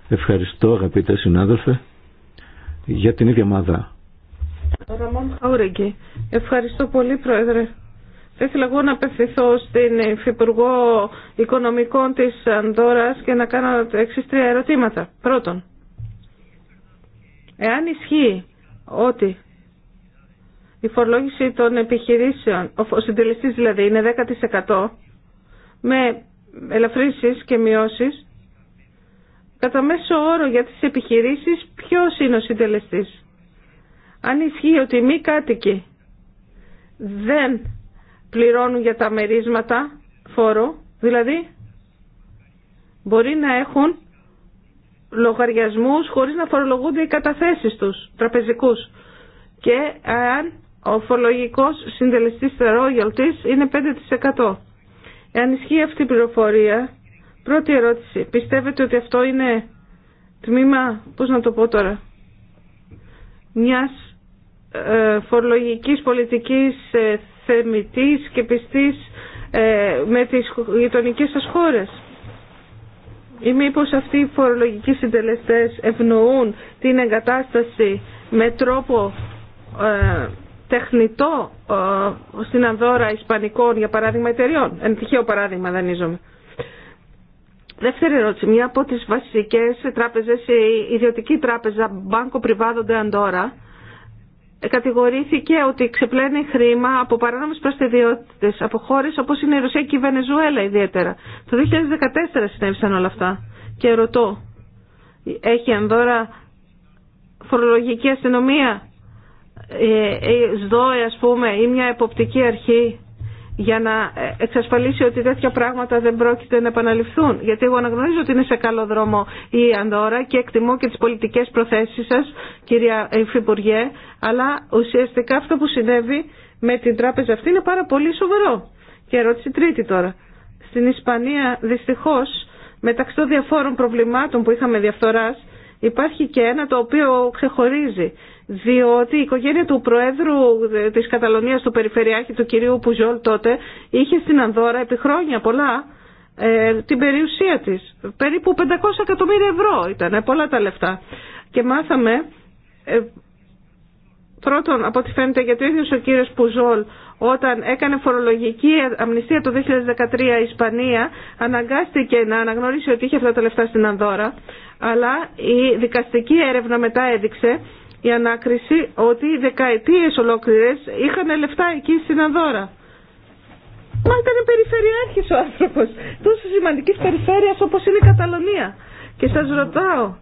Ευχαριστώ αγαπητέ συνάδελφε για την ίδια μάδα. Ευχαριστώ πολύ Πρόεδρε. Θα ήθελα εγώ να απευθυνθώ στην Υφυπουργό Οικονομικών της Ανδόρας και να κάνω εξής τρία ερωτήματα. Πρώτον, εάν ισχύει ότι η φορολόγηση των επιχειρήσεων, ο συντελεστής δηλαδή είναι 10% με ελαφρύσεις και μειώσεις, κατά μέσο όρο για τις επιχειρήσεις ποιος είναι ο συντελεστής. Αν ισχύει ότι μη κάτοικοι δεν πληρώνουν για τα μερίσματα φόρο, δηλαδή μπορεί να έχουν λογαριασμούς χωρίς να φορολογούνται οι καταθέσεις τους, τραπεζικούς. Και αν ο φορολογικός συντελεστής royalties είναι 5%. Εάν ισχύει αυτή η πληροφορία, πρώτη ερώτηση, πιστεύετε ότι αυτό είναι τμήμα, πώς να το πω τώρα, μιας ε, φορολογικής πολιτικής ε, θεμητής και πιστής ε, με τις γειτονικέ σας χώρες. Ή μήπως αυτοί οι φορολογικοί συντελεστές ευνοούν την εγκατάσταση με τρόπο ε, τεχνητό ε, στην Ανδόρα Ισπανικών, για παράδειγμα, εταιριών. Εν τυχαίο παράδειγμα δανείζομαι. Δεύτερη ερώτηση. Μία από τις βασικές τράπεζες, η ιδιωτική τράπεζα Banco Privado de Andorra, κατηγορήθηκε ότι ξεπλένει χρήμα από παράνομε προστιδιότητες, από χώρε όπως είναι η Ρωσία και η Βενεζουέλα ιδιαίτερα. Το 2014 συνέβησαν όλα αυτά. Και ρωτώ, έχει ανδώρα φορολογική αστυνομία, η ε, ε, ΣΔΟΕ ας πούμε ή μια εποπτική αρχή για να εξασφαλίσει ότι τέτοια πράγματα δεν πρόκειται να επαναληφθούν. Γιατί εγώ αναγνωρίζω ότι είναι σε καλό δρόμο η ανδώρα και εκτιμώ και τις πολιτικές προθέσεις σας, κυρία Υφυπουργέ, αλλά ουσιαστικά αυτό που συνέβη με την τράπεζα αυτή είναι πάρα πολύ σοβαρό. Και ερώτηση τρίτη τώρα. Στην Ισπανία δυστυχώ, μεταξύ των διαφόρων προβλημάτων που είχαμε διαφθορά, υπάρχει και ένα το οποίο ξεχωρίζει διότι η οικογένεια του Προέδρου ε, της Καταλωνίας του Περιφερειάρχη, του κυρίου Πουζόλ τότε, είχε στην Ανδόρα επί χρόνια πολλά ε, την περιουσία της. Περίπου 500 εκατομμύρια ευρώ ήταν, ε, πολλά τα λεφτά. Και μάθαμε, πρώτον από ό,τι φαίνεται γιατί ο ίδιο ο κύριος Πουζόλ όταν έκανε φορολογική αμνηστία το 2013 η Ισπανία αναγκάστηκε να αναγνωρίσει ότι είχε αυτά τα λεφτά στην Ανδόρα αλλά η δικαστική έρευνα μετά έδειξε η ανάκριση ότι δεκαετίες ολόκληρες είχαν λεφτά εκεί στην Ανδώρα. Μα ήταν περιφερειάρχης ο άνθρωπος, τόσο σημαντικής περιφέρειας όπως είναι η Καταλωνία. Και σας ρωτάω,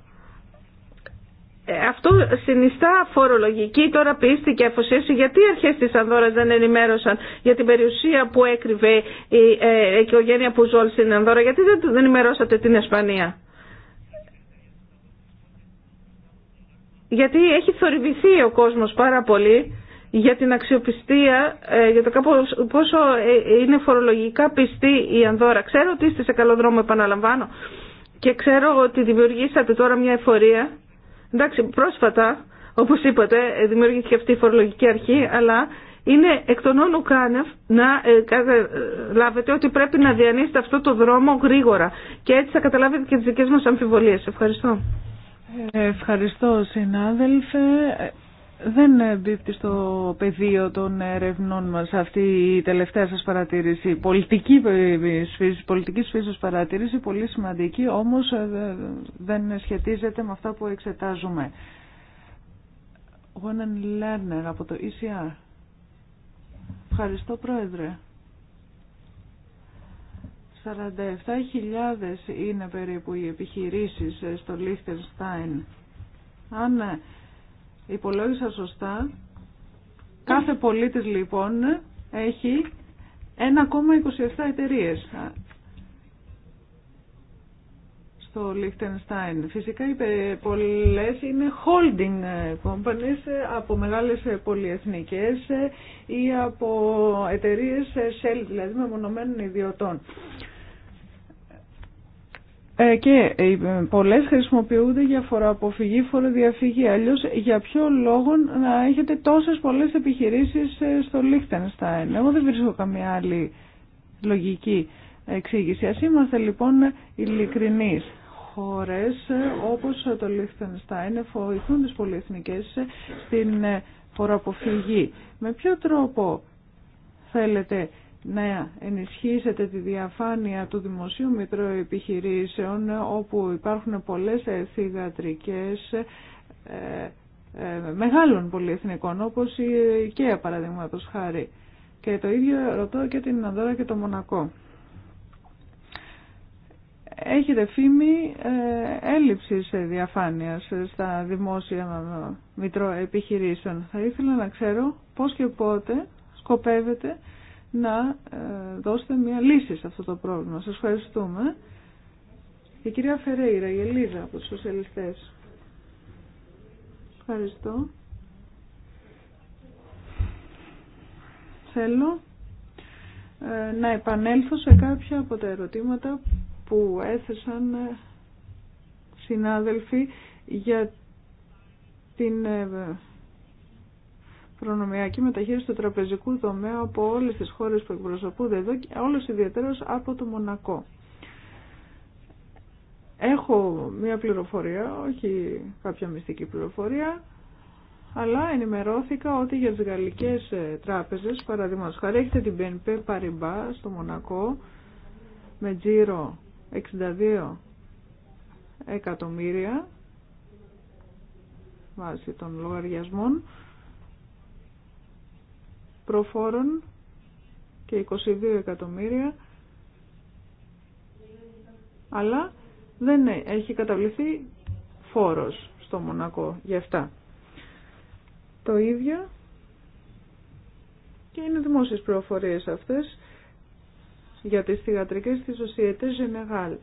ε, αυτό συνιστά φορολογική τώρα πίστη και αφοσίωση. Γιατί οι αρχές της Ανδόρας δεν ενημέρωσαν για την περιουσία που έκρυβε η ε, οικογένεια που Πουζόλ στην Ανδόρα. Γιατί δεν ενημερώσατε την Ισπανία. γιατί έχει θορυβηθεί ο κόσμος πάρα πολύ για την αξιοπιστία, ε, για το πόσο ε, είναι φορολογικά πιστή η Ανδόρα. Ξέρω ότι είστε σε καλό δρόμο, επαναλαμβάνω, και ξέρω ότι δημιουργήσατε τώρα μια εφορία. Εντάξει, πρόσφατα, όπως είπατε, ε, δημιουργήθηκε αυτή η φορολογική αρχή, αλλά είναι εκ των όνων κάνευ να καταλάβετε ότι πρέπει να διανύσετε αυτό το δρόμο γρήγορα. Και έτσι θα καταλάβετε και τις δικές μας αμφιβολίες. Ευχαριστώ. Ευχαριστώ συνάδελφε. Δεν μπήκε στο πεδίο των ερευνών μας αυτή η τελευταία σας παρατήρηση. Πολιτική φύση πολιτικής φύσης παρατήρηση, πολύ σημαντική, όμως ε, δεν σχετίζεται με αυτά που εξετάζουμε. Γόναν Λέρνερ από το ECR. Ευχαριστώ Πρόεδρε. 47.000 είναι περίπου οι επιχειρήσεις ε, στο Λίχτενστάιν. Αν ε, υπολόγισα σωστά, κάθε πολίτης λοιπόν έχει 1,27 εταιρείες ε, στο Λίχτενστάιν. Φυσικά πολλές είναι holding companies από μεγάλες πολυεθνικές ή από εταιρείες shell, δηλαδή μονομένων ιδιωτών. Ε, και ε, ε, πολλές χρησιμοποιούνται για φοροαποφυγή, φοροδιαφυγή. Αλλιώς για ποιο λόγο να έχετε τόσες πολλές επιχειρήσεις στο Λίχτενστάιν. Εγώ δεν βρίσκω καμία άλλη λογική εξήγηση. Ας είμαστε λοιπόν ειλικρινείς. Χώρες όπως το Λίχτενστάιν φοηθούν τις πολυεθνικές στην φοροαποφυγή. Με ποιο τρόπο θέλετε να ενισχύσετε τη διαφάνεια του Δημοσίου Μητρώου όπου υπάρχουν πολλές ε, θηγατρικές ε, ε, μεγάλων πολυεθνικών όπως η ΚΕΑ παραδείγματος χάρη. Και το ίδιο ρωτώ και την Ανδόρα και το Μονακό. Έχετε φήμη ε, έλλειψης διαφάνειας στα δημόσια μητρώα επιχειρήσεων. Θα ήθελα να ξέρω πώς και πότε σκοπεύετε να ε, δώσετε μια λύση σε αυτό το πρόβλημα. Σας ευχαριστούμε. Η κυρία Φερέιρα, η Ελίζα από τους Σοσιαλιστές. Ευχαριστώ. Θέλω ε, να επανέλθω σε κάποια από τα ερωτήματα που έθεσαν ε, συνάδελφοι για την προνομιακή μεταχείριση του τραπεζικού τομέα από όλες τις χώρες που εκπροσωπούνται εδώ και όλος ιδιαίτερο από το Μονακό. Έχω μία πληροφορία, όχι κάποια μυστική πληροφορία, αλλά ενημερώθηκα ότι για τις γαλλικές ε, τράπεζες, παραδείγματο. χάρη, έχετε την BNP Paribas στο Μονακό με τζίρο 62 εκατομμύρια βάσει των λογαριασμών προφόρων και 22 εκατομμύρια αλλά δεν έχει καταβληθεί φόρος στο Μονακό για αυτά. Το ίδιο και είναι δημόσιες προφορίες αυτές για τις θηγατρικές της Société Γενεγάλ.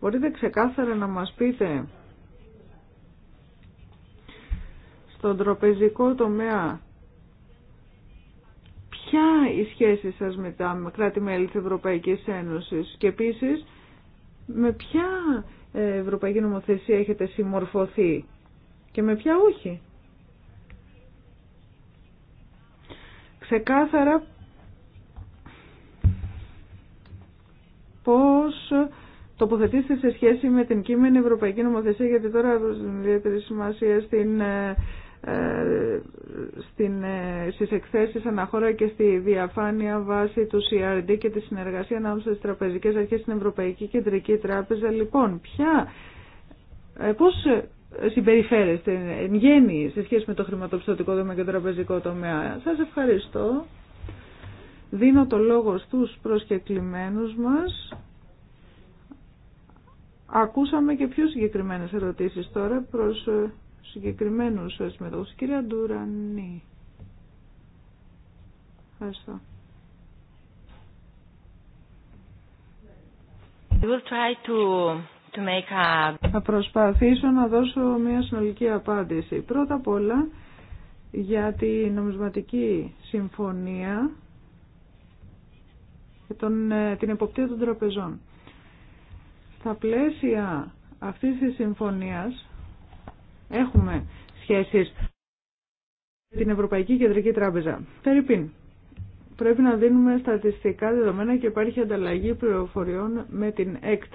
Μπορείτε ξεκάθαρα να μας πείτε στον τροπεζικό τομέα ποια η σχέση σας με τα κράτη-μέλη της Ευρωπαϊκής Ένωσης και επίσης με ποια ε, ευρωπαϊκή νομοθεσία έχετε συμμορφωθεί και με ποια όχι. Ξεκάθαρα πώς τοποθετήσετε σε σχέση με την κείμενη Ευρωπαϊκή Νομοθεσία γιατί τώρα δίνει ιδιαίτερη σημασία στην ε, ε, στην, ε, στις εκθέσεις αναχώρα και στη διαφάνεια βάση του CRD και τη συνεργασία ανάμεσα στις τραπεζικές αρχές στην Ευρωπαϊκή Κεντρική Τράπεζα. Λοιπόν, ποια, ε, πώς συμπεριφέρεστε εν γέννη σε σχέση με το χρηματοπιστωτικό τομέα και το τραπεζικό τομέα. Σας ευχαριστώ. Δίνω το λόγο στους προσκεκλημένους μας. Ακούσαμε και πιο συγκεκριμένες ερωτήσεις τώρα προς συγκεκριμένους συμμετοχούς. Κυρία Ντουρανή. Ευχαριστώ. try to, to make Θα προσπαθήσω να δώσω μια συνολική απάντηση. Πρώτα απ' όλα για τη νομισματική συμφωνία και τον, ε, την εποπτεία των τραπεζών. Στα πλαίσια αυτής της συμφωνίας Έχουμε σχέσεις με την Ευρωπαϊκή Κεντρική Τράπεζα. Περιπίν, πρέπει να δίνουμε στατιστικά δεδομένα και υπάρχει ανταλλαγή πληροφοριών με την ΕΚΤ.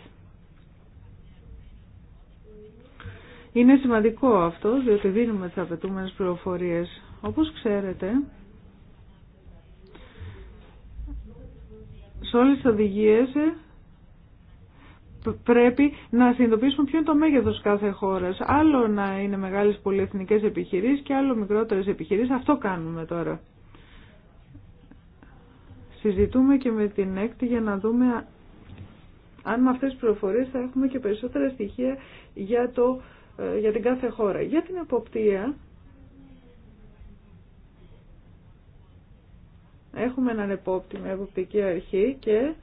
Είναι σημαντικό αυτό, διότι δίνουμε τις απαιτούμενες πληροφορίες. Όπως ξέρετε, σε όλες τις οδηγίες πρέπει να συνειδητοποιήσουμε ποιο είναι το μέγεθος κάθε χώρας. Άλλο να είναι μεγάλες πολυεθνικές επιχειρήσεις και άλλο μικρότερες επιχειρήσεις. Αυτό κάνουμε τώρα. Συζητούμε και με την έκτη για να δούμε αν με αυτές τις πληροφορίες θα έχουμε και περισσότερα στοιχεία για, το, ε, για την κάθε χώρα. Για την εποπτεία έχουμε έναν επόπτη με εποπτική αρχή και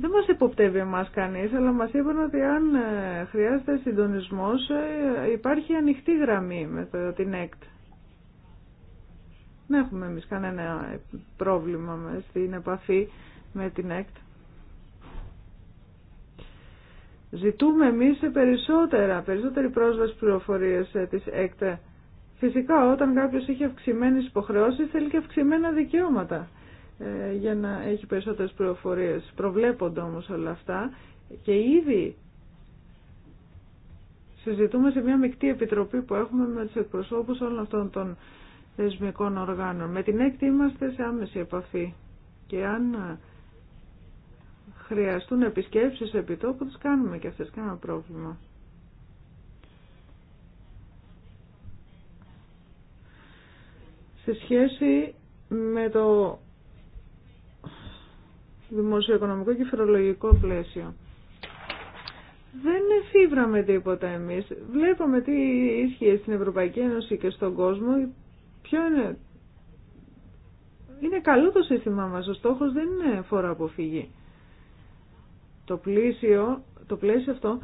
Δεν μας υποπτεύει εμά κανείς, αλλά μας είπαν ότι αν ε, χρειάζεται συντονισμός ε, υπάρχει ανοιχτή γραμμή με το, την ΕΚΤ. Δεν έχουμε εμείς κανένα πρόβλημα με στην επαφή με την ΕΚΤ. Ζητούμε εμείς περισσότερα, περισσότερη πρόσβαση πληροφορίες ε, της ΕΚΤ. Φυσικά όταν κάποιος έχει αυξημένες υποχρεώσεις θέλει και αυξημένα δικαιώματα. Ε, για να έχει περισσότερες πληροφορίες. Προβλέπονται όμως όλα αυτά και ήδη συζητούμε σε μια μεικτή επιτροπή που έχουμε με τους εκπροσώπους όλων αυτών των θεσμικών οργάνων. Με την έκτη είμαστε σε άμεση επαφή και αν χρειαστούν επισκέψεις επί τόπου τις κάνουμε και αυτές Κάνα πρόβλημα. Σε σχέση με το δημοσιοοικονομικό και φορολογικό πλαίσιο. Δεν εφήβραμε τίποτα εμείς. Βλέπαμε τι ίσχυε στην Ευρωπαϊκή Ένωση και στον κόσμο. Ποιο είναι... Είναι καλό το σύστημά μας. Ο στόχος δεν είναι φορά Το πλαίσιο, το πλαίσιο αυτό,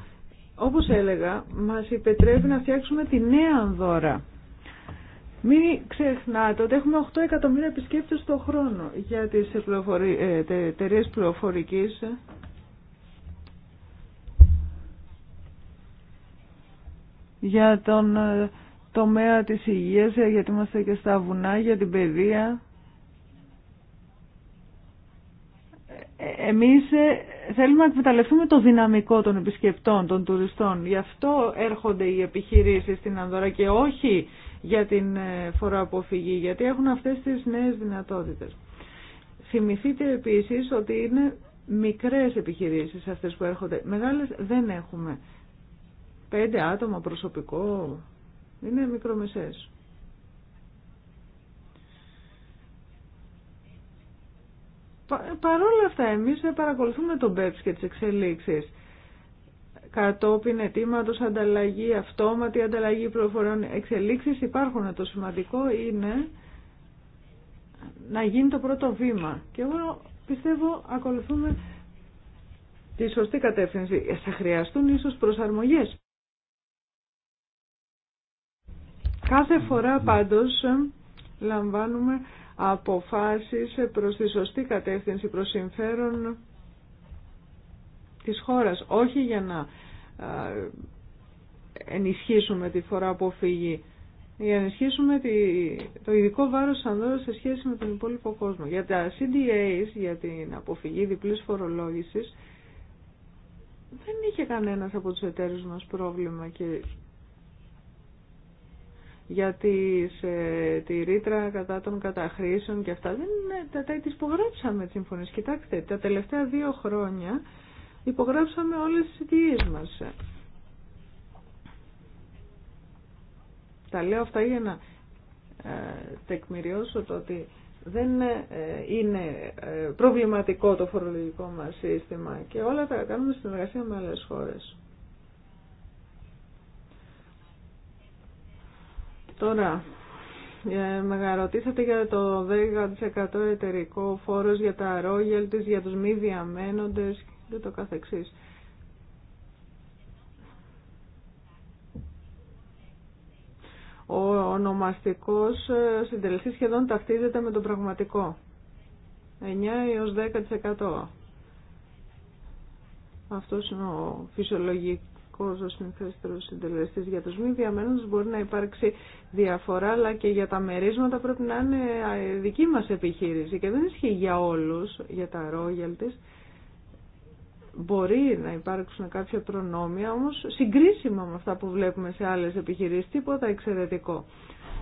όπως έλεγα, μας επιτρέπει να φτιάξουμε τη νέα ανδώρα. Μην ξεχνάτε ότι έχουμε 8 εκατομμύρια επισκέπτες το χρόνο για τις ε, εταιρείε πληροφορικής. Για τον ε, τομέα της υγείας, ε, γιατί είμαστε και στα βουνά, για την παιδεία. Εμείς θέλουμε να εκμεταλλευτούμε το δυναμικό των επισκεπτών, των τουριστών. Γι' αυτό έρχονται οι επιχειρήσεις στην Ανδώρα και όχι για την ε, φοροαποφυγή, γιατί έχουν αυτές τις νέες δυνατότητες. Θυμηθείτε επίσης ότι είναι μικρές επιχειρήσεις αυτές που έρχονται. Μεγάλες δεν έχουμε. Πέντε άτομα προσωπικό είναι μικρομεσαίες. Παρόλα αυτά εμείς παρακολουθούμε τον ΠΕΠΣ και τις εξελίξεις κατόπιν αιτήματο ανταλλαγή, αυτόματη ανταλλαγή προφορών εξελίξεις υπάρχουν. Το σημαντικό είναι να γίνει το πρώτο βήμα. Και εγώ πιστεύω ακολουθούμε τη σωστή κατεύθυνση. Ε, θα χρειαστούν ίσως προσαρμογές. Κάθε φορά πάντως λαμβάνουμε αποφάσεις προς τη σωστή κατεύθυνση, προς συμφέρον της χώρας, όχι για να ενισχύσουμε τη φορά αποφυγή. Για να ενισχύσουμε το ειδικό βάρος σαν δώρο σε σχέση με τον υπόλοιπο κόσμο. Για τα CDAs, για την αποφυγή διπλής φορολόγησης, δεν είχε κανένας από τους εταίρους μας πρόβλημα και για ε, τη ρήτρα κατά των καταχρήσεων και αυτά. Δεν, ε, τα, τα υπογράψαμε τις συμφωνίες. Κοιτάξτε, τα τελευταία δύο χρόνια υπογράψαμε όλες τις ιδιές μας. Τα λέω αυτά για να ε, τεκμηριώσω το ότι δεν ε, είναι ε, προβληματικό το φορολογικό μας σύστημα και όλα τα κάνουμε στην εργασία με άλλες χώρες. Τώρα, με ρωτήσατε για το 10% εταιρικό φόρος για τα ρόγελ της, για τους μη διαμένοντες δεν το καθεξής. Ο ονομαστικός ε, συντελεστής σχεδόν ταυτίζεται με τον πραγματικό. 9 έως 10%. Αυτός είναι ο φυσιολογικός ο συνθέστερος συντελεστής για τους μη διαμένους μπορεί να υπάρξει διαφορά αλλά και για τα μερίσματα πρέπει να είναι ε, δική μας επιχείρηση και δεν ισχύει για όλους, για τα ρόγιαλ της μπορεί να υπάρξουν κάποια προνόμια, όμως συγκρίσιμα με αυτά που βλέπουμε σε άλλες επιχειρήσεις, τίποτα εξαιρετικό.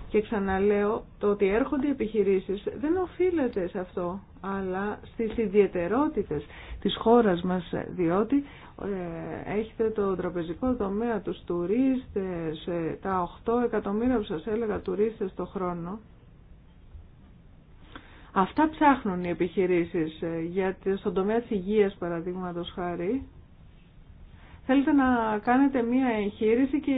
Και ξαναλέω, το ότι έρχονται οι επιχειρήσεις δεν οφείλεται σε αυτό, αλλά στις ιδιαιτερότητες της χώρας μας, διότι ε, έχετε το τραπεζικό τομέα, τους τουρίστες, ε, τα 8 εκατομμύρια που σας έλεγα τουρίστες το χρόνο, Αυτά ψάχνουν οι επιχειρήσεις ε, γιατί στον τομέα της υγείας παραδείγματος χάρη θέλετε να κάνετε μία εγχείρηση και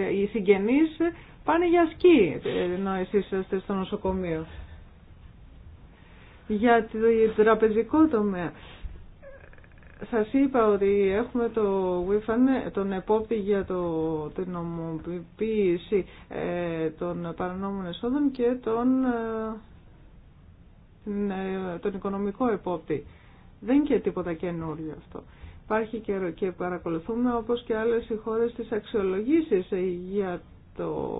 ε, οι συγγενείς πάνε για σκι ενώ εσείς είστε στο νοσοκομείο. Για το τραπεζικό τομέα. Σας είπα ότι έχουμε το WIFAN, τον επόπτη για το, την νομοποίηση ε, των παρανόμων εσόδων και τον... Ε, τον οικονομικό επόπτη. Δεν είναι και τίποτα καινούριο αυτό. Υπάρχει και, και παρακολουθούμε όπως και άλλες οι χώρες τις αξιολογήσεις ε, για το,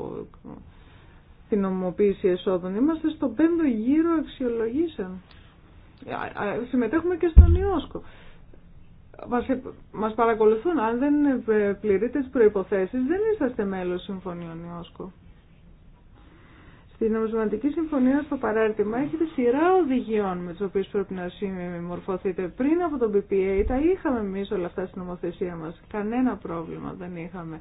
την νομοποίηση εσόδων. Είμαστε στο πέμπτο γύρο αξιολογήσεων. Συμμετέχουμε και στον Ιόσκο. Μας, ε, μας παρακολουθούν. Αν δεν πληρείτε τις προϋποθέσεις δεν είσαστε μέλος Συμφωνίων Ιόσκο. Στην Νομισματική Συμφωνία στο παράρτημα έχετε σειρά οδηγιών με τις οποίες πρέπει να συμμορφωθείτε. Πριν από τον BPA. τα είχαμε εμεί όλα αυτά στην νομοθεσία μας. Κανένα πρόβλημα δεν είχαμε.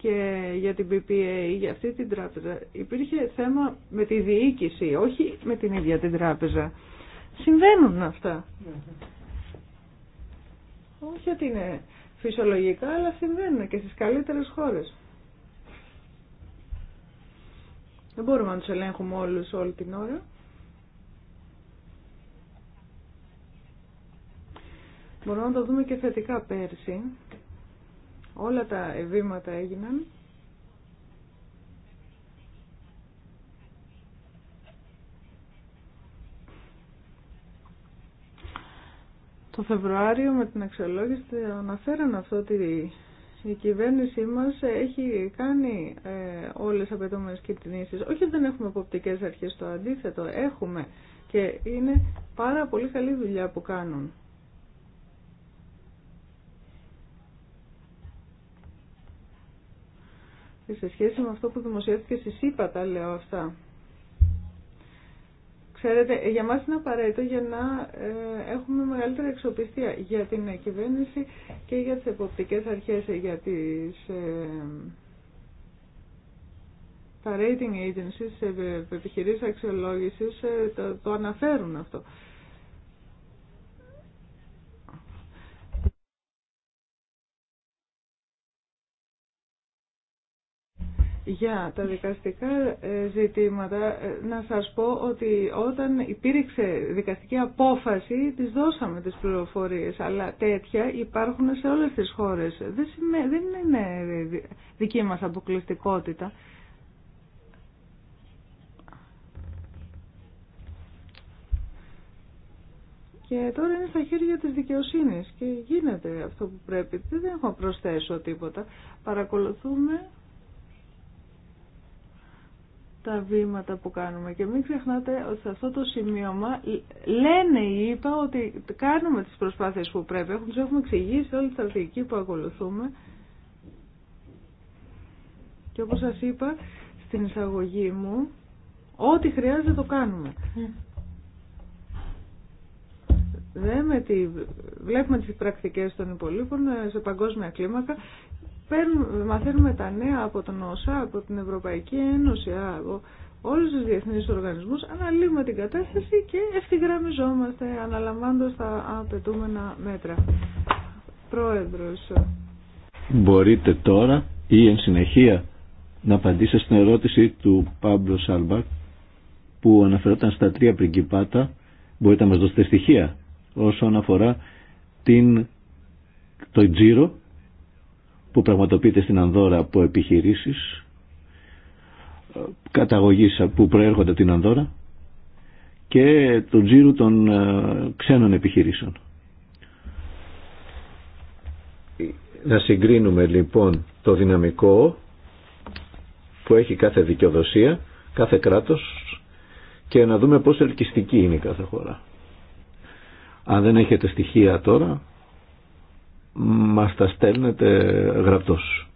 Και για την ή για αυτή την τράπεζα, υπήρχε θέμα με τη διοίκηση, όχι με την ίδια την τράπεζα. Συμβαίνουν αυτά. Όχι ότι είναι φυσιολογικά, αλλά συμβαίνουν και στις καλύτερες χώρες. Δεν μπορούμε να τους ελέγχουμε όλους όλη την ώρα. Μπορούμε να το δούμε και θετικά πέρσι. Όλα τα βήματα έγιναν. Το Φεβρουάριο με την αξιολόγηση αναφέραν αυτό ότι η κυβέρνησή μας έχει κάνει ε, όλες τις απαιτούμενες Όχι Όχι δεν έχουμε εποπτικές αρχές, το αντίθετο έχουμε και είναι πάρα πολύ καλή δουλειά που κάνουν. Και σε σχέση με αυτό που δημοσιεύτηκε στη ΣΥΠΑ τα λέω αυτά. Ξέρετε, για μας είναι απαραίτητο για να ε, έχουμε μεγαλύτερη εξοπιστία για την κυβέρνηση και για τις εποπτικές αρχές, ε, για τις, ε, τα rating agencies, επιχειρήσεις αξιολόγησης, το, το αναφέρουν αυτό. Για τα δικαστικά ε, ζητήματα, ε, να σας πω ότι όταν υπήρξε δικαστική απόφαση, τις δώσαμε τις πληροφορίες, αλλά τέτοια υπάρχουν σε όλες τις χώρες. Δεν, δεν είναι δική μας αποκλειστικότητα. Και τώρα είναι στα χέρια της δικαιοσύνης και γίνεται αυτό που πρέπει. Δεν έχω προσθέσω τίποτα. Παρακολουθούμε τα βήματα που κάνουμε. Και μην ξεχνάτε ότι σε αυτό το σημείωμα λένε οι ΙΠΑ ότι κάνουμε τις προσπάθειες που πρέπει. Έχουν, έχουμε εξηγήσει όλη τη στρατηγική που ακολουθούμε. Και όπως σας είπα στην εισαγωγή μου, ό,τι χρειάζεται το κάνουμε. Δεν με τη... Βλέπουμε τις πρακτικές των υπολείπων ε, σε παγκόσμια κλίμακα μαθαίνουμε τα νέα από τον ΩΣΑ, από την Ευρωπαϊκή Ένωση, από όλους τους διεθνείς οργανισμούς, αναλύουμε την κατάσταση και ευθυγραμμιζόμαστε αναλαμβάνοντας τα απαιτούμενα μέτρα. Πρόεδρος. Μπορείτε τώρα ή εν συνεχεία να απαντήσετε στην ερώτηση του Πάμπλο Σάλμπακ που αναφερόταν στα τρία πριγκιπάτα. Μπορείτε να μας δώσετε στοιχεία όσον αφορά το τζίρο που πραγματοποιείται στην Ανδόρα από επιχειρήσεις καταγωγής που προέρχονται την Ανδόρα και τον τζίρου των ε, ξένων επιχειρήσεων. Να συγκρίνουμε λοιπόν το δυναμικό που έχει κάθε δικαιοδοσία, κάθε κράτος και να δούμε πόσο ελκυστική είναι η κάθε χώρα. Αν δεν έχετε στοιχεία τώρα, μας τα στέλνετε γραπτός.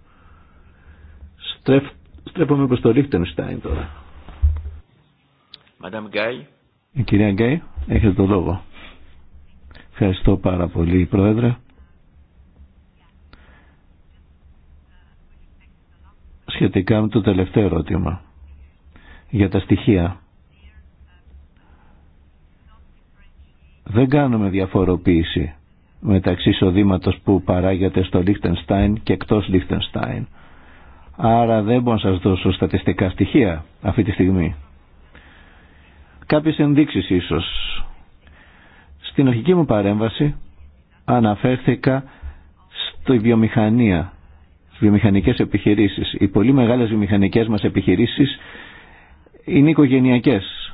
Στρέφ, στρέφομαι προς το Λίχτενστάιν τώρα. Γκάι. Η ε, κυρία Γκάι έχετε το λόγο. Ευχαριστώ πάρα πολύ, Πρόεδρε. Σχετικά με το τελευταίο ερώτημα για τα στοιχεία. Δεν κάνουμε διαφοροποίηση μεταξύ εισοδήματο που παράγεται στο Λίχτενστάιν και εκτός Λίχτενστάιν. Άρα δεν μπορώ να σας δώσω στατιστικά στοιχεία αυτή τη στιγμή. Κάποιες ενδείξεις ίσως. Στην αρχική μου παρέμβαση αναφέρθηκα στη βιομηχανία, στις βιομηχανικές επιχειρήσεις. Οι πολύ μεγάλες βιομηχανικές μας επιχειρήσεις είναι οικογενειακές.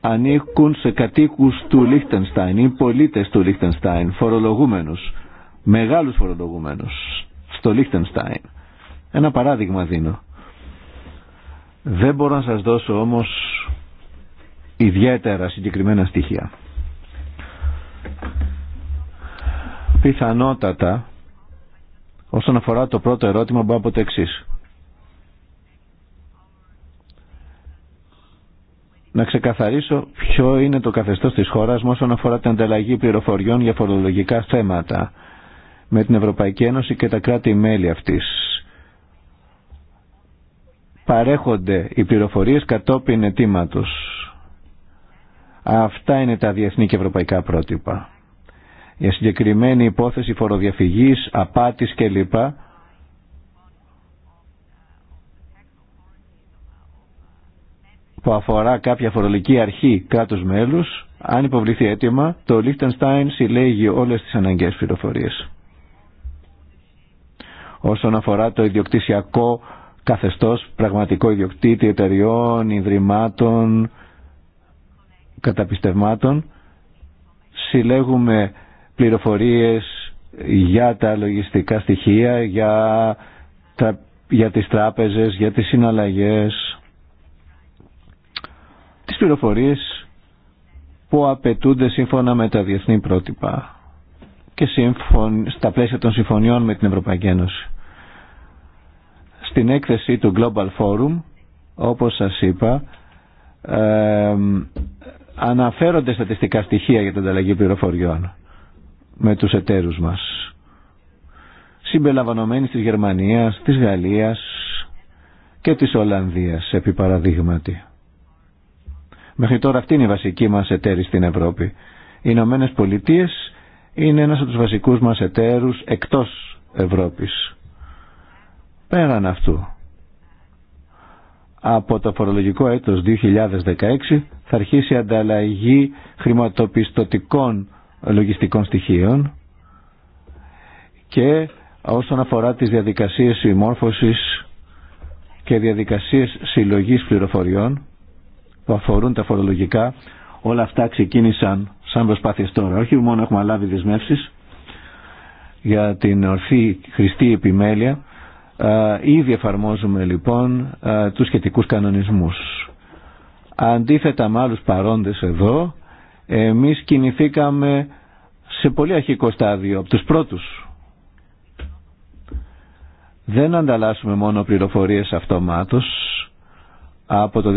ανήκουν σε κατοίκους του Λίχτενστάιν ή πολίτες του Λίχτενστάιν, φορολογούμενους, μεγάλους φορολογούμενους στο Λίχτενστάιν. Ένα παράδειγμα δίνω. Δεν μπορώ να σας δώσω όμως ιδιαίτερα συγκεκριμένα στοιχεία. Πιθανότατα, όσον αφορά το πρώτο ερώτημα, μπορώ από το εξή. να ξεκαθαρίσω ποιο είναι το καθεστώς της χώρας μου όσον αφορά την ανταλλαγή πληροφοριών για φορολογικά θέματα με την Ευρωπαϊκή Ένωση και τα κράτη-μέλη αυτής. Παρέχονται οι πληροφορίες κατόπιν αιτήματος. Αυτά είναι τα διεθνή και ευρωπαϊκά πρότυπα. Για συγκεκριμένη υπόθεση φοροδιαφυγής, απάτης κλπ που αφορά κάποια φορολογική αρχή κράτους μέλους, αν υποβληθεί αίτημα, το Liechtenstein συλλέγει όλες τις αναγκαίες πληροφορίες. Όσον αφορά το ιδιοκτησιακό καθεστώς, πραγματικό ιδιοκτήτη εταιριών, ιδρυμάτων, καταπιστευμάτων, συλλέγουμε πληροφορίες για τα λογιστικά στοιχεία, για, τα, για τις τράπεζες, για τις συναλλαγές, Πληροφορίε που απαιτούνται σύμφωνα με τα διεθνή πρότυπα και στα πλαίσια των συμφωνιών με την Ευρωπαϊκή Ένωση. Στην έκθεση του Global Forum, όπως σας είπα, ε, αναφέρονται στατιστικά στοιχεία για την ανταλλαγή πληροφοριών με τους εταίρους μας. Συμπελαμβανομένοι της Γερμανίας, της Γαλλίας και της Ολλανδίας, επί παραδείγματι. Μέχρι τώρα αυτή είναι η βασική μας εταίρη στην Ευρώπη. Οι Ηνωμένε Πολιτείε είναι ένας από τους βασικούς μας εταίρους εκτός Ευρώπης. Πέραν αυτού, από το φορολογικό έτος 2016 θα αρχίσει η ανταλλαγή χρηματοπιστωτικών λογιστικών στοιχείων και όσον αφορά τις διαδικασίες συμμόρφωσης και διαδικασίες συλλογής πληροφοριών που αφορούν τα φορολογικά, όλα αυτά ξεκίνησαν σαν προσπάθειες τώρα. Όχι μόνο έχουμε λάβει δεσμεύσεις για την ορθή χρηστή επιμέλεια, ήδη εφαρμόζουμε λοιπόν τους σχετικούς κανονισμούς. Αντίθετα με άλλους παρόντες εδώ, εμείς κινηθήκαμε σε πολύ αρχικό στάδιο, από τους πρώτους. Δεν ανταλλάσσουμε μόνο πληροφορίες αυτομάτως, από το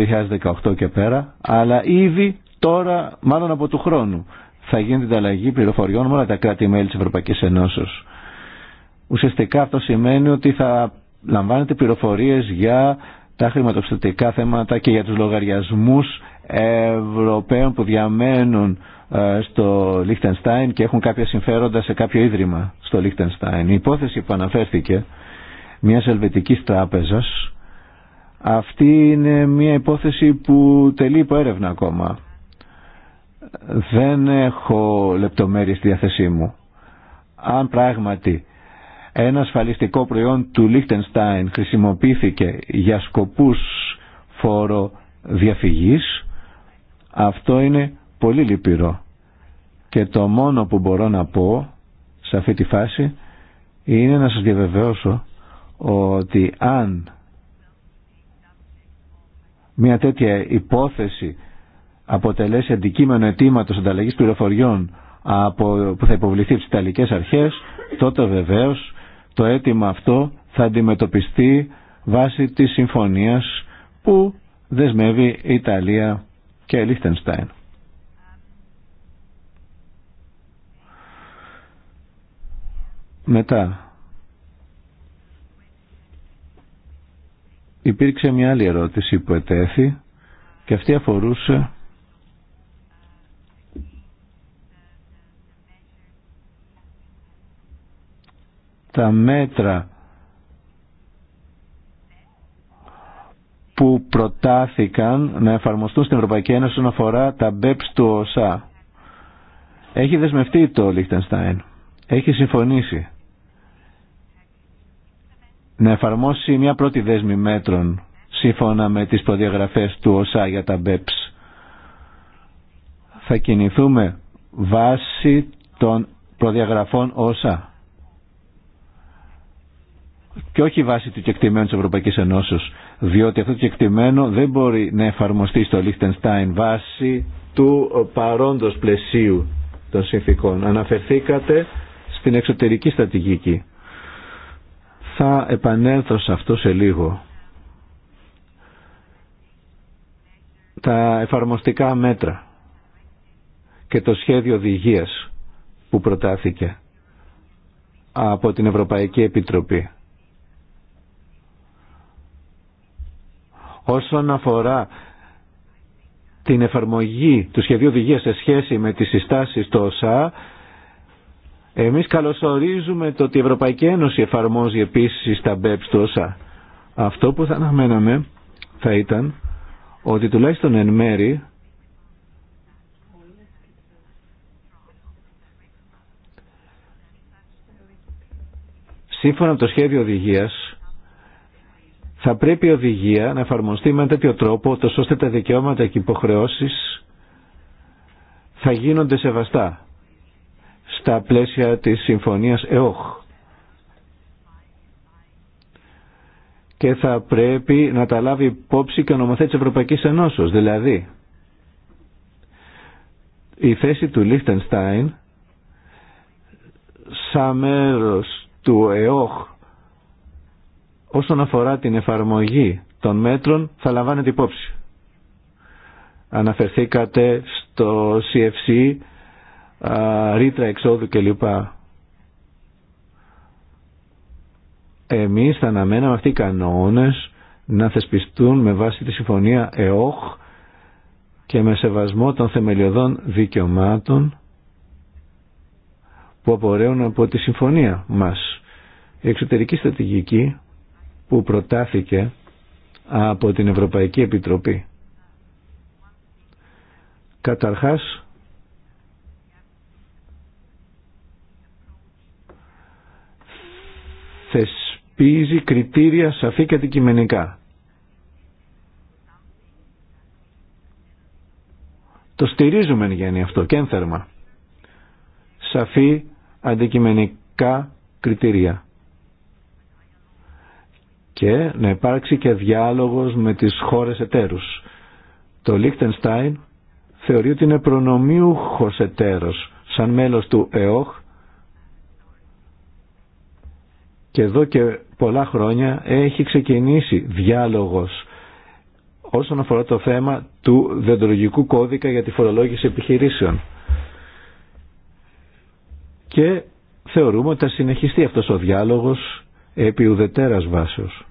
2018 και πέρα, αλλά ήδη τώρα, μάλλον από του χρόνου, θα γίνει την αλλαγή πληροφοριών με όλα τα κράτη-μέλη της Ευρωπαϊκής Ενώσεως. Ουσιαστικά αυτό σημαίνει ότι θα λαμβάνετε πληροφορίες για τα χρηματοπιστωτικά θέματα και για τους λογαριασμούς Ευρωπαίων που διαμένουν ε, στο Λίχτενστάιν και έχουν κάποια συμφέροντα σε κάποιο ίδρυμα στο Λίχτενστάιν. Η υπόθεση που αναφέρθηκε μιας ελβετικής τράπεζας αυτή είναι μια υπόθεση που τελεί έρευνα ακόμα. Δεν έχω λεπτομέρειες στη διάθεσή μου. Αν πράγματι ένα ασφαλιστικό προϊόν του Λίχτενστάιν χρησιμοποιήθηκε για σκοπούς φόρο διαφυγής, αυτό είναι πολύ λυπηρό. Και το μόνο που μπορώ να πω σε αυτή τη φάση είναι να σας διαβεβαιώσω ότι αν μια τέτοια υπόθεση αποτελέσει αντικείμενο αιτήματος ανταλλαγής πληροφοριών από, που θα υποβληθεί στις Ιταλικές Αρχές, τότε βεβαίως το αίτημα αυτό θα αντιμετωπιστεί βάσει της συμφωνίας που δεσμεύει η Ιταλία και η Λίχτενστάιν. Μετά, Υπήρξε μια άλλη ερώτηση που ετέθη και αυτή αφορούσε τα μέτρα που προτάθηκαν να εφαρμοστούν στην Ευρωπαϊκή Ένωση όσον αφορά τα BEPS του ΟΣΑ. Έχει δεσμευτεί το Λίχτενστάιν. Έχει συμφωνήσει να εφαρμόσει μια πρώτη δέσμη μέτρων σύμφωνα με τις προδιαγραφές του ΟΣΑ για τα ΜΠΕΠΣ. Θα κινηθούμε βάσει των προδιαγραφών ΟΣΑ και όχι βάσει του κεκτημένου της Ευρωπαϊκής Ενώσεως, διότι αυτό το κεκτημένο δεν μπορεί να εφαρμοστεί στο Λίχτενστάιν βάση του παρόντος πλαισίου των συνθήκων. Αναφερθήκατε στην εξωτερική στρατηγική. Θα επανέλθω σε αυτό σε λίγο. Τα εφαρμοστικά μέτρα και το σχέδιο οδηγίας που προτάθηκε από την Ευρωπαϊκή Επιτροπή. Όσον αφορά την εφαρμογή του σχεδίου οδηγία σε σχέση με τις συστάσεις του ΩΣΑ εμείς καλωσορίζουμε το ότι η Ευρωπαϊκή Ένωση εφαρμόζει επίσης τα BEPS Αυτό που θα αναμέναμε θα ήταν ότι τουλάχιστον εν μέρη σύμφωνα με το σχέδιο οδηγίας θα πρέπει η οδηγία να εφαρμοστεί με τέτοιο τρόπο ώστε τα δικαιώματα και υποχρεώσεις θα γίνονται σεβαστά στα πλαίσια της συμφωνίας ΕΟΧ. Και θα πρέπει να τα λάβει υπόψη και ο νομοθέτης Ευρωπαϊκής Ενώσεως. Δηλαδή, η θέση του Λίχτενστάιν σαν μέρος του ΕΟΧ όσον αφορά την εφαρμογή των μέτρων θα λαμβάνεται υπόψη. Αναφερθήκατε στο CFC ρήτρα εξόδου κλπ. Εμείς θα αναμέναμε αυτοί οι κανόνες να θεσπιστούν με βάση τη συμφωνία ΕΟΧ και με σεβασμό των θεμελιωδών δικαιωμάτων που απορρέουν από τη συμφωνία μας. Η εξωτερική στρατηγική που προτάθηκε από την Ευρωπαϊκή Επιτροπή. Καταρχάς θεσπίζει κριτήρια σαφή και αντικειμενικά. Το στηρίζουμε εν γέννη αυτό και ένθερμα. Σαφή αντικειμενικά κριτήρια. Και να υπάρξει και διάλογος με τις χώρες εταίρους. Το Λίχτενστάιν θεωρεί ότι είναι προνομιούχος εταίρος σαν μέλος του ΕΟΧ και εδώ και πολλά χρόνια έχει ξεκινήσει διάλογος όσον αφορά το θέμα του δεντρολογικού κώδικα για τη φορολόγηση επιχειρήσεων. Και θεωρούμε ότι θα συνεχιστεί αυτός ο διάλογος επί ουδετέρας βάσεως.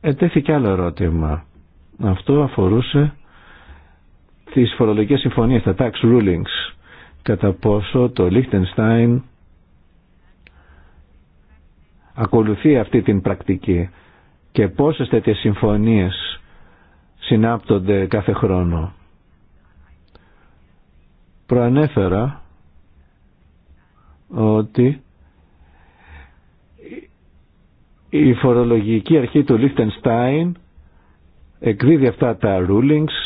Ετέθη άλλο ερώτημα. Αυτό αφορούσε τις φορολογικές συμφωνίες, τα tax rulings κατά πόσο το Λίχτενστάιν ακολουθεί αυτή την πρακτική και πόσες τέτοιες συμφωνίες συνάπτονται κάθε χρόνο. Προανέφερα ότι η φορολογική αρχή του Λίχτενστάιν εκδίδει αυτά τα rulings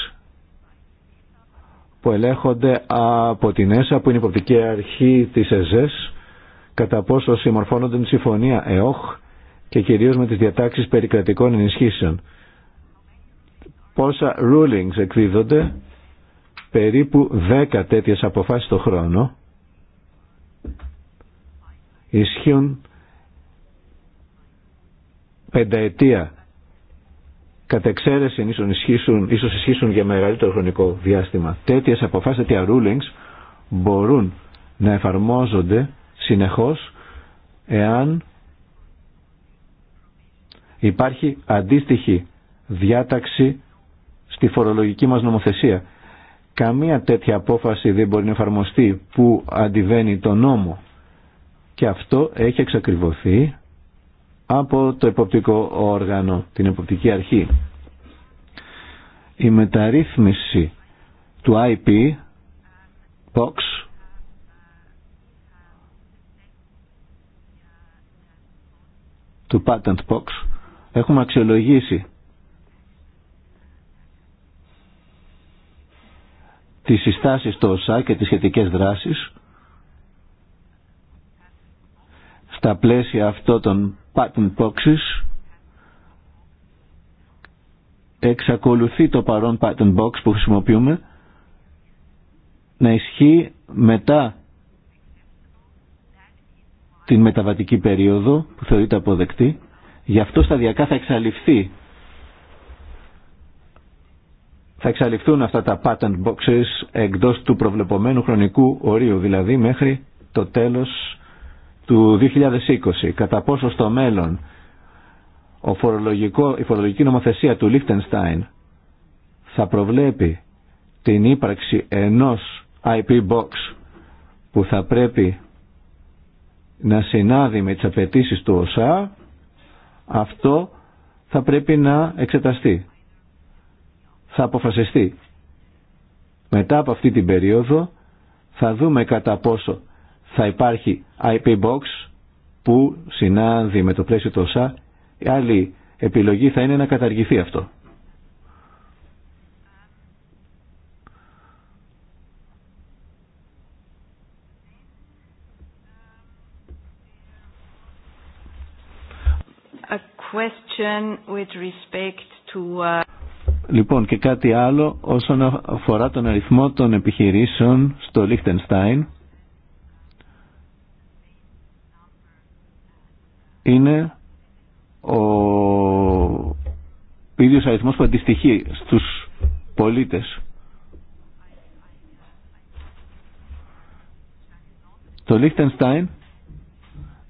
που ελέγχονται από την ΕΣΑ που είναι η υποπτική αρχή της ΕΖΕΣ κατά πόσο συμμορφώνονται με τη συμφωνία ΕΟΧ και κυρίως με τις διατάξεις περί κρατικών ενισχύσεων. Πόσα rulings εκδίδονται, περίπου 10 τέτοιες αποφάσεις το χρόνο, ισχύουν πενταετία κατ' εξαίρεση ίσως ισχύσουν, ίσως ισχύσουν για μεγαλύτερο χρονικό διάστημα. τέτοιε αποφάσεις, τέτοια rulings μπορούν να εφαρμόζονται συνεχώ εάν υπάρχει αντίστοιχη διάταξη στη φορολογική μας νομοθεσία. Καμία τέτοια απόφαση δεν μπορεί να εφαρμοστεί που αντιβαίνει τον νόμο. Και αυτό έχει εξακριβωθεί από το εποπτικό όργανο, την εποπτική αρχή. Η μεταρρύθμιση του IP, POX, του Patent POX, έχουμε αξιολογήσει τις συστάσεις του ΩΣΑ και τις σχετικές δράσεις στα πλαίσια αυτών των patent boxes εξακολουθεί το παρόν patent box που χρησιμοποιούμε να ισχύει μετά την μεταβατική περίοδο που θεωρείται αποδεκτή γι' αυτό σταδιακά θα εξαλειφθεί θα εξαλειφθούν αυτά τα patent boxes εκτός του προβλεπομένου χρονικού ορίου δηλαδή μέχρι το τέλος του 2020, κατά πόσο στο μέλλον ο η φορολογική νομοθεσία του Λίχτενστάιν θα προβλέπει την ύπαρξη ενός IP box που θα πρέπει να συνάδει με τις απαιτήσει του ΟΣΑ, αυτό θα πρέπει να εξεταστεί. Θα αποφασιστεί. Μετά από αυτή την περίοδο θα δούμε κατά πόσο θα υπάρχει IP Box που συνάδει με το πλαίσιο του ΩΣΑ. Η άλλη επιλογή θα είναι να καταργηθεί αυτό. Uh, λοιπόν και κάτι άλλο όσον αφορά τον αριθμό των επιχειρήσεων στο Λίχτενστάιν είναι ο ίδιος αριθμός που αντιστοιχεί στους πολίτες. Το Λίχτενστάιν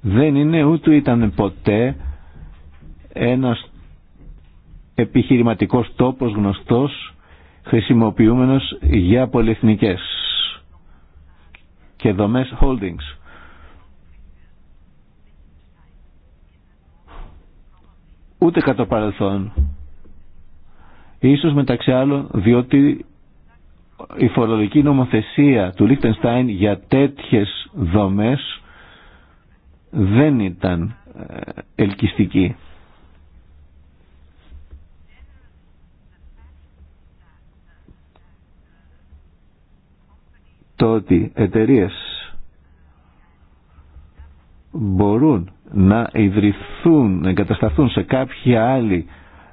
δεν είναι ούτου ήταν ποτέ ένας επιχειρηματικός τόπος γνωστός χρησιμοποιούμενος για πολυεθνικές και δομές holdings. ούτε κατά παρελθόν. Ίσως μεταξύ άλλων διότι η φορολογική νομοθεσία του Λίχτενστάιν για τέτοιες δομές δεν ήταν ε, ελκυστική. Το ότι εταιρείες μπορούν να ιδρυθούν, να εγκατασταθούν σε κάποια άλλη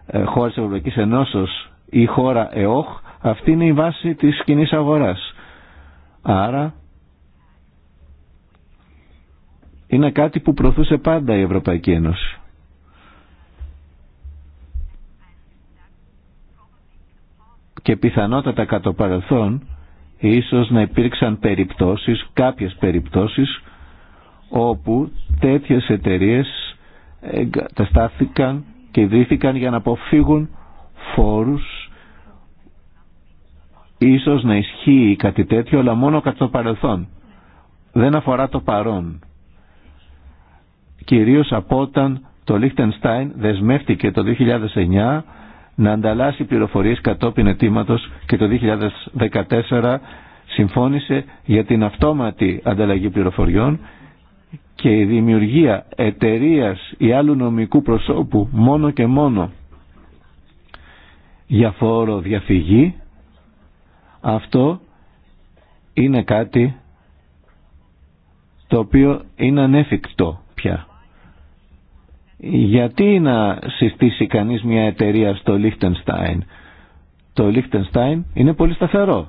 ε, χώρα της Ευρωπαϊκής Ενώσεως ή χώρα ΕΟΧ, αυτή είναι η βάση της κοινή αγοράς. Άρα είναι κάτι που προωθούσε πάντα η Ευρωπαϊκή Ένωση. Και πιθανότατα κατά το παρελθόν ίσως να υπήρξαν περιπτώσεις, κάποιες περιπτώσεις όπου τέτοιες εταιρείες εγκαταστάθηκαν και ιδρύθηκαν για να αποφύγουν φόρους ίσως να ισχύει κάτι τέτοιο αλλά μόνο κατά το παρελθόν δεν αφορά το παρόν κυρίως από όταν το Λίχτενστάιν δεσμεύτηκε το 2009 να ανταλλάσσει πληροφορίες κατόπιν ετήματος και το 2014 συμφώνησε για την αυτόματη ανταλλαγή πληροφοριών και η δημιουργία εταιρεία ή άλλου νομικού προσώπου μόνο και μόνο για φόρο διαφυγή αυτό είναι κάτι το οποίο είναι ανέφικτο πια. Γιατί να συστήσει κανείς μια εταιρεία στο Λίχτενστάιν. Το Λίχτενστάιν είναι πολύ σταθερό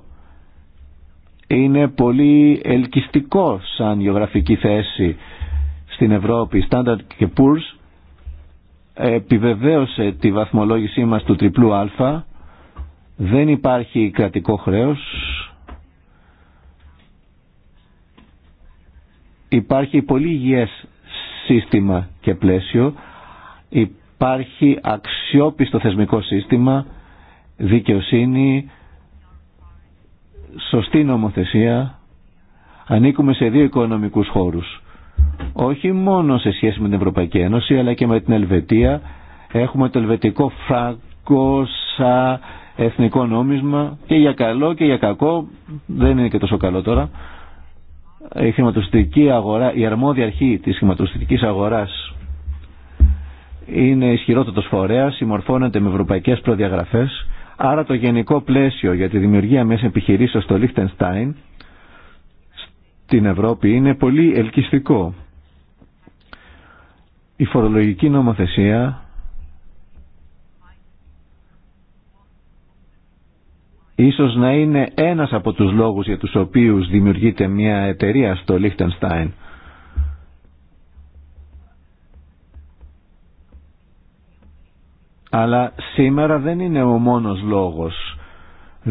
είναι πολύ ελκυστικό σαν γεωγραφική θέση στην Ευρώπη. Standard και Poor's επιβεβαίωσε τη βαθμολόγησή μας του τριπλού αλφα. Δεν υπάρχει κρατικό χρέος. Υπάρχει πολύ υγιές σύστημα και πλαίσιο. Υπάρχει αξιόπιστο θεσμικό σύστημα, δικαιοσύνη, σωστή νομοθεσία ανήκουμε σε δύο οικονομικούς χώρους. Όχι μόνο σε σχέση με την Ευρωπαϊκή Ένωση αλλά και με την Ελβετία έχουμε το ελβετικό φράγκο σαν εθνικό νόμισμα και για καλό και για κακό δεν είναι και τόσο καλό τώρα η χρηματοστητική αγορά η αρμόδια αρχή της χρηματοστητικής αγοράς είναι ισχυρότατος φορέας συμμορφώνεται με ευρωπαϊκές προδιαγραφές Άρα το γενικό πλαίσιο για τη δημιουργία μιας επιχειρήσεως στο Λίχτενστάιν στην Ευρώπη είναι πολύ ελκυστικό. Η φορολογική νομοθεσία ίσως να είναι ένας από τους λόγους για τους οποίους δημιουργείται μια εταιρεία στο Λίχτενστάιν. αλλά σήμερα δεν είναι ο μόνος λόγος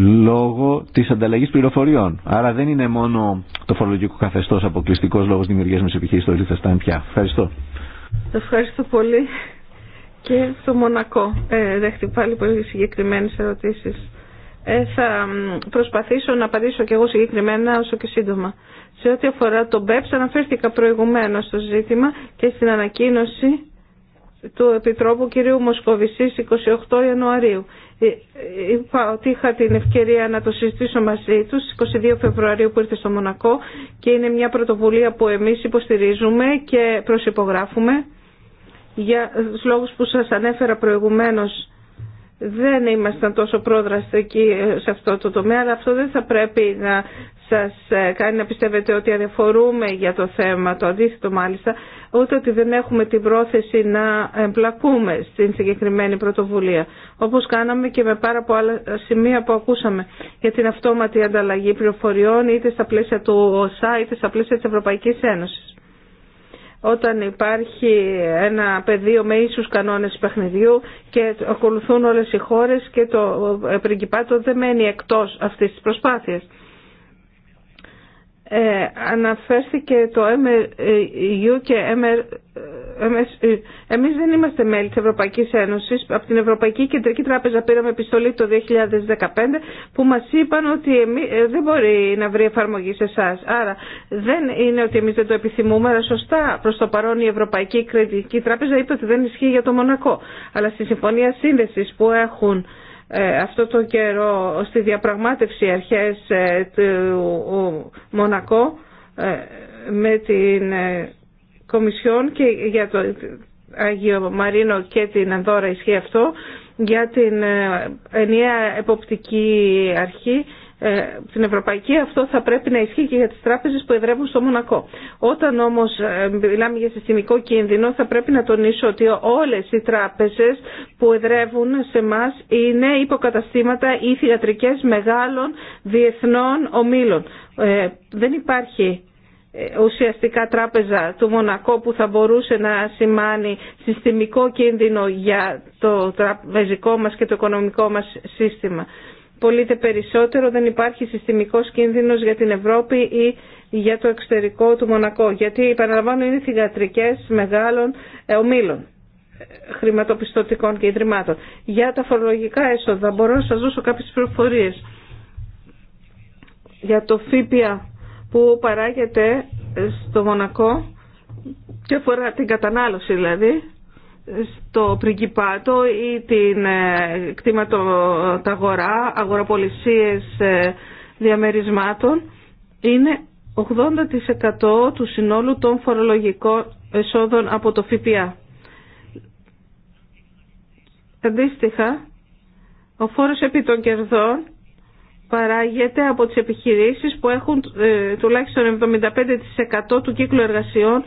λόγω της ανταλλαγής πληροφοριών. Άρα δεν είναι μόνο το φορολογικό καθεστώς αποκλειστικός λόγος δημιουργίας μιας επιχείρησης στο Λίθασταν πια. Ευχαριστώ. Ευχαριστώ πολύ και στο Μονακό. Ε, δέχτη πάλι πολύ συγκεκριμένες ερωτήσεις. Ε, θα προσπαθήσω να απαντήσω και εγώ συγκεκριμένα όσο και σύντομα. Σε ό,τι αφορά το BEPS αναφέρθηκα προηγουμένως στο ζήτημα και στην ανακοίνωση του Επιτρόπου κυρίου Μοσκοβησής 28 Ιανουαρίου. Ε, ε, είπα ότι είχα την ευκαιρία να το συζητήσω μαζί τους 22 Φεβρουαρίου που ήρθε στο Μονακό και είναι μια πρωτοβουλία που εμείς υποστηρίζουμε και προσυπογράφουμε για τους λόγους που σας ανέφερα προηγουμένως δεν ήμασταν τόσο πρόδραστοι εκεί σε αυτό το τομέα, αλλά αυτό δεν θα πρέπει να σας ε, κάνει να πιστεύετε ότι αδιαφορούμε για το θέμα, το αντίθετο μάλιστα, ούτε ότι δεν έχουμε την πρόθεση να εμπλακούμε στην συγκεκριμένη πρωτοβουλία. Όπως κάναμε και με πάρα πολλά σημεία που ακούσαμε για την αυτόματη ανταλλαγή πληροφοριών είτε στα πλαίσια του ΟΣΑ είτε στα πλαίσια της Ευρωπαϊκής Ένωσης. Όταν υπάρχει ένα πεδίο με ίσους κανόνες παιχνιδιού και ακολουθούν όλες οι χώρες και το ε, πριγκιπάτο δεν μένει εκτός αυτής της προσπάθειας. Ε, αναφέρθηκε το MRU και MR, MSU. Ε, εμείς δεν είμαστε μέλη της Ευρωπαϊκής Ένωσης. Από την Ευρωπαϊκή Κεντρική Τράπεζα πήραμε επιστολή το 2015 που μας είπαν ότι ε, δεν μπορεί να βρει εφαρμογή σε εσά. Άρα δεν είναι ότι εμείς δεν το επιθυμούμε, αλλά σωστά προς το παρόν η Ευρωπαϊκή Κεντρική Τράπεζα είπε ότι δεν ισχύει για το Μονακό. Αλλά στη Συμφωνία Σύνδεσης που έχουν ε, αυτό το καιρό στη διαπραγμάτευση αρχές ε, του Μονακό ε, με την Κομισιόν και για το Άγιο Μαρίνο και την Ανδόρα ισχύει αυτό για την ενιαία εποπτική αρχή ε, στην Ευρωπαϊκή, αυτό θα πρέπει να ισχύει και για τις τράπεζες που εδρεύουν στο Μονακό. Όταν όμως ε, μιλάμε για συστημικό κίνδυνο θα πρέπει να τονίσω ότι όλες οι τράπεζες που εδρεύουν σε εμά είναι υποκαταστήματα ή θηγατρικές μεγάλων διεθνών ομίλων. Ε, δεν υπάρχει ουσιαστικά τράπεζα του Μονακό που θα μπορούσε να σημάνει συστημικό κίνδυνο για το τραπεζικό μας και το οικονομικό μας σύστημα. Πολύτε περισσότερο, δεν υπάρχει συστημικός κίνδυνος για την Ευρώπη ή για το εξωτερικό του Μονακό. Γιατί, επαναλαμβάνω, είναι θυγατρικές μεγάλων ε, ομίλων ε, χρηματοπιστωτικών και ιδρυμάτων. Για τα φορολογικά έσοδα μπορώ να σας δώσω κάποιες πληροφορίες. Για το ΦΥΠΙΑ που παράγεται ε, στο Μονακό και αφορά την κατανάλωση δηλαδή στο Πριγκιπάτο ή την ε, αγορά, αγοραπολισίες ε, διαμερισμάτων είναι 80% του συνόλου των φορολογικών εσόδων από το ΦΠΑ. Αντίστοιχα, ο φόρος επί των κερδών παράγεται από τις επιχειρήσεις που έχουν ε, τουλάχιστον 75% του κύκλου εργασιών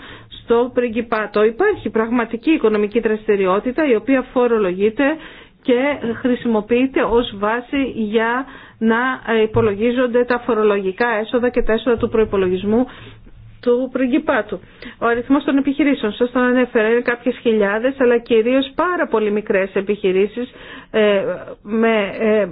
στο πριγκιπάτο. Υπάρχει πραγματική οικονομική δραστηριότητα η οποία φορολογείται και χρησιμοποιείται ως βάση για να υπολογίζονται τα φορολογικά έσοδα και τα έσοδα του προϋπολογισμού του πριγκιπάτου. Ο αριθμός των επιχειρήσεων, σας τον ανέφερα, είναι κάποιες χιλιάδες, αλλά κυρίως πάρα πολύ μικρές επιχειρήσεις ε, με ε,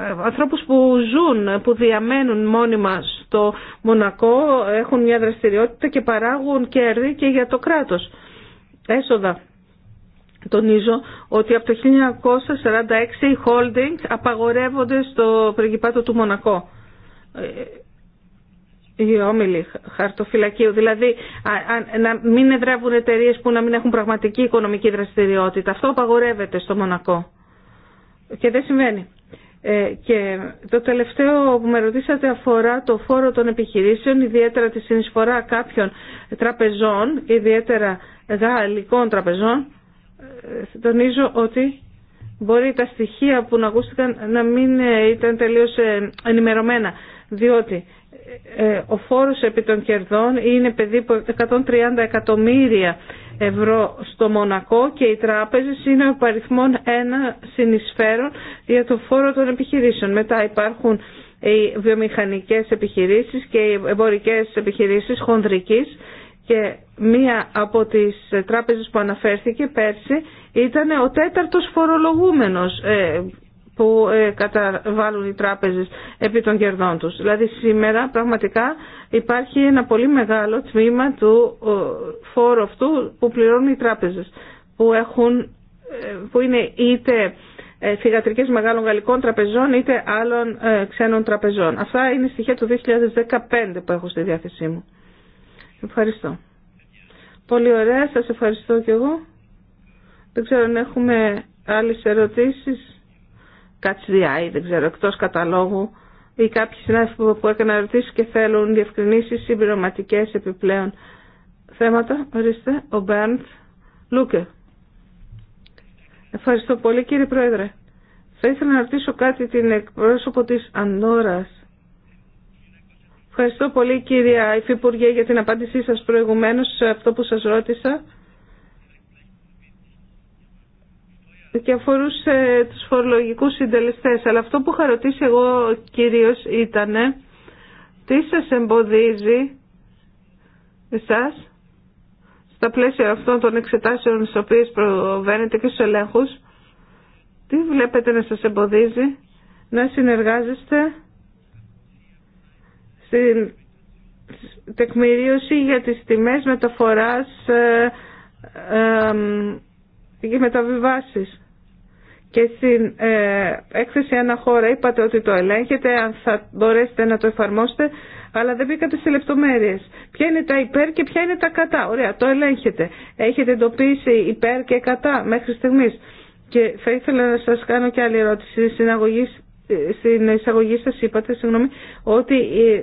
ε, ανθρώπους που ζουν, που διαμένουν μόνιμα στο Μονακό, έχουν μια δραστηριότητα και παράγουν κέρδη και για το κράτος. Έσοδα. Τονίζω ότι από το 1946 οι holding απαγορεύονται στο πριγκιπάτο του Μονακό. Ε, οι όμιλοι χαρτοφυλακίου, δηλαδή να μην εδρεύουν εταιρείε που να μην έχουν πραγματική οικονομική δραστηριότητα. Αυτό απαγορεύεται στο Μονακό. Και δεν συμβαίνει. Ε, και το τελευταίο που με ρωτήσατε αφορά το φόρο των επιχειρήσεων, ιδιαίτερα τη συνεισφορά κάποιων τραπεζών, ιδιαίτερα γαλλικών τραπεζών. Ε, τονίζω ότι μπορεί τα στοιχεία που να ακούστηκαν να μην ε, ήταν τελείως ενημερωμένα, διότι ο φόρος επί των κερδών είναι περίπου 130 εκατομμύρια ευρώ στο Μονακό και οι τράπεζε είναι ο παριθμόν ένα συνεισφέρον για το φόρο των επιχειρήσεων. Μετά υπάρχουν οι βιομηχανικές επιχειρήσεις και οι εμπορικές επιχειρήσεις χονδρικής και μία από τις τράπεζες που αναφέρθηκε πέρσι ήταν ο τέταρτος φορολογούμενος ε, που ε, καταβάλουν οι τράπεζες επί των κερδών τους. Δηλαδή σήμερα πραγματικά υπάρχει ένα πολύ μεγάλο τμήμα του ε, φόρου αυτού που πληρώνουν οι τράπεζες που, έχουν, ε, που είναι είτε φυγατρικές μεγάλων γαλλικών τραπεζών είτε άλλων ξένων τραπεζών. Αυτά είναι στοιχεία του 2015 που έχω στη διάθεσή μου. Ευχαριστώ. Πολύ ωραία, σας ευχαριστώ και εγώ. Δεν ξέρω αν έχουμε άλλες ερωτήσεις. Κατσδιάη, δεν ξέρω, εκτός καταλόγου ή κάποιοι συνάδελφοι που έκαναν ερωτήσει και θέλουν διευκρινήσεις συμπληρωματικέ επιπλέον θέματα. Ορίστε, ο Μπέρντ Λούκε. Ευχαριστώ πολύ κύριε Πρόεδρε. Θα ήθελα να ρωτήσω κάτι την εκπρόσωπο της Ανόρας. Ευχαριστώ πολύ κύριε Υφυπουργέ για την απάντησή σας προηγουμένως σε αυτό που σας ρώτησα. και αφορούσε τους φορολογικούς συντελεστές. Αλλά αυτό που είχα ρωτήσει εγώ κυρίως ήταν τι σας εμποδίζει εσάς στα πλαίσια αυτών των εξετάσεων στις οποίες προβαίνετε και στους ελέγχους τι βλέπετε να σας εμποδίζει να συνεργάζεστε στην τεκμηρίωση για τις τιμές μεταφοράς ε, ε, και μεταβιβάσεις. Και στην ε, έκθεση αναχώρα είπατε ότι το ελέγχετε, αν θα μπορέσετε να το εφαρμόσετε, αλλά δεν μπήκατε σε λεπτομέρειες. Ποια είναι τα υπέρ και ποια είναι τα κατά. Ωραία, το ελέγχετε. Έχετε εντοπίσει υπέρ και κατά μέχρι στιγμής. Και θα ήθελα να σας κάνω και άλλη ερώτηση. Στην, ε, εισαγωγή σας είπατε, συγγνώμη, ότι ε,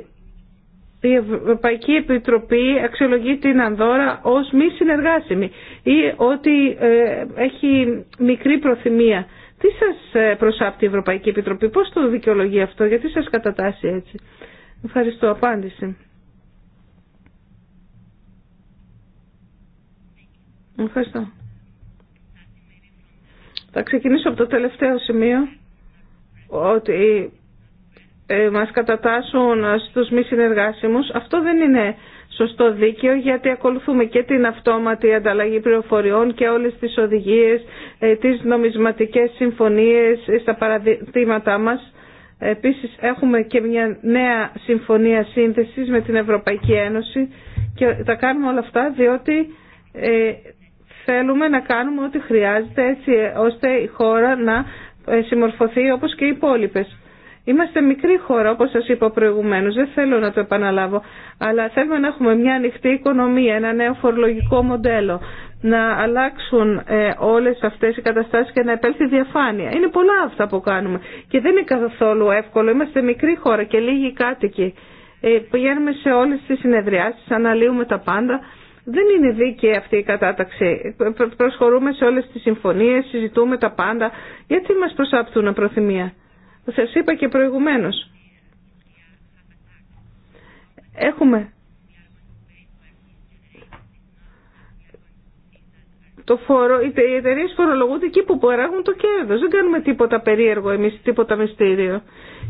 η Ευρωπαϊκή Επιτροπή αξιολογεί την Ανδόρα ως μη συνεργάσιμη ή ότι ε, έχει μικρή προθυμία. Τι σας ε, προσάπτει η Ευρωπαϊκή Επιτροπή, πώς το δικαιολογεί αυτό, γιατί σας κατατάσσει έτσι. Ευχαριστώ, απάντηση. Ευχαριστώ. Θα ξεκινήσω από το τελευταίο σημείο, ότι ε, μας κατατάσσουν στους μη συνεργάσιμους. Αυτό δεν είναι σωστό δίκαιο γιατί ακολουθούμε και την αυτόματη ανταλλαγή πληροφοριών και όλες τις οδηγίες, ε, τις νομισματικές συμφωνίες ε, στα παραδείγματά μας. Επίσης έχουμε και μια νέα συμφωνία σύνθεσης με την Ευρωπαϊκή Ένωση και τα κάνουμε όλα αυτά διότι θέλουμε να κάνουμε ό,τι χρειάζεται έτσι ώστε η χώρα να συμμορφωθεί όπως και οι υπόλοιπες. Είμαστε μικρή χώρα, όπως σας είπα προηγουμένως, δεν θέλω να το επαναλάβω, αλλά θέλουμε να έχουμε μια ανοιχτή οικονομία, ένα νέο φορολογικό μοντέλο, να αλλάξουν ε, όλες αυτές οι καταστάσεις και να επέλθει διαφάνεια. Είναι πολλά αυτά που κάνουμε και δεν είναι καθόλου εύκολο. Είμαστε μικρή χώρα και λίγοι κάτοικοι. Ε, πηγαίνουμε σε όλες τις συνεδριάσεις, αναλύουμε τα πάντα. Δεν είναι δίκαιη αυτή η κατάταξη. Προσχωρούμε σε όλες τις συμφωνίες, συζητούμε τα πάντα. Γιατί μας προσάπτουν προθυμία. Σας είπα και προηγουμένως. Έχουμε το φορο, οι εταιρείε φορολογούνται εκεί που παράγουν το κέρδος. Δεν κάνουμε τίποτα περίεργο εμείς, τίποτα μυστήριο.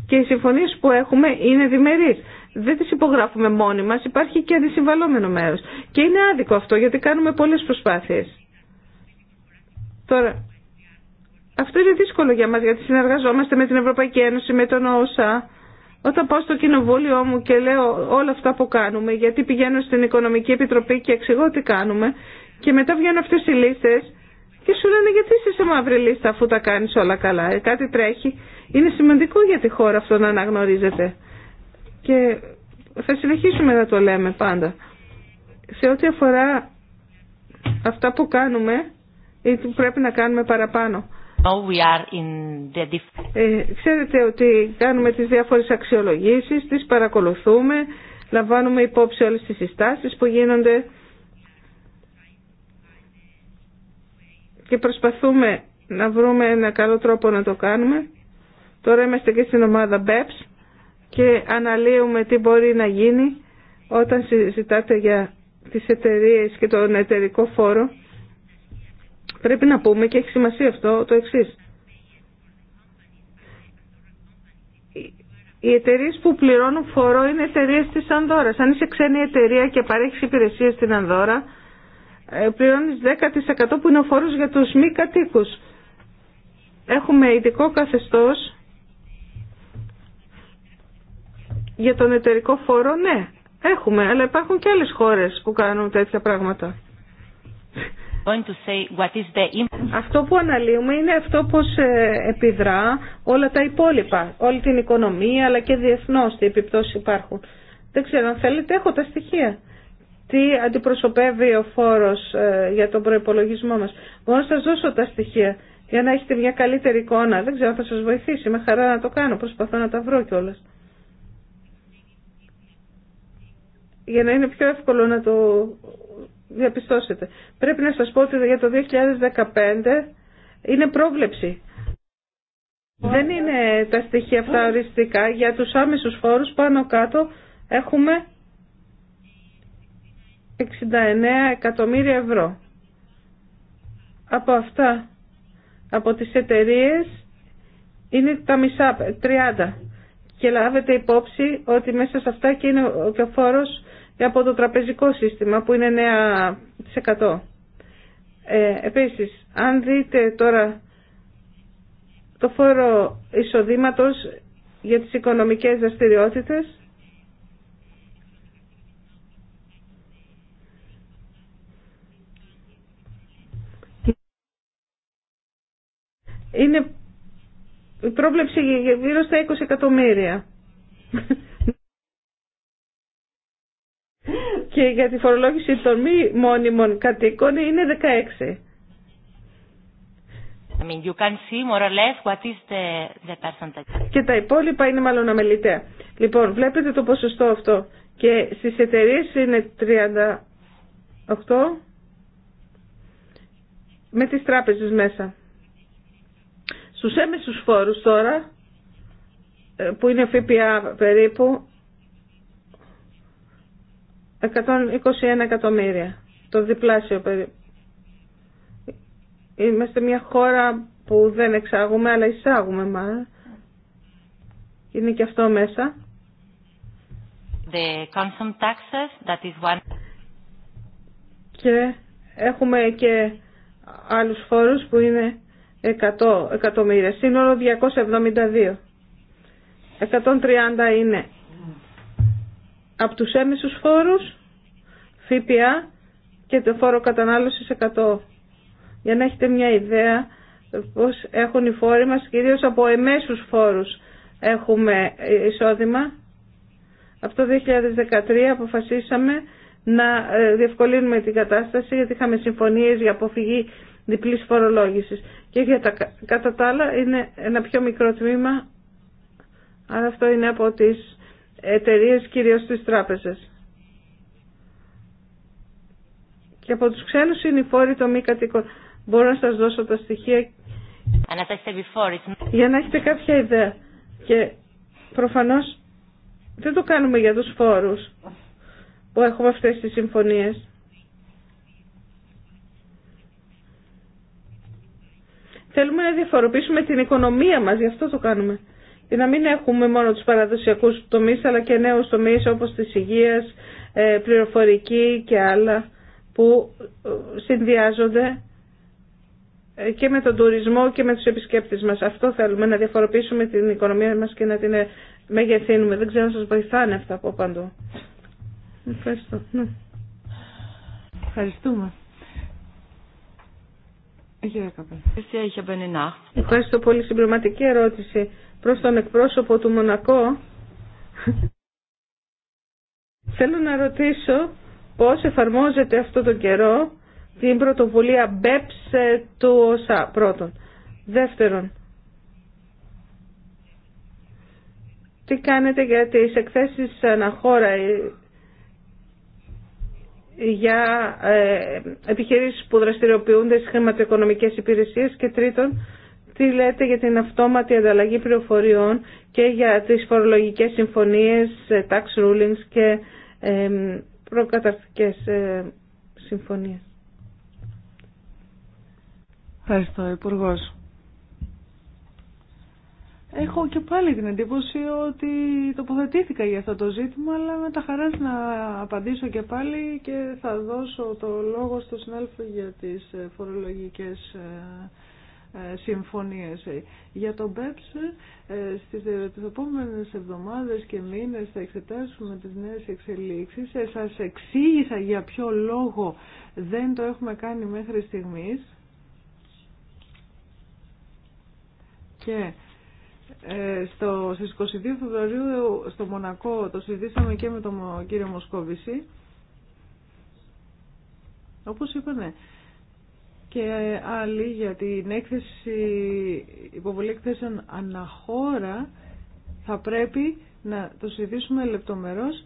Και οι συμφωνίες που έχουμε είναι διμερείς. Δεν τις υπογράφουμε μόνοι μας, υπάρχει και αντισυμβαλόμενο μέρος. Και είναι άδικο αυτό γιατί κάνουμε πολλές προσπάθειες. Τώρα, αυτό είναι δύσκολο για μας γιατί συνεργαζόμαστε με την Ευρωπαϊκή Ένωση, με τον ΟΣΑ. Όταν πάω στο κοινοβούλιο μου και λέω όλα αυτά που κάνουμε, γιατί πηγαίνω στην Οικονομική Επιτροπή και εξηγώ τι κάνουμε και μετά βγαίνουν αυτές οι λίστες και σου λένε γιατί είσαι σε μαύρη λίστα αφού τα κάνεις όλα καλά, ε? κάτι τρέχει. Είναι σημαντικό για τη χώρα αυτό να αναγνωρίζεται και θα συνεχίσουμε να το λέμε πάντα. Σε ό,τι αφορά αυτά που κάνουμε ή που πρέπει να κάνουμε παραπάνω. Ε, ξέρετε ότι κάνουμε τις διάφορες αξιολογήσεις, τις παρακολουθούμε, λαμβάνουμε υπόψη όλες τις συστάσεις που γίνονται και προσπαθούμε να βρούμε ένα καλό τρόπο να το κάνουμε. Τώρα είμαστε και στην ομάδα BEPS και αναλύουμε τι μπορεί να γίνει όταν συζητάτε για τις εταιρείες και τον εταιρικό φόρο. Πρέπει να πούμε και έχει σημασία αυτό το εξή. Οι εταιρείε που πληρώνουν φόρο είναι εταιρείε τη Ανδόρα. Αν είσαι ξένη εταιρεία και παρέχει υπηρεσίε στην Ανδόρα, ε, πληρώνει 10% που είναι ο φόρο για του μη κατοίκου. Έχουμε ειδικό καθεστώ για τον εταιρικό φόρο, ναι, έχουμε, αλλά υπάρχουν και άλλες χώρες που κάνουν τέτοια πράγματα. Αυτό που αναλύουμε είναι αυτό πώς ε, επιδρά όλα τα υπόλοιπα, όλη την οικονομία αλλά και διεθνώς τι επιπτώσεις υπάρχουν. Δεν ξέρω αν θέλετε, έχω τα στοιχεία. Τι αντιπροσωπεύει ο φόρος ε, για τον προϋπολογισμό μας. Μπορώ να σας δώσω τα στοιχεία για να έχετε μια καλύτερη εικόνα. Δεν ξέρω αν θα σας βοηθήσει. Με χαρά να το κάνω. Προσπαθώ να τα βρω κιόλα. Για να είναι πιο εύκολο να το διαπιστώσετε. Πρέπει να σας πω ότι για το 2015 είναι πρόβλεψη. Δεν είναι τα στοιχεία αυτά οριστικά. Για τους άμεσους φόρους πάνω κάτω έχουμε 69 εκατομμύρια ευρώ. Από αυτά, από τις εταιρείε είναι τα μισά, 30. Και λάβετε υπόψη ότι μέσα σε αυτά και είναι και ο φόρος ε, από το τραπεζικό σύστημα που είναι 9%. Ε, επίσης, αν δείτε τώρα το φόρο εισοδήματος για τις οικονομικές δραστηριότητες, είναι η πρόβλεψη γύρω στα 20 εκατομμύρια. και για τη φορολόγηση των μη μόνιμων κατοίκων είναι 16. I mean, you can see more or less what is the, the percentage. Και τα υπόλοιπα είναι μάλλον αμεληταία. Λοιπόν, βλέπετε το ποσοστό αυτό. Και στις εταιρείε είναι 38 με τις τράπεζες μέσα. Στους έμεσους φόρους τώρα, ε, που είναι ΦΠΑ περίπου, 121 εκατομμύρια. Το διπλάσιο περίπου. Είμαστε μια χώρα που δεν εξάγουμε, αλλά εισάγουμε Είναι και αυτό μέσα. The taxes, that is one. Και έχουμε και άλλους φόρους που είναι 100 εκατομμύρια. Σύνολο 272. 130 είναι από τους έμεσους φόρους, ΦΠΑ και το φόρο κατανάλωσης 100. Για να έχετε μια ιδέα πώς έχουν οι φόροι μας, κυρίως από εμέσους φόρους έχουμε εισόδημα. Από το 2013 αποφασίσαμε να ε, διευκολύνουμε την κατάσταση γιατί είχαμε συμφωνίες για αποφυγή διπλής φορολόγησης. Και για τα, κατά τα άλλα είναι ένα πιο μικρό τμήμα, αλλά αυτό είναι από τις εταιρείε κυρίως στις τράπεζες. Και από τους ξένους είναι οι φόροι το μη κατοίκων. Μπορώ να σας δώσω τα στοιχεία για να έχετε κάποια ιδέα. Και προφανώς δεν το κάνουμε για τους φόρους που έχουμε αυτές τις συμφωνίες. Θέλουμε να διαφοροποιήσουμε την οικονομία μας, γι' αυτό το κάνουμε. Και να μην έχουμε μόνο τους παραδοσιακούς τομείς αλλά και νέους τομείς όπως της υγείας, πληροφορική και άλλα που συνδυάζονται και με τον τουρισμό και με τους επισκέπτες μας. Αυτό θέλουμε, να διαφοροποιήσουμε την οικονομία μας και να την μεγεθύνουμε. Δεν ξέρω αν σας βοηθάνε αυτά από παντού. Ευχαριστώ. Ευχαριστούμε. Ευχαριστώ πολύ. Συμπληρωματική ερώτηση προς τον εκπρόσωπο του Μονακό, θέλω να ρωτήσω πώς εφαρμόζεται αυτό τον καιρό την πρωτοβουλία BEPS του ΟΣΑ πρώτον. Δεύτερον, τι κάνετε για τις εκθέσεις αναχώρα ε, για ε, επιχειρήσεις που δραστηριοποιούνται στις χρηματοοικονομικές υπηρεσίες και τρίτον, τι λέτε για την αυτόματη ανταλλαγή πληροφοριών και για τις φορολογικές συμφωνίες, ε, tax rulings και ε, προκαταρκτικές ε, συμφωνίες. Ευχαριστώ, υπουργό. Έχω και πάλι την εντύπωση ότι τοποθετήθηκα για αυτό το ζήτημα, αλλά με τα χαρά να απαντήσω και πάλι και θα δώσω το λόγο στο συνάδελφο για τις φορολογικές ε, συμφωνίες. Για τον ΠΕΠΣ, στις ε, επόμενες εβδομάδες και μήνες θα εξετάσουμε τις νέες εξελίξεις. Ε, σας εξήγησα για ποιο λόγο δεν το έχουμε κάνει μέχρι στιγμής. Και στο, στις 22 Φεβρουαρίου στο Μονακό το συζητήσαμε και με τον κύριο Μοσκόβηση. Όπως είπανε, και άλλοι για την έκθεση, υποβολή εκθέσεων αναχώρα θα πρέπει να το συζητήσουμε λεπτομερώς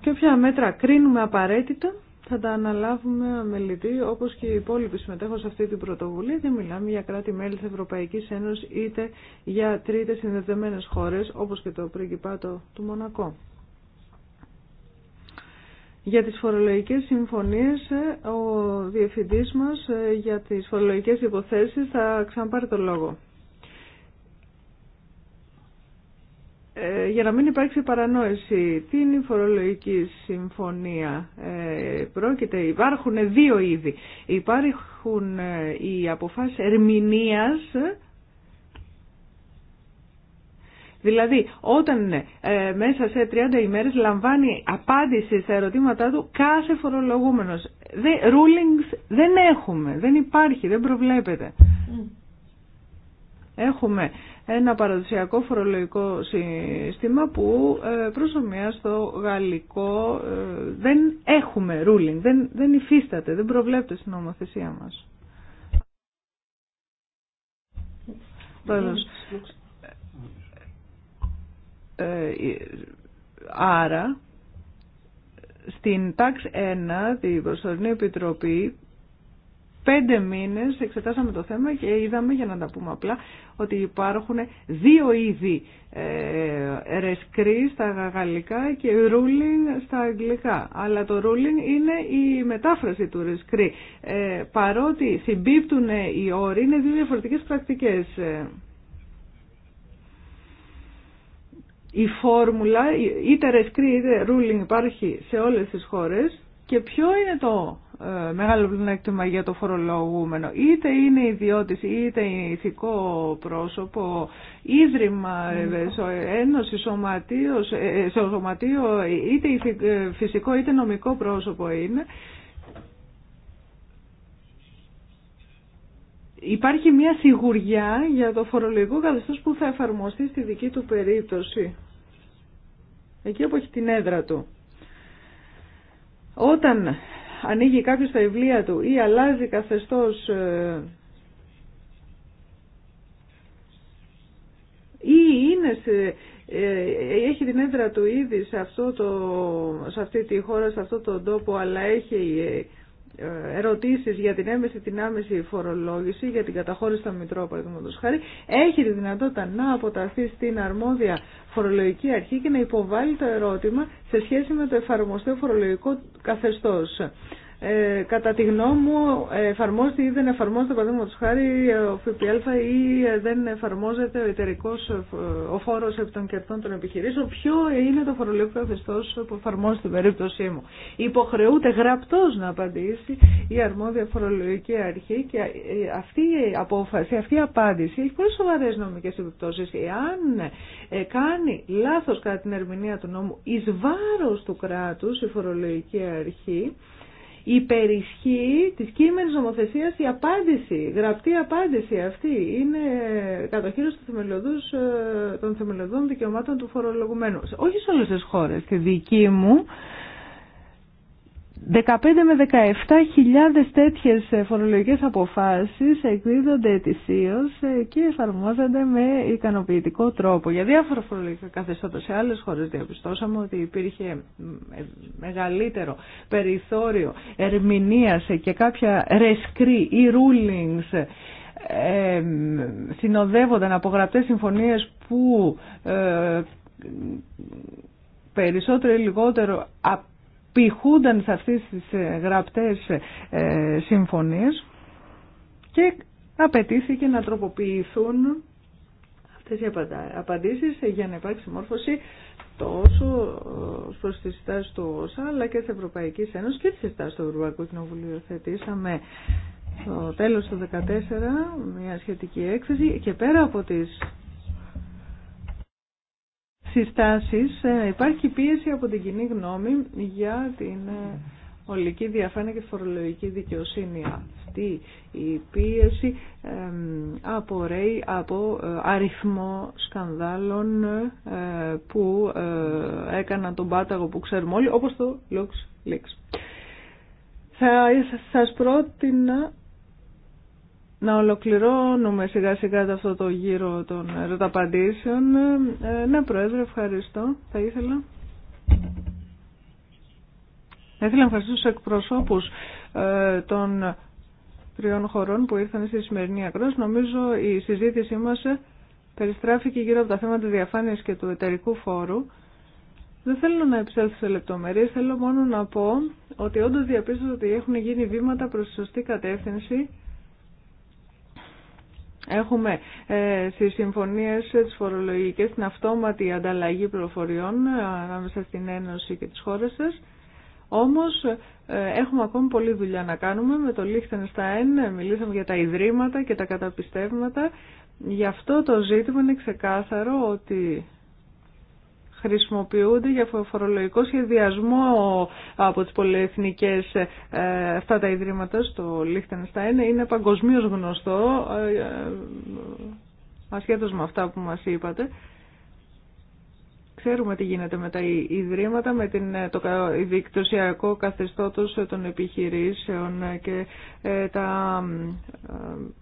και όποια μέτρα κρίνουμε απαραίτητα θα τα αναλάβουμε αμελητή όπως και οι υπόλοιποι συμμετέχουν σε αυτή την πρωτοβουλία δεν μιλάμε για κράτη-μέλη της Ευρωπαϊκής Ένωσης είτε για τρίτες συνδεδεμένες χώρες όπως και το πριγκιπάτο του Μονακό. Για τις φορολογικές συμφωνίες, ε, ο διευθυντής μας ε, για τις φορολογικές υποθέσεις θα ξαναπάρει το λόγο. Ε, για να μην υπάρξει παρανόηση, τι είναι η φορολογική συμφωνία. Ε, πρόκειται, υπάρχουν δύο είδη. Υπάρχουν οι αποφάσεις ερμηνείας Δηλαδή, όταν ε, μέσα σε 30 ημέρες λαμβάνει απάντηση στα ερωτήματά του κάθε φορολογούμενος. Δε, rulings δεν έχουμε, δεν υπάρχει, δεν προβλέπεται. Mm. Έχουμε ένα παραδοσιακό φορολογικό σύστημα που ε, προσωμιά στο γαλλικό ε, δεν έχουμε ruling, δεν, δεν υφίσταται, δεν προβλέπεται στην νομοθεσία μας. Mm. Ε, ε, άρα, στην ΤΑΞ 1, την Προσωρινή Επιτροπή, πέντε μήνες εξετάσαμε το θέμα και είδαμε, για να τα πούμε απλά, ότι υπάρχουν δύο είδη ε, ρεσκρί στα γαλλικά και ruling στα αγγλικά. Αλλά το ruling είναι η μετάφραση του ρεσκρί. παρότι συμπίπτουν οι όροι, είναι δύο διαφορετικές πρακτικές. Ε, η φόρμουλα, είτε ρεσκρή είτε ruling υπάρχει σε όλες τις χώρες και ποιο είναι το ε, μεγάλο πλεονέκτημα για το φορολογούμενο. Είτε είναι ιδιώτης, είτε ηθικό πρόσωπο, ίδρυμα, ε, ένωση, σωματείο, ε, ε σωματείο, είτε φυσικό είτε νομικό πρόσωπο είναι. υπάρχει μια σιγουριά για το φορολογικό καθεστώς που θα εφαρμοστεί στη δική του περίπτωση. Εκεί όπου έχει την έδρα του. Όταν ανοίγει κάποιο τα βιβλία του ή αλλάζει καθεστώς ε, ή είναι ε, έχει την έδρα του ήδη σε, αυτό το, σε αυτή τη χώρα, σε αυτό τον τόπο, αλλά έχει ε, ερωτήσεις για την έμεση, την άμεση φορολόγηση, για την καταχώρηση των Μητρώων, παραδείγματος χάρη, έχει τη δυνατότητα να αποταθεί στην αρμόδια φορολογική αρχή και να υποβάλει το ερώτημα σε σχέση με το εφαρμοστέο φορολογικό καθεστώς. Ε, κατά τη γνώμη μου εφαρμόζεται ή δεν εφαρμόζεται παραδείγματος χάρη ο ΦΠΑ ή δεν εφαρμόζεται ο εταιρικός ο φόρος επί των κερδών των επιχειρήσεων ποιο είναι το φορολογικό καθεστώς που εφαρμόζεται στην περίπτωσή μου υποχρεούται γραπτός να απαντήσει η αρμόδια φορολογική αρχή και αυτή η απόφαση, αυτή η απάντηση έχει πολύ σοβαρές νομικές επιπτώσεις εάν ε, κάνει λάθος κατά την ερμηνεία του νόμου εις βάρος του κράτους η φορολογική αρχή υπερισχύει της κείμενης νομοθεσίας η απάντηση, γραπτή απάντηση αυτή. Είναι κατοχήρωση ε, των θεμελιωδών δικαιωμάτων του φορολογουμένου. Όχι σε όλες τις χώρες. Στη δική μου 15 με 17.000 τέτοιες ε, φορολογικές αποφάσεις εκδίδονται ετησίως ε, και εφαρμόζονται με ικανοποιητικό τρόπο. Για διάφορα φορολογικά καθεστώτα σε άλλες χώρες διαπιστώσαμε ότι υπήρχε ε, μεγαλύτερο περιθώριο ερμηνείας και κάποια ρεσκρή ή rulings ε, συνοδεύονταν από γραπτές συμφωνίες που περισσότερο ή λιγότερο πηχούνταν σε αυτές τις ε, γραπτές ε, συμφωνίες και απαιτήθηκε να τροποποιηθούν αυτές οι απαντήσεις για να υπάρξει μόρφωση τόσο ε, προς τη στάση του ΩΣΑ αλλά και της Ευρωπαϊκής Ένωσης και της στάση του Ευρωπαϊκού Κοινοβουλίου θετήσαμε στο τέλος του 2014 μια σχετική έκθεση και πέρα από τις συστάσεις ε, υπάρχει πίεση από την κοινή γνώμη για την ε, ολική διαφάνεια και φορολογική δικαιοσύνη. Αυτή η πίεση απορρέει από ε, αριθμό σκανδάλων που έκαναν τον πάταγο που ξέρουμε όλοι, όπως το LuxLeaks. Θα σας πρότεινα να ολοκληρώνουμε σιγά σιγά αυτό το γύρο των ερωταπαντήσεων. Ε, ναι, Πρόεδρε, ευχαριστώ. Θα ήθελα. Θα ήθελα να ευχαριστήσω τους εκπροσώπους ε, των τριών χωρών που ήρθαν στη σημερινή ακρόαση. Νομίζω η συζήτησή μας ε, περιστράφηκε γύρω από τα θέματα διαφάνειας και του εταιρικού φόρου. Δεν θέλω να επισέλθω σε λεπτομέρειες, θέλω μόνο να πω ότι όντως διαπίστωσα ότι έχουν γίνει βήματα προς τη σωστή κατεύθυνση Έχουμε ε, στις συμφωνίες ε, τις φορολογικές την αυτόματη ανταλλαγή πληροφοριών ε, ανάμεσα στην Ένωση και τις χώρες σας. Όμως ε, έχουμε ακόμη πολλή δουλειά να κάνουμε με το Liechtenstein. μιλήσαμε για τα ιδρύματα και τα καταπιστεύματα. Γι' αυτό το ζήτημα είναι ξεκάθαρο ότι χρησιμοποιούνται για φορολογικό σχεδιασμό από τις πολυεθνικές ε, αυτά τα ιδρύματα στο Λίχτενστάιν. Είναι παγκοσμίως γνωστό, ε, ε, ασχέτως με αυτά που μας είπατε. Ξέρουμε τι γίνεται με τα ιδρύματα, με την, το δικτωσιακό καθεστώτος των επιχειρήσεων και τα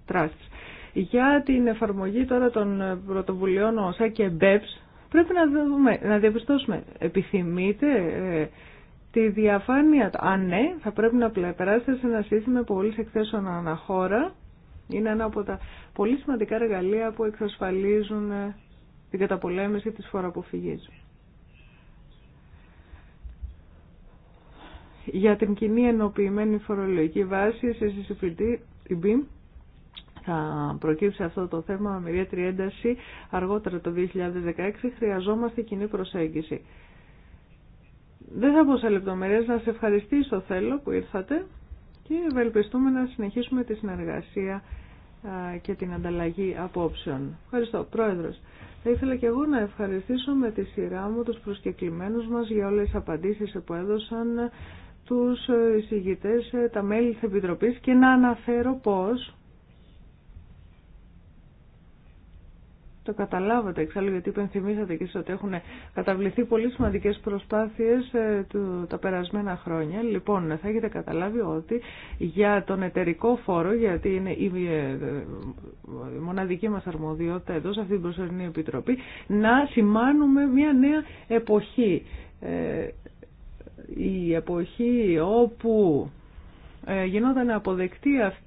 τράσεις. Για την εφαρμογή τώρα των πρωτοβουλειών ΟΣΑ και BEPS, Πρέπει να, δούμε, να διαπιστώσουμε, επιθυμείτε ε, τη διαφάνεια. Αν ναι, θα πρέπει να περάσετε σε ένα σύστημα πολύ εκθέσεων αναχώρα. Είναι ένα από τα πολύ σημαντικά εργαλεία που εξασφαλίζουν ε, την καταπολέμηση της φοροαποφυγής. Για την κοινή ενοποιημένη φορολογική βάση, σε συζητητή, η BIM, θα προκύψει αυτό το θέμα με ιδιαίτερη ένταση αργότερα το 2016, χρειαζόμαστε κοινή προσέγγιση. Δεν θα πω σε λεπτομέρειες, να σε ευχαριστήσω θέλω που ήρθατε και ευελπιστούμε να συνεχίσουμε τη συνεργασία και την ανταλλαγή απόψεων. Ευχαριστώ, Πρόεδρος. Θα ήθελα και εγώ να ευχαριστήσω με τη σειρά μου τους προσκεκλημένους μας για όλες τις απαντήσεις που έδωσαν τους εισηγητές, τα μέλη της Επιτροπής και να αναφέρω πώς Το καταλάβατε εξάλλου γιατί υπενθυμίσατε και ότι έχουν καταβληθεί πολύ σημαντικές προσπάθειες ε, του, τα περασμένα χρόνια. Λοιπόν, θα έχετε καταλάβει ότι για τον εταιρικό φόρο, γιατί είναι η ε, ε, μοναδική μας αρμοδιότητα εδώ σε αυτή την προσωρινή επιτροπή, να σημάνουμε μια νέα εποχή. Η εποχή όπου γινόταν αποδεκτή αυτή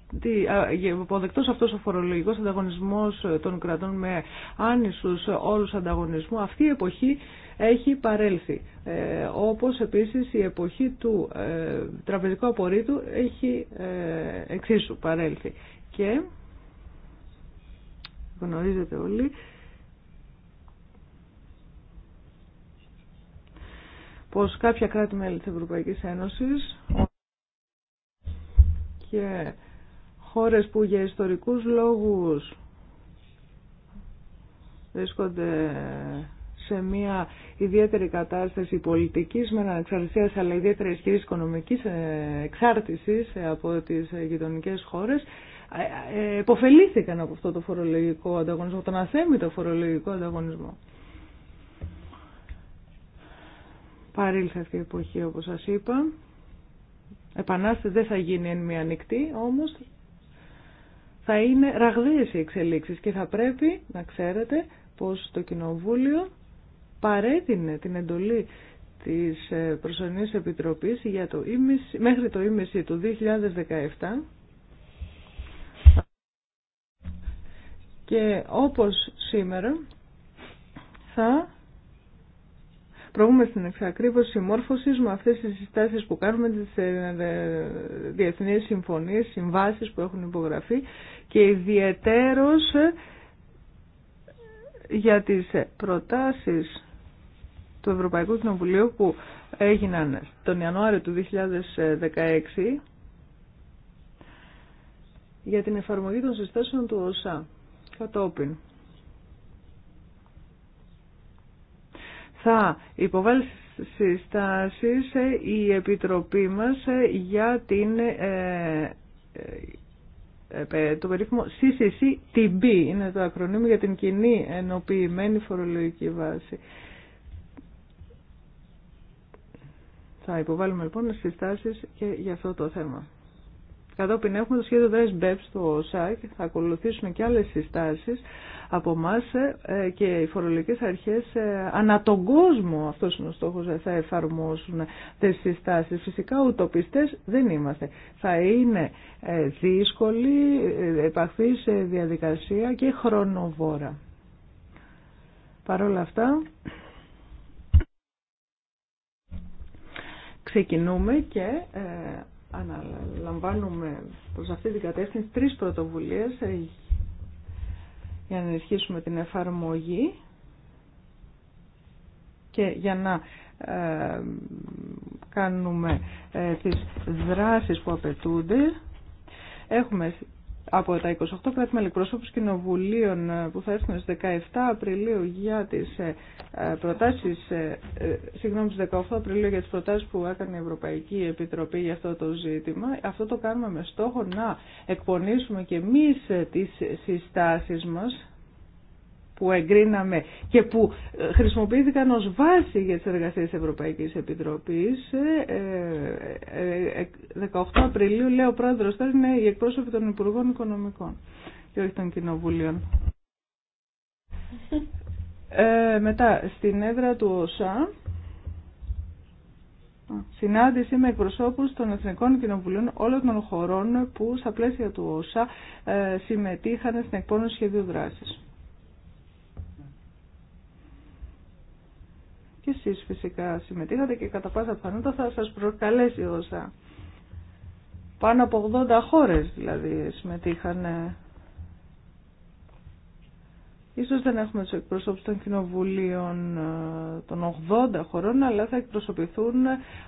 αποδεκτός αυτός ο φορολογικός ανταγωνισμός ε, των κρατών με άνισους όρους ανταγωνισμού, αυτή η εποχή έχει παρέλθει. Ε, όπως επίσης η εποχή του ε, τραπεζικού απορρίτου έχει ε, εξίσου παρέλθει. Και γνωρίζετε όλοι πως κάποια κράτη-μέλη της Ευρωπαϊκής Ένωσης και χώρες που για ιστορικούς λόγους βρίσκονται σε μια ιδιαίτερη κατάσταση πολιτικής με αναξαρτησίας αλλά ιδιαίτερη ισχυρής οικονομικής εξάρτησης από τις γειτονικέ χώρες ε, ε, εποφελήθηκαν από αυτό το φορολογικό ανταγωνισμό, τον αθέμητο φορολογικό ανταγωνισμό. Παρήλθε αυτή η εποχή όπως σας είπα. Επανάσταση δεν θα γίνει εν μία νυχτή, όμως θα είναι ραγδαίες οι εξελίξεις και θα πρέπει να ξέρετε πως το Κοινοβούλιο παρέτεινε την εντολή της ε, προσωρινής επιτροπής για το ίμιση, μέχρι το ίμιση του 2017 και όπως σήμερα θα προβούμε στην εξακρίβωση μόρφωσης με αυτές τις συστάσεις που κάνουμε, τις ε, διεθνείς συμφωνίες, συμβάσεις που έχουν υπογραφεί και ιδιαιτέρως ε, για τις ε, προτάσεις του Ευρωπαϊκού Κοινοβουλίου που έγιναν τον Ιανουάριο του 2016 για την εφαρμογή των συστάσεων του ΟΣΑ κατόπιν. θα υποβάλει συστάσεις ε, η Επιτροπή μας ε, για την, ε, το περίφημο CCCTB, είναι το ακρονίμιο για την κοινή ενοποιημένη φορολογική βάση. Θα υποβάλουμε λοιπόν συστάσεις και για αυτό το θέμα. Κατόπιν έχουμε το σχέδιο BEPS στο ΩΣΑ και θα ακολουθήσουν και άλλες συστάσεις από εμά ε, ε, και οι φορολογικές αρχές ε, ανά τον κόσμο, αυτός είναι ο στόχος, θα εφαρμόσουν τις συστάσεις. Φυσικά ουτοπιστές δεν είμαστε. Θα είναι δύσκολη, επαχθή διαδικασία και χρονοβόρα. Παρ' όλα αυτά, ξεκινούμε και αναλαμβάνουμε προς αυτή την κατεύθυνση τρεις πρωτοβουλίες ε, για να ενισχύσουμε την εφαρμογή και για να ε, κάνουμε ε, τις δράσεις που απαιτούνται. Έχουμε από τα 28 κράτη-μέλη προσώπους κοινοβουλίων ε, που θα έρθουν στις 17 Απριλίου για τις ε, ε, προτάσεις, συγγνώμη, στις 18 Απριλίου για τις προτάσεις που έκανε η Ευρωπαϊκή Επιτροπή για αυτό το ζήτημα. Αυτό το κάνουμε με στόχο να εκπονήσουμε και εμείς τις συστάσεις μας που εγκρίναμε και που ε, χρησιμοποιήθηκαν ως βάση για τις εργασίες της Ευρωπαϊκής Επιτροπής. 18 ε, ε, Απριλίου, λέει ο πρόεδρος, τώρα είναι η εκπρόσωποι των Υπουργών Οικονομικών και όχι των Κοινοβουλίων. μετά, στην έδρα του ΩΣΑ συνάντηση με εκπροσώπους των Εθνικών Κοινοβουλίων όλων των χωρών που στα πλαίσια του ΟΣΑ συμμετείχαν στην εκπόνηση σχεδίου δράσης. Και εσείς φυσικά συμμετείχατε και κατά πάσα πιθανότητα θα σας προκαλέσει όσα. Πάνω από 80 χώρες δηλαδή συμμετείχαν. Ίσως δεν έχουμε τους εκπροσώπους των κοινοβουλίων ε, των 80 χωρών, αλλά θα εκπροσωπηθούν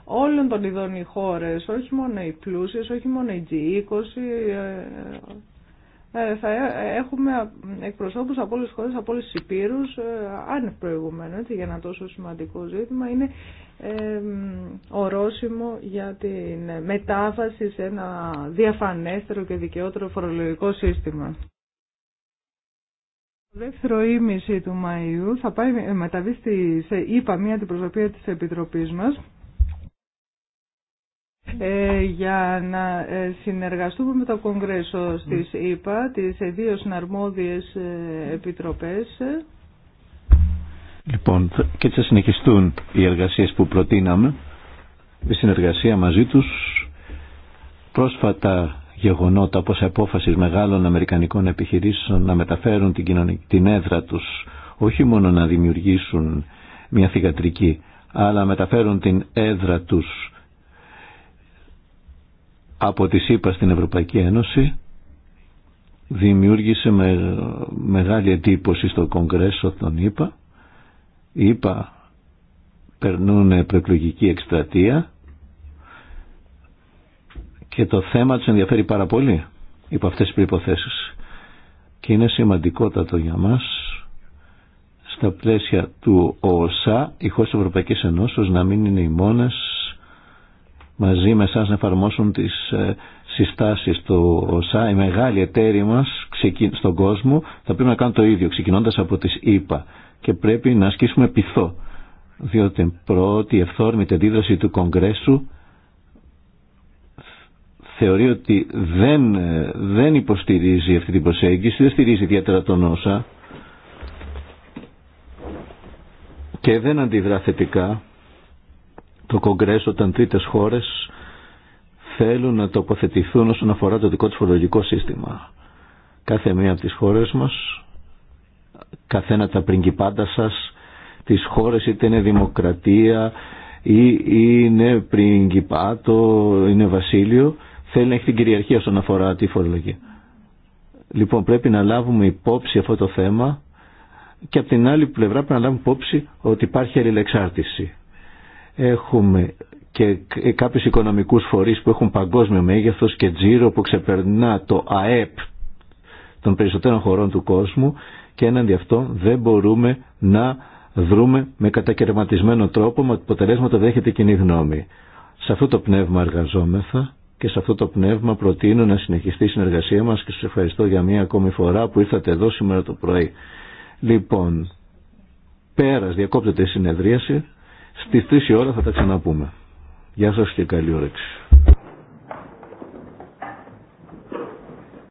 όλων των ειδών οι χώρες, όχι μόνο οι πλούσιες, όχι μόνο οι G20, ε, θα έχουμε εκπροσώπους από όλες τις χώρες, από όλες τις υπήρους, αν ε, προηγουμένου, για ένα τόσο σημαντικό ζήτημα. Είναι ε, ορόσημο για την μετάβαση σε ένα διαφανέστερο και δικαιότερο φορολογικό σύστημα. Το δεύτερο ήμιση του Μαΐου θα πάει ε, μεταβεί στη, σε, είπα, μια προσωπία της Επιτροπής μας ε, για να ε, συνεργαστούμε με το Κογκρέσο της ΕΠΑ, τις δύο συναρμόδιες ε, επιτροπές. Λοιπόν, και θα συνεχιστούν οι εργασίες που προτείναμε, η συνεργασία μαζί τους, πρόσφατα γεγονότα όπως απόφαση μεγάλων αμερικανικών επιχειρήσεων να μεταφέρουν την, έδρα τους, όχι μόνο να δημιουργήσουν μια θηγατρική, αλλά μεταφέρουν την έδρα τους από τις ΣΥΠΑ στην Ευρωπαϊκή Ένωση δημιούργησε μεγάλη εντύπωση στο Κογκρέσο των ΗΠΑ. Οι ΗΠΑ περνούν προεκλογική εκστρατεία και το θέμα τους ενδιαφέρει πάρα πολύ υπό αυτές τις προϋποθέσεις. Και είναι σημαντικότατο για μας στα πλαίσια του ΟΣΑ, η της Ευρωπαϊκής Ενώσεως να μην είναι οι μόνες μαζί με εσάς να εφαρμόσουν τις ε, συστάσεις του ΩΣΑ. Οι μεγάλοι εταίροι μας στον κόσμο θα πρέπει να κάνουν το ίδιο, ξεκινώντας από τις ΗΠΑ. Και πρέπει να ασκήσουμε πειθό, διότι πρώτη ευθόρμητη αντίδραση του Κογκρέσου θεωρεί ότι δεν, ε, δεν υποστηρίζει αυτή την προσέγγιση, δεν στηρίζει ιδιαίτερα τον ΩΣΑ και δεν αντιδρά θετικά το Κογκρέσο όταν τρίτες χώρες θέλουν να τοποθετηθούν όσον αφορά το δικό τους φορολογικό σύστημα. Κάθε μία από τις χώρες μας, καθένα τα πριγκιπάντα σα, τι χώρες είτε είναι δημοκρατία ή είναι πριγκιπάτο, είναι βασίλειο, θέλει να έχει την κυριαρχία όσον αφορά τη φορολογία. Λοιπόν, πρέπει να λάβουμε υπόψη αυτό το θέμα και από την άλλη πλευρά πρέπει να λάβουμε υπόψη ότι υπάρχει αλληλεξάρτηση Έχουμε και κάποιους οικονομικούς φορείς που έχουν παγκόσμιο μέγεθος και τζίρο που ξεπερνά το ΑΕΠ των περισσότερων χωρών του κόσμου και έναντι αυτό δεν μπορούμε να δρούμε με κατακαιρματισμένο τρόπο με αποτελέσματα δέχεται κοινή γνώμη. Σε αυτό το πνεύμα εργαζόμεθα και σε αυτό το πνεύμα προτείνω να συνεχιστεί η συνεργασία μας και σας ευχαριστώ για μία ακόμη φορά που ήρθατε εδώ σήμερα το πρωί. Λοιπόν, πέρας διακόπτεται η συνεδρίαση. Στις 3 η ώρα θα τα ξαναπούμε. Γεια σας και καλή όρεξη.